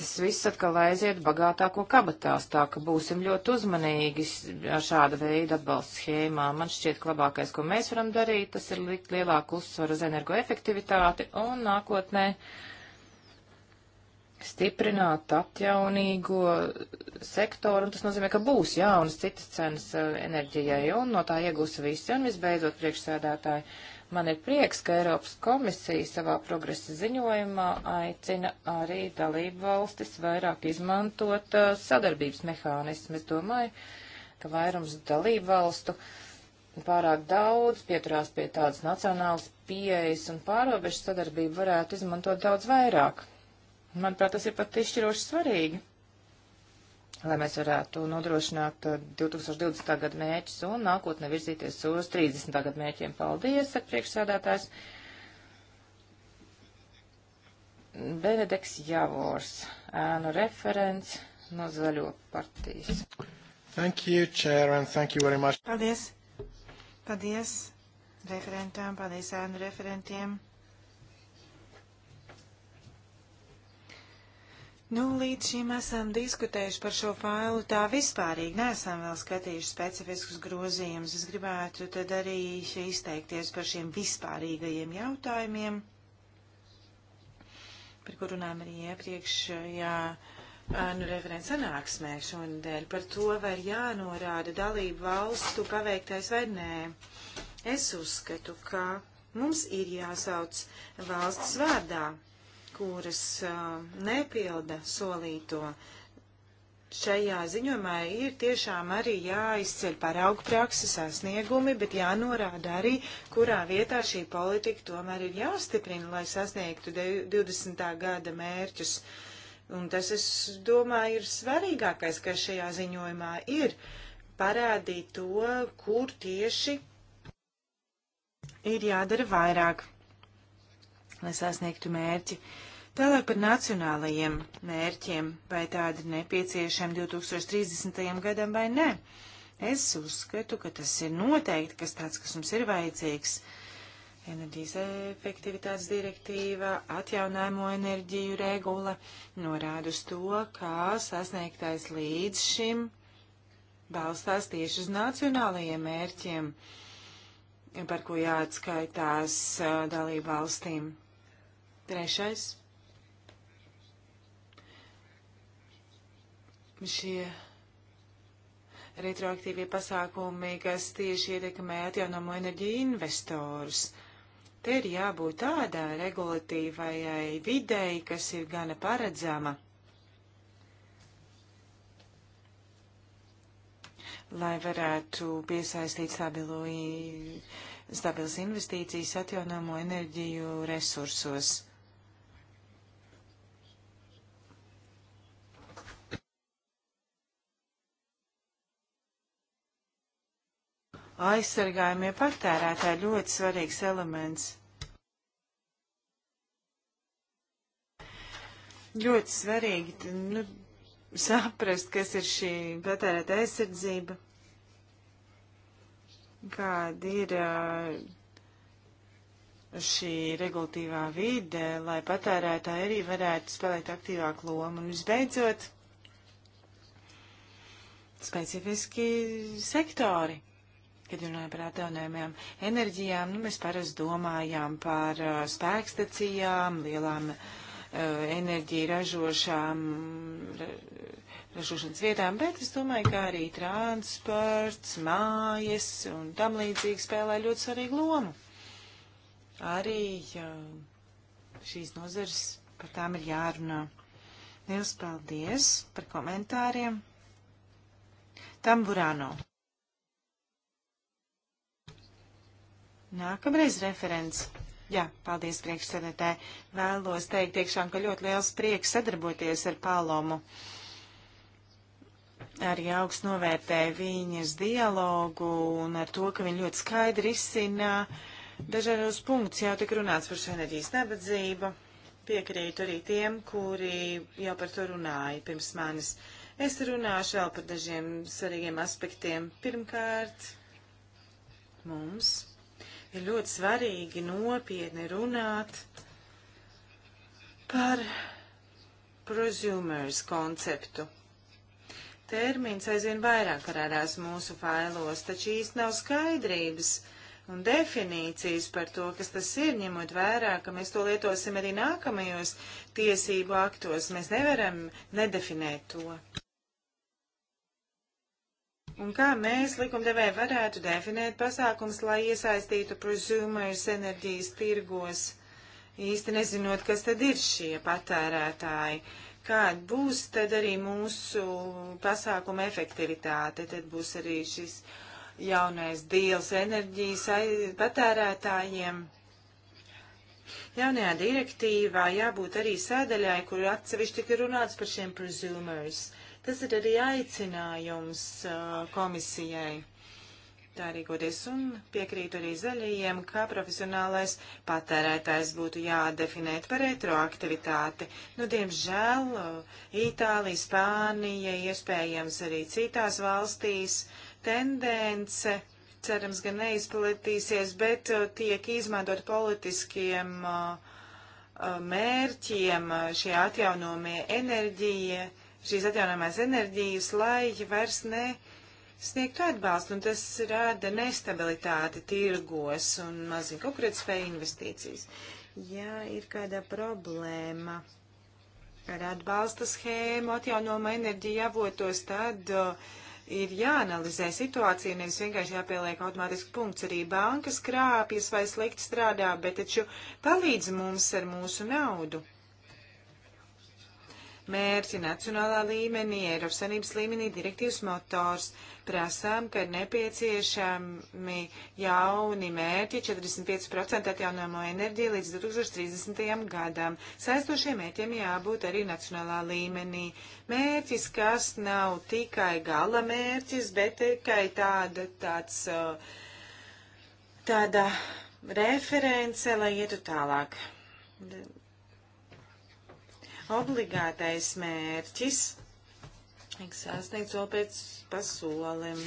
tas viss atkal aiziet bagātāko kabatās, tā ka būsim ļoti uzmanīgi ar šāda veida atbalsta schēmām. Man šķiet, ka labākais, ko mēs varam darīt, tas ir likt lielāku uzsvaru uz energoefektivitāti un nākotnē stiprināt atjaunīgo sektoru, un tas nozīmē, ka būs jaunas citas cenas eh, enerģijai, un no tā iegūs visi, un visbeidzot priekšsēdētāji Man ir prieks, ka Eiropas komisija savā progresa ziņojumā aicina arī dalību valstis vairāk izmantot uh, sadarbības mehānismu. Es domāju, ka vairums dalību valstu pārāk daudz pieturās pie tādas nacionālas pieejas un pārobežu sadarbību varētu izmantot daudz vairāk. Manuprāt, tas ir pat izšķiroši svarīgi lai mēs varētu nodrošināt 2020. Uh, gada mērķus un nākotnē virzīties uz 30. gada mērķiem. Paldies, saka priekšsēdētājs. Benedeks Javors, ēnu referents no Zaļo partijas. Thank you, Chair, and thank you very much. Paldies. Paldies referentām, paldies ēnu referentiem. Nu, līdz šim esam diskutējuši par šo failu tā vispārīgi, neesam vēl skatījuši specifiskus grozījumus. Es gribētu tad arī izteikties par šiem vispārīgajiem jautājumiem, par kur runājam arī iepriekšējā nu, referents sanāksmē šonadēļ, par to, vai ir jānorāda dalību valstu paveiktais vai nē. Es uzskatu, ka mums ir jāsauc valsts vārdā kuras nepilda solīto. Šajā ziņojumā ir tiešām arī jāizceļ paraugu prakses sasniegumi, bet jānorāda arī, kurā vietā šī politika tomēr ir jāstiprina, lai sasniegtu 20. gada mērķus. Un tas, es domāju, ir svarīgākais, kas šajā ziņojumā ir parādīt to, kur tieši ir jādara vairāk lai sasniegtu mērķi. Tālāk par nacionālajiem mērķiem, vai tādi ir nepieciešami 2030. gadam vai nē. Es uzskatu, ka tas ir noteikti kas tāds, kas mums ir vajadzīgs. Enerģijas efektivitātes direktīva, atjaunājumo enerģiju regula norāda uz to, kā sasniegtais līdz šim balstās tieši uz nacionālajiem mērķiem, par ko jāatskaitās dalību valstīm. Trešais. Šie retroaktīvie pasākumi, kas tieši ietekmē atjaunamo enerģiju investorus. Te ir jābūt tādā regulatīvajai videi, kas ir gana paredzama, lai varētu piesaistīt stabilu, stabilas investīcijas atjaunamo enerģiju resursos. aizsargājumie patērētāji ļoti svarīgs elements. Ļoti svarīgi nu, saprast, kas ir šī patērētāja aizsardzība, kāda ir šī regulatīvā vide, lai patērētāji arī varētu spēlēt aktīvāku lomu. Un visbeidzot, specifiski sektori Kad runājam par atjaunojumiem enerģijām, nu, mēs parasti domājām par uh, spēkstacijām, lielām uh, enerģiju ražošām, ra, ražošanas vietām, bet es domāju, ka arī transports, mājas un tam līdzīgi spēlē ļoti svarīgu lomu. Arī uh, šīs nozars par tām ir jārunā. Liels paldies par komentāriem. Tamburāno. Nākamreiz referents. Jā, paldies priekšsēdētē. Vēlos teikt tiešām, ka ļoti liels prieks sadarboties ar Palomu. Arī augsts novērtē viņas dialogu un ar to, ka viņa ļoti skaidri izsina dažādos punktus. Jau tik runāts par šo enerģijas nabadzību. Piekrītu arī tiem, kuri jau par to runāja pirms manis. Es runāšu vēl par dažiem svarīgiem aspektiem. Pirmkārt, mums ir ļoti svarīgi nopietni runāt par prosumers konceptu. Termins aizvien vairāk parādās mūsu failos, taču īsti nav skaidrības un definīcijas par to, kas tas ir, ņemot vērā, ka mēs to lietosim arī nākamajos tiesību aktos. Mēs nevaram nedefinēt to. Un kā mēs likumdevēji varētu definēt pasākums, lai iesaistītu prosumers enerģijas tirgos, īsti nezinot, kas tad ir šie patērētāji, kāda būs tad arī mūsu pasākuma efektivitāte, tad būs arī šis jaunais dīls enerģijas patērētājiem. Jaunajā direktīvā jābūt arī sēdaļai, kur atsevišķi tika runāts par šiem prosumers. Tas ir arī aicinājums uh, komisijai tā rīkoties un piekrītu arī zaļajiem, kā profesionālais patērētājs būtu jādefinē par retroaktivitāti. Nu, diemžēl uh, Itālija, Spānija, iespējams arī citās valstīs tendence cerams, gan neizplatīsies, bet uh, tiek izmantot politiskiem mērķiem šie atjaunomie enerģija, šīs atjaunāmās enerģijas, lai vairs ne sniegtu atbalstu, un tas rada nestabilitāti tirgos un mazina konkurētspēju investīcijas. Ja ir kāda problēma ar atbalsta schēmu atjaunojama enerģija avotos, tad uh, ir jāanalizē situācija, nevis vienkārši jāpieliek automātiski punkts. Arī bankas krāpjas vai slikti strādā, bet taču palīdz mums ar mūsu naudu mērķi nacionālā līmenī, Eiropas Savienības līmenī, direktīvas motors. Prasām, ka ir nepieciešami jauni mērķi 45% atjaunojamo enerģiju līdz 2030. gadam. Saistošiem mērķiem jābūt arī nacionālā līmenī. Mērķis, kas nav tikai gala mērķis, bet tikai tāda, tāds, uh, tāda reference, lai ietu tālāk. Obligātais mērķis tiek sasniegts vēl pēc pasolim.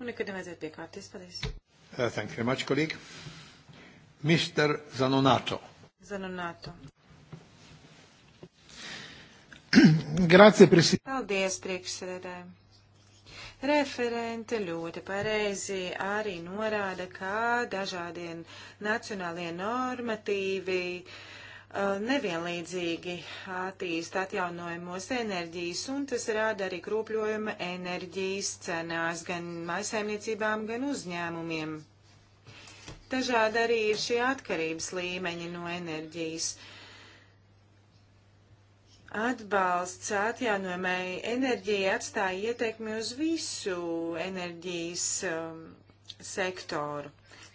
Un nekad nevajadzētu piekārties. Paldies. Uh, thank you very much, colleague. Mr. Zanonato. Zanonato. Grazie, presidente. Paldies, priekšsēdētājiem. Referente ļoti pareizi arī norāda, kā dažādie nacionālie normatīvi uh, nevienlīdzīgi attīst atjaunojumos enerģijas, un tas rāda arī kropļojuma enerģijas cenās gan maisaimniecībām, gan uzņēmumiem. Dažādi arī ir šie atkarības līmeņi no enerģijas. Uh, Atbalsts atjaunojamai enerģijai atstāja ietekmi uz visu enerģijas um, sektoru.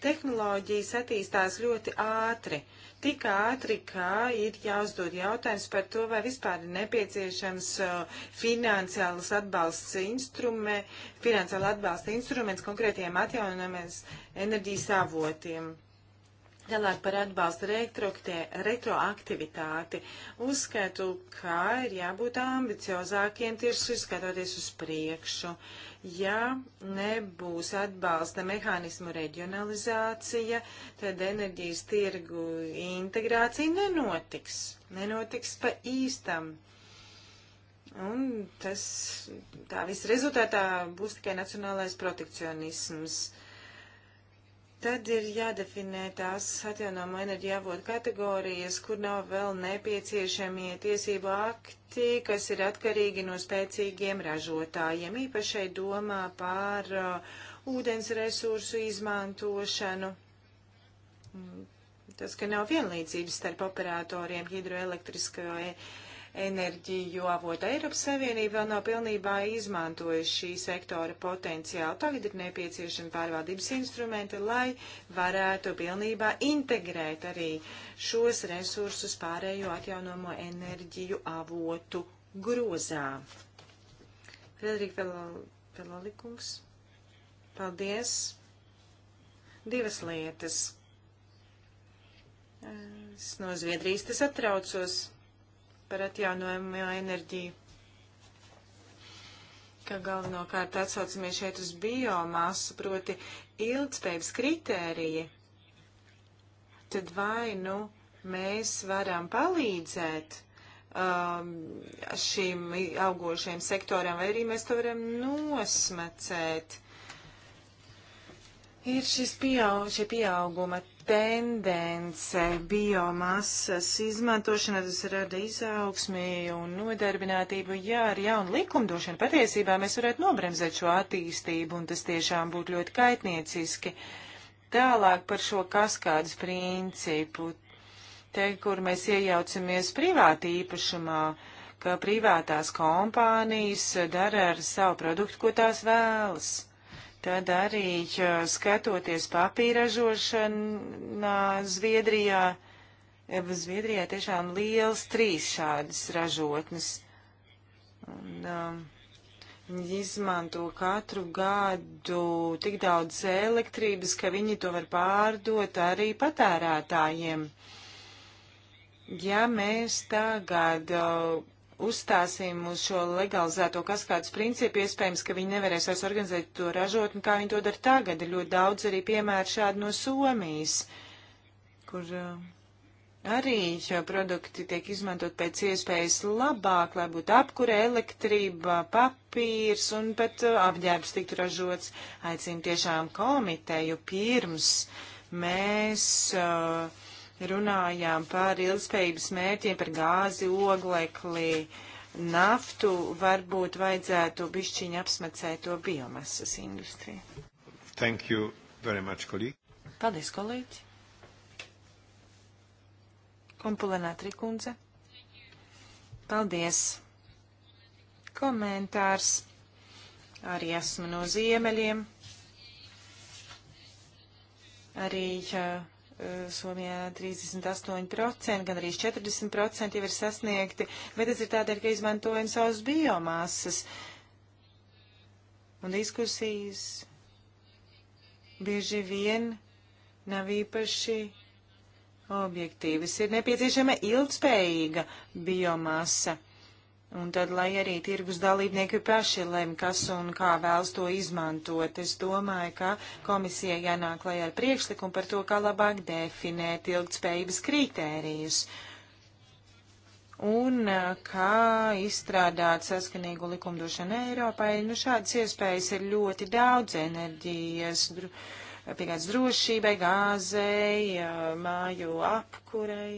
Tehnoloģijas attīstās ļoti ātri, tik ātri, ka ir jāuzdod jautājums par to, vai vispār ir nepieciešams uh, finansiāls atbalsts instrume, finansiāla atbalsta instruments konkrētiem atjaunojamies enerģijas avotiem. Tālāk par atbalstu retroaktivitāti. Uzskatu, ka ir jābūt ambiciozākiem tieši skatoties uz priekšu. Ja nebūs atbalsta mehānismu reģionalizācija, tad enerģijas tirgu integrācija nenotiks. Nenotiks pa īstam. Un tas tā viss rezultātā būs tikai nacionālais protekcionisms. Uh, Tad ir jādefinē tās atjaunāmo enerģiju avotu kategorijas, kur nav vēl nepieciešamie tiesību akti, kas ir atkarīgi no spēcīgiem ražotājiem. Īpašai domā par uh, ūdens resursu izmantošanu. Mm, tas, ka nav vienlīdzības starp operatoriem hidroelektriskajai enerģiju avotu. Eiropas Savienība vēl nav pilnībā izmantojusi šī sektora potenciālu. Tagad ir nepieciešami pārvaldības instrumenti, lai varētu pilnībā integrēt arī šos resursus pārējo atjaunamo enerģiju avotu grozā. Frederika Pelolikungs, paldies. Divas lietas. Es no Zviedrijas tas atraucos par atjaunojamo enerģiju, ka galvenokārt atsaucamies šeit uz biomasu, proti ilgspējības kritērija, tad vai nu mēs varam palīdzēt um, šīm augošajiem sektoram, vai arī mēs to varam nosmacēt. Ir šis pieaug, šie pieauguma tendence biomasas izmantošanā, tas rada izaugsmī un nodarbinātību. Jā, ar jaunu likumdošanu patiesībā mēs varētu nobremzēt šo attīstību, un tas tiešām būtu ļoti kaitnieciski. Tālāk par šo kaskādas principu, te, kur mēs iejaucamies privāti īpašumā, ka privātās kompānijas dara ar savu produktu, ko tās vēlas Tad arī skatoties papīražošanā Zviedrijā, Zviedrijā tiešām liels trīs šādas ražotnes. Un, um, Viņi izmanto katru gadu tik daudz elektrības, ka viņi to var pārdot arī patērētājiem. Ja mēs tagad uh, uzstāsim uz šo legalizēto kaskādus principu, iespējams, ka viņi nevarēs vairs organizēt to ražotni, kā viņi to dara tagad. Ir ļoti daudz arī piemēru šādi no Somijas, kur uh, arī šo produkti tiek izmantot pēc iespējas labāk, lai būtu apkure, elektrība, papīrs un pat uh, apģērbs tiktu ražots. Aicinu tiešām komiteju pirms mēs. Uh, runājām par ilgspējības mērķiem, par gāzi, ogleklī, naftu, varbūt vajadzētu bišķiņu apsmacēt to biomasas industriju. Thank you very much, kolīgi. Paldies, kolīgi. Kompulēnā trikundze. Paldies. Komentārs. Arī esmu no ziemeļiem. Arī uh, Eh, Somijā 38%, gan arī 40% jau ir sasniegti, bet tas ir tādēļ, ka izmantojam savus biomasas un diskusijas bieži vien nav īpaši objektīvas. Ir nepieciešama ilgspējīga biomasa. Un tad, lai arī tirgus dalībnieki paši lem, kas un kā vēlas to izmantot, es domāju, ka komisija jānāk lai ar priekšlikumu par to, kā labāk definēt ilgtspējības kritērijus un kā izstrādāt saskanīgu likumdošanu Eiropai. Nu, šādas iespējas ir ļoti daudz enerģijas, dro, piegādes drošībai, gāzei, māju apkurei.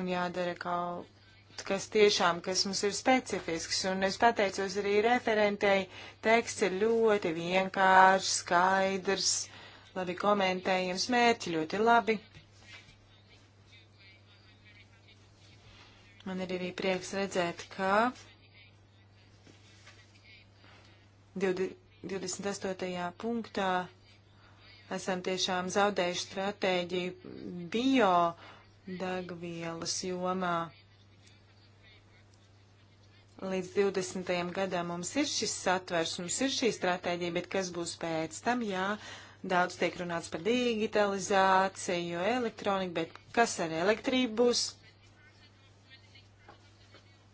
Un jādara kaut kas tiešām, kas mums ir specifisks, un es pateicos arī referentei, teksts ir ļoti vienkāršs, skaidrs, labi komentējams, mērķi ļoti labi. Man ir arī prieks redzēt, ka 28. punktā esam tiešām zaudējuši stratēģiju bio degvielas jomā līdz 20. gadam mums ir šis satvers, mums ir šī stratēģija, bet kas būs pēc tam, jā, daudz tiek runāts par digitalizāciju, elektroniku, bet kas ar elektrību būs?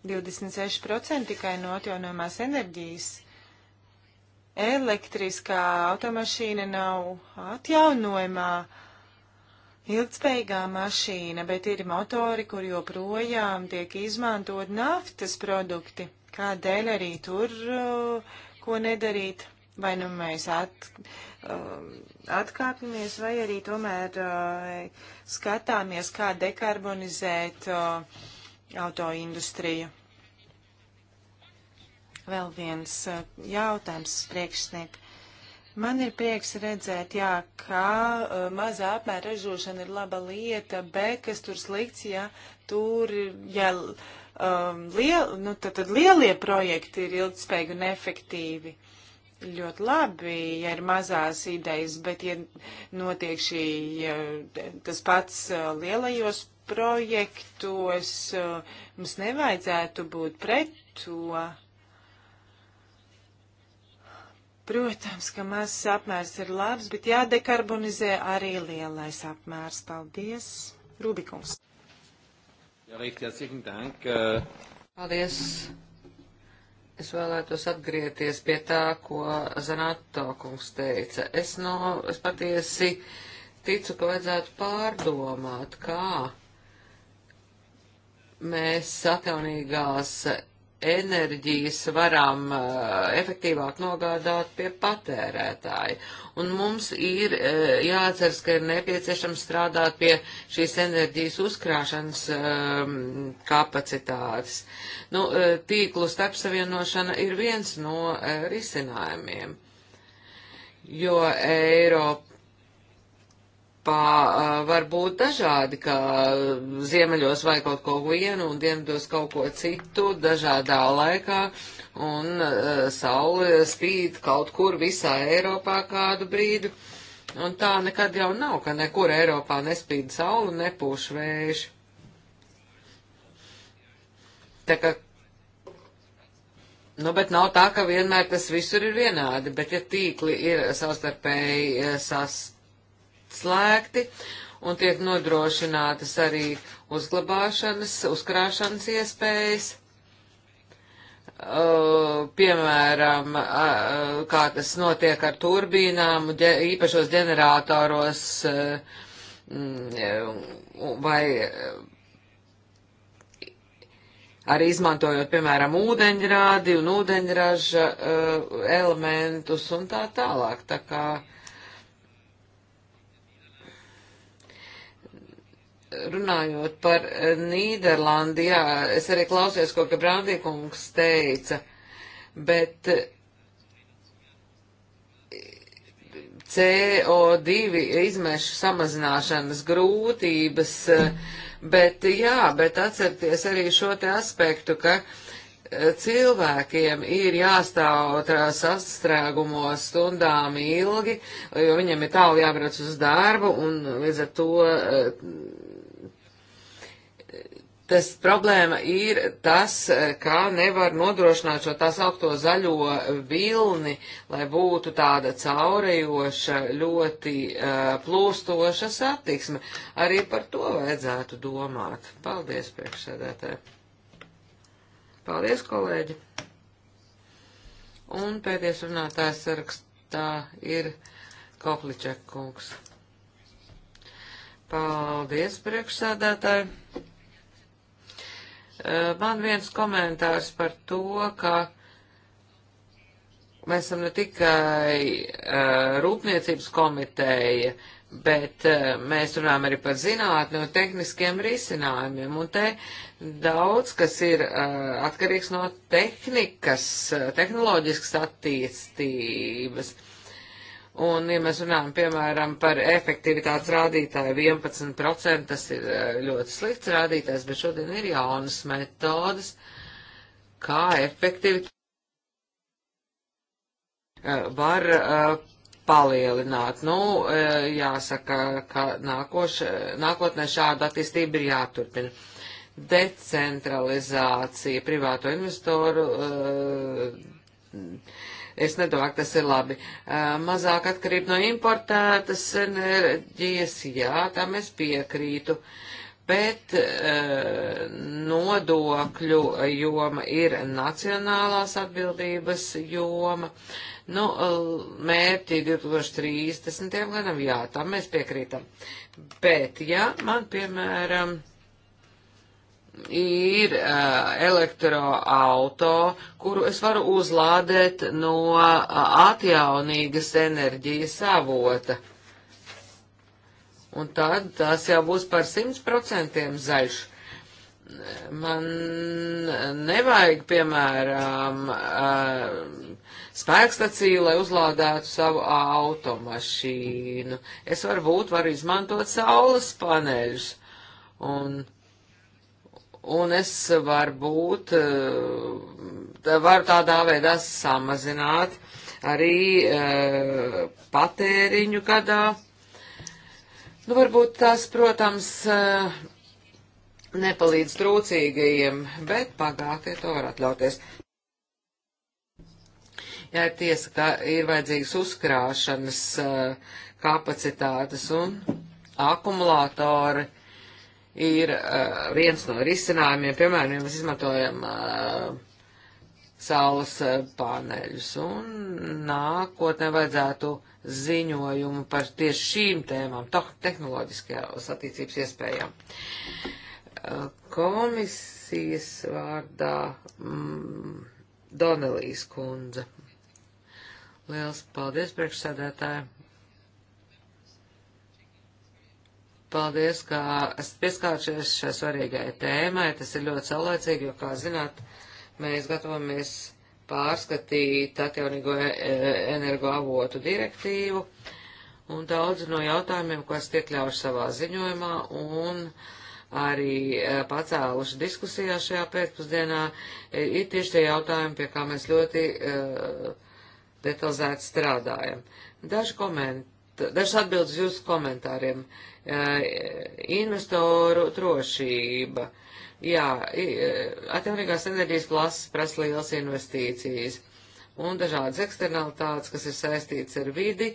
26% tikai no atjaunojumās enerģijas. Elektriskā automašīna nav atjaunojumā. Uh, ilgspējīgā mašīna, bet ir motori, kur joprojām tiek izmantot naftas produkti. Kādēļ arī tur uh, ko nedarīt? Vai nu mēs at, uh, atkāpjamies, vai arī tomēr uh, skatāmies, kā dekarbonizēt uh, autoindustriju. Vēl viens uh, jautājums priekšsniegt. Man ir prieks redzēt, jā, ka uh, mazā apmēra ražošana ir laba lieta, bet kas tur slikts, ja tur, ja um, liel, nu, tad, tad lielie projekti ir ilgspējīgi un efektīvi. Ļoti labi, ja ir mazās idejas, bet ja notiek šī, ja, tas pats uh, lielajos projektos, uh, mums nevajadzētu būt pret to. Protams, ka mazs apmērs ir labs, bet jādekarbonizē arī lielais apmērs. Paldies, Rubikums. Paldies. Es vēlētos atgriezties pie tā, ko Zanato kungs teica. Es, no, es patiesi ticu, ka vajadzētu pārdomāt, kā mēs atjaunīgās enerģijas varam uh, efektīvāk nogādāt pie patērētāja. Un mums ir uh, jāatceras, ka ir nepieciešams strādāt pie šīs enerģijas uzkrāšanas um, kapacitātes. Nu, uh, tīklu starpsavienošana ir viens no risinājumiem, jo Eiropa Eiropā var būt dažādi, ka ziemeļos vajag kaut ko vienu un dienvidos kaut ko citu dažādā laikā, un saule spīd kaut kur visā Eiropā kādu brīdi, un tā nekad jau nav, ka nekur Eiropā nespīd saule un nepūš vēži. Tā kā Nu, bet nav tā, ka vienmēr tas visur ir vienādi, bet ja tīkli ir savstarpēji sast, slēgti un tiek nodrošinātas arī uzglabāšanas, uzkrāšanas iespējas. Uh, piemēram, uh, kā tas notiek ar turbīnām, ģe, īpašos ģeneratoros uh, mm, vai uh, arī izmantojot, piemēram, ūdeņrādi un ūdeņraža uh, elementus un tā tālāk. Tā kā uh, runājot par eh, Nīderlandi, jā, es arī klausījos, ko Brandīkungs teica, bet eh, CO2 izmešu samazināšanas grūtības, eh, bet jā, bet atcerieties arī šo te aspektu, ka cilvēkiem ir jāstāv sastrēgumos stundām ilgi, jo viņiem ir tālu jābrauc uz darbu un līdz ar to Tas problēma ir tas, kā nevar nodrošināt šo tās augto zaļo vilni, lai būtu tāda caurejoša, ļoti uh, plūstoša satiksme. Arī par to vajadzētu domāt. Paldies, priekšsēdētāji. Paldies, kolēģi. Un pēdējais runātājs sarakstā ir Kohličak kungs. Paldies, priekšsēdētāji. Eh, man viens komentārs par to, ka mēs esam ne tikai eh, rūpniecības komiteja, bet eh, mēs runājam arī par zinātni un tehniskiem risinājumiem. Un te daudz, kas ir atkarīgs no tehnikas, tehnoloģiskas attīstības. Un, ja mēs runājam, piemēram, par efektivitātes rādītāju 11%, tas ir e, ļoti slikts rādītājs, bet šodien ir jaunas metodas, kā efektivitāte e, var e, palielināt. Nu, jāsaka, ka nākoš, nākotnē šāda attīstība ir jāturpina. Decentralizācija privāto investoru. Uh, Es nedomāju, ka tas ir labi. Mazāk atkarība no importētas enerģijas, jā, tam es piekrītu. Bet nodokļu joma ir nacionālās atbildības joma. Nu, mērķi 2030. gadam, jā, tam mēs piekrītam. Bet, ja man, piemēram, ir uh, elektroauto, kuru es varu uzlādēt no uh, atjaunīgas enerģijas avota. Un tad tas jau būs par 100% zaļš. Man nevajag, piemēram, uh, spēkstaciju, lai uzlādētu savu automašīnu. Es varbūt varu izmantot saules paneļus. Un uh, Un es varbūt eh, varu tādā veidā samazināt arī eh, patēriņu gadā. Nu, varbūt tas, protams, eh, nepalīdz trūcīgajiem, bet bagātie to var atļauties. Jā, ir tiesa, ka ir vajadzīgas uzkrāšanas kapacitātes un akumulātori ir uh, viens no risinājumiem, piemēram, ja mēs izmantojam uh, saules eh, paneļus, un nākotnē vajadzētu ziņojumu par tieši šīm tēmām, tehnoloģiskajās attīstības iespējām. Uh, komisijas vārdā mm, Donelijas kundze. Liels paldies priekšsēdētājiem! Paldies, ka esat pieskāršies šai svarīgai tēmai. Tas ir ļoti saulēcīgi, jo, kā zināt, mēs gatavamies pārskatīt atjaunīgo e, e, energoavotu direktīvu un daudz no jautājumiem, kas tiek ļauši savā ziņojumā un arī e, pacēluši diskusijā šajā pēcpusdienā, ir tieši tie jautājumi, pie kā mēs ļoti uh, detalizēti strādājam. Daži koment, dažas atbildes jūsu komentāriem. Uh, Eh, investoru drošība. Jā, eh, atjaunīgās enerģijas klases prasa liels investīcijas, un dažādas eksternalitātes, kas ir saistītas ar vidi,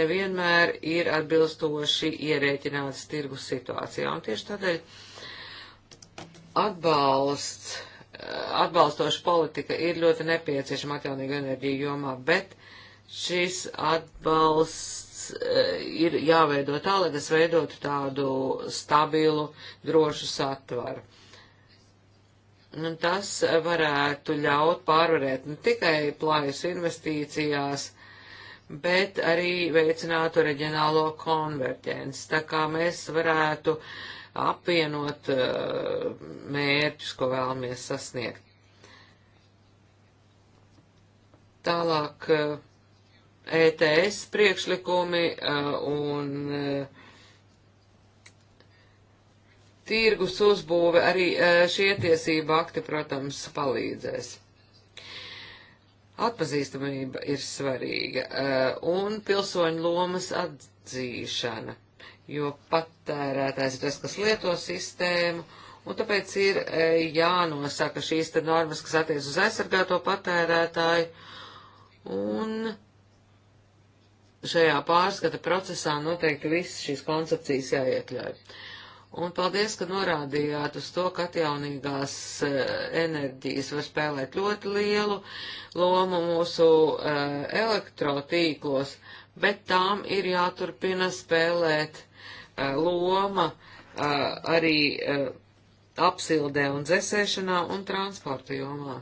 nevienmēr ir atbilstoši ierēķinātas tirgus situācijā. Un tieši tādēļ atbalsts, eh, atbalstoša politika ir ļoti nepieciešama atjaunīgu enerģiju jomā, bet šis atbalsts E, ir jāveido tā, lai tas veidotu tādu stabilu, drošu satvaru. Un tas varētu ļaut pārvarēt ne tikai plājus investīcijās, bet arī veicinātu reģionālo konverģenci. Tā kā mēs varētu apvienot e, mērķus, ko vēlamies sasniegt. Tālāk. Uh, ETS priekšlikumi uh, un uh, tirgus uzbūve arī uh, šie tiesība akti, protams, palīdzēs. Atpazīstamība ir svarīga un pilsoņu lomas atzīšana, jo patērētājs ir tas, kas lieto sistēmu. Un tāpēc ir jānosaka šīs te normas, kas attiec uz aizsargāto patērētāju. Un šajā pārskata procesā noteikti visas šīs koncepcijas jāiekļauj. Un paldies, ka norādījāt uz to, ka atjaunīgās eh, enerģijas var spēlēt ļoti lielu lomu mūsu eh, elektrotīklos, bet tām ir jāturpina spēlēt eh, loma arī apsildē un dzesēšanā un transporta jomā.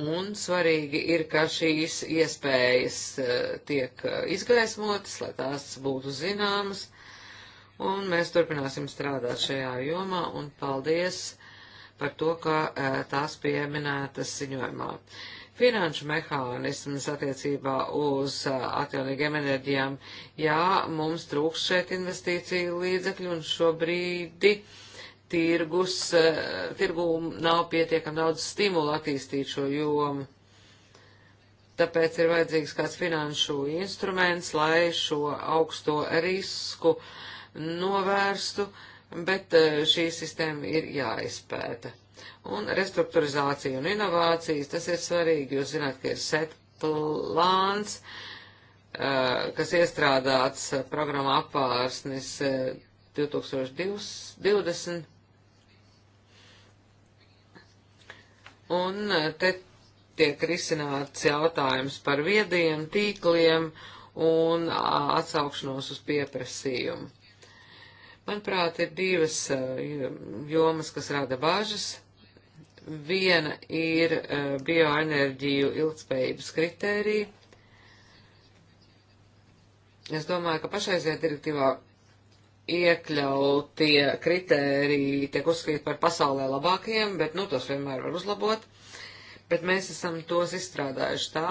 Un svarīgi ir, ka šīs iespējas eh, tiek eh, izgaismotas, lai tās būtu zināmas, un mēs turpināsim strādāt šajā jomā, un paldies par to, ka eh, tās pieminētas ziņojumā. Finanšu mehānisms attiecībā uz atjaunīgiem enerģijām, jā, mums trūks šeit investīciju līdzekļu, un šobrīd tirgus, eh, tirgu nav pietiekam daudz stimulu attīstīt šo jomu. Tāpēc ir vajadzīgs kāds finanšu instruments, lai šo augsto risku novērstu, bet eh, šī sistēma ir jāizpēta. Un restruktūrizācija un inovācijas, tas ir svarīgi, jūs zināt, ka ir set plāns, eh, kas iestrādāts programmā apvārsnis 2020 Un e, te tiek risināts jautājums par viediem tīkliem un atsaukšanos uz pieprasījumu. Manuprāt, ir divas e, jomas, kas rada bažas. Viena ir e, bioenerģiju ilgspējības kritērija. Es domāju, ka pašreizajā direktīvā iekļautie kritēriji tiek uzskatīti par pasaulē labākajiem, bet, nu, tos vienmēr var uzlabot. Bet mēs esam tos izstrādājuši tā,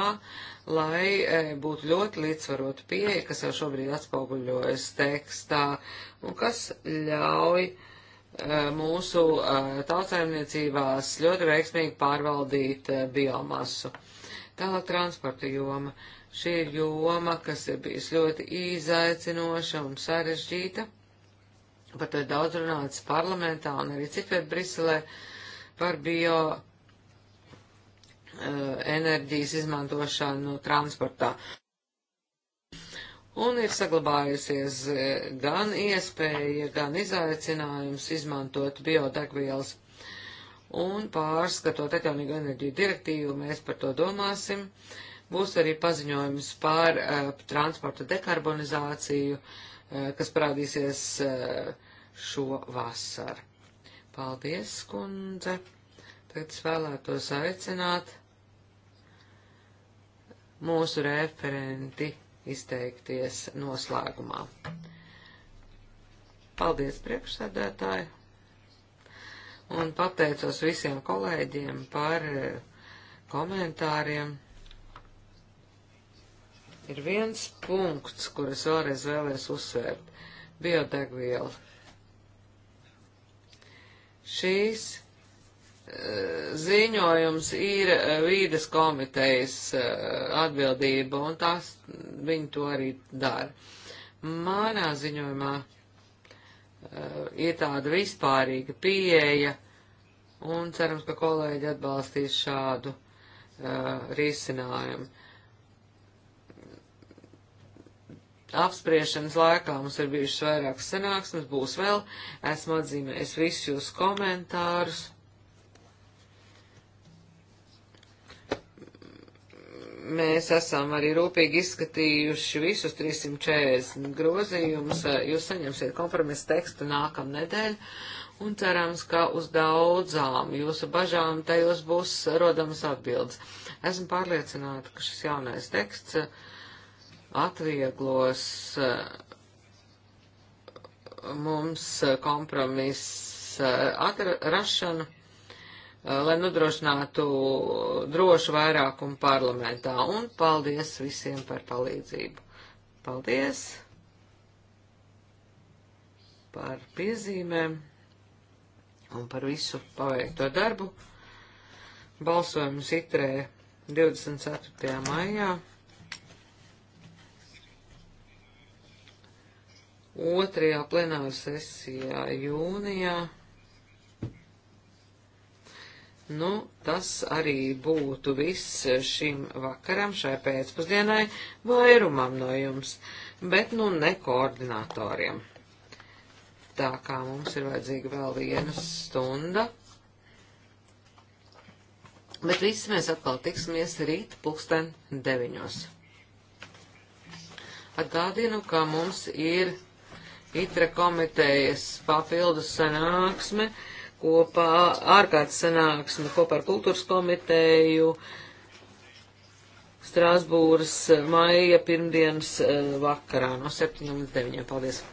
lai e, būtu ļoti līdzsvarota pieeja, kas jau šobrīd atspoguļojas tekstā un kas ļauj e, mūsu e, tautsēmniecībās ļoti veiksmīgi pārvaldīt e, biomasu. Tālāk transporta joma. Šī ir joma, kas ir bijusi ļoti izaicinoša un sarežģīta par to ir daudz runāts parlamentā un arī citviet Briselē par bio uh, enerģijas izmantošanu transportā. Un ir saglabājusies eh, gan iespēja, gan izaicinājums izmantot biodegvielas. Un pārskatot atjaunīgo enerģiju direktīvu, mēs par to domāsim. Būs arī paziņojums par uh, transporta dekarbonizāciju, uh, kas parādīsies uh, šo vasaru. Paldies, kundze! Tagad es vēlētos aicināt mūsu referenti izteikties noslēgumā. Paldies, priekšsēdētāji! Un pateicos visiem kolēģiem par eh, komentāriem. Ir viens punkts, kuras vēlreiz vēlēs uzsvērt - biodegviela. Šīs eh, ziņojums ir eh, vīdes komitejas eh, atbildība, un tās viņi to arī dara. Manā ziņojumā ir tāda vispārīga pieeja, un cerams, ka kolēģi atbalstīs šādu risinājumu. apspriešanas laikā mums ir bijušas vairākas sanāksmes, būs vēl, esmu atzīmējis visus jūs komentārus. Mēs esam arī rūpīgi izskatījuši visus 340 grozījumus. Jūs saņemsiet kompromisu tekstu nākamnedēļ un cerams, ka uz daudzām jūsu bažām tajos būs rodamas atbildes. Esmu pārliecināta, ka šis jaunais teksts uh, atvieglos eh, mums eh, kompromisa eh, atrašanu, lai nodrošinātu drošu vairākumu parlamentā. Un paldies visiem par palīdzību. Paldies par piezīmēm un par visu paveikto darbu. Balsojums itrē 24. maijā. otrajā plenāra sesijā jūnijā. Nu, tas arī būtu viss šim vakaram, šai pēcpusdienai, vairumam no jums, bet nu ne koordinatoriem. Tā kā mums ir vajadzīga vēl viena stunda. Bet visi mēs atkal tiksimies rīt pulksten deviņos. Atgādinu, ka mums ir ITRA komitejas papildus sanāksme kopā, ārkārtas sanāksme kopā ar kultūras komiteju Strasbūras maija pirmdienas eh, vakarā no 7 līdz 9. Paldies!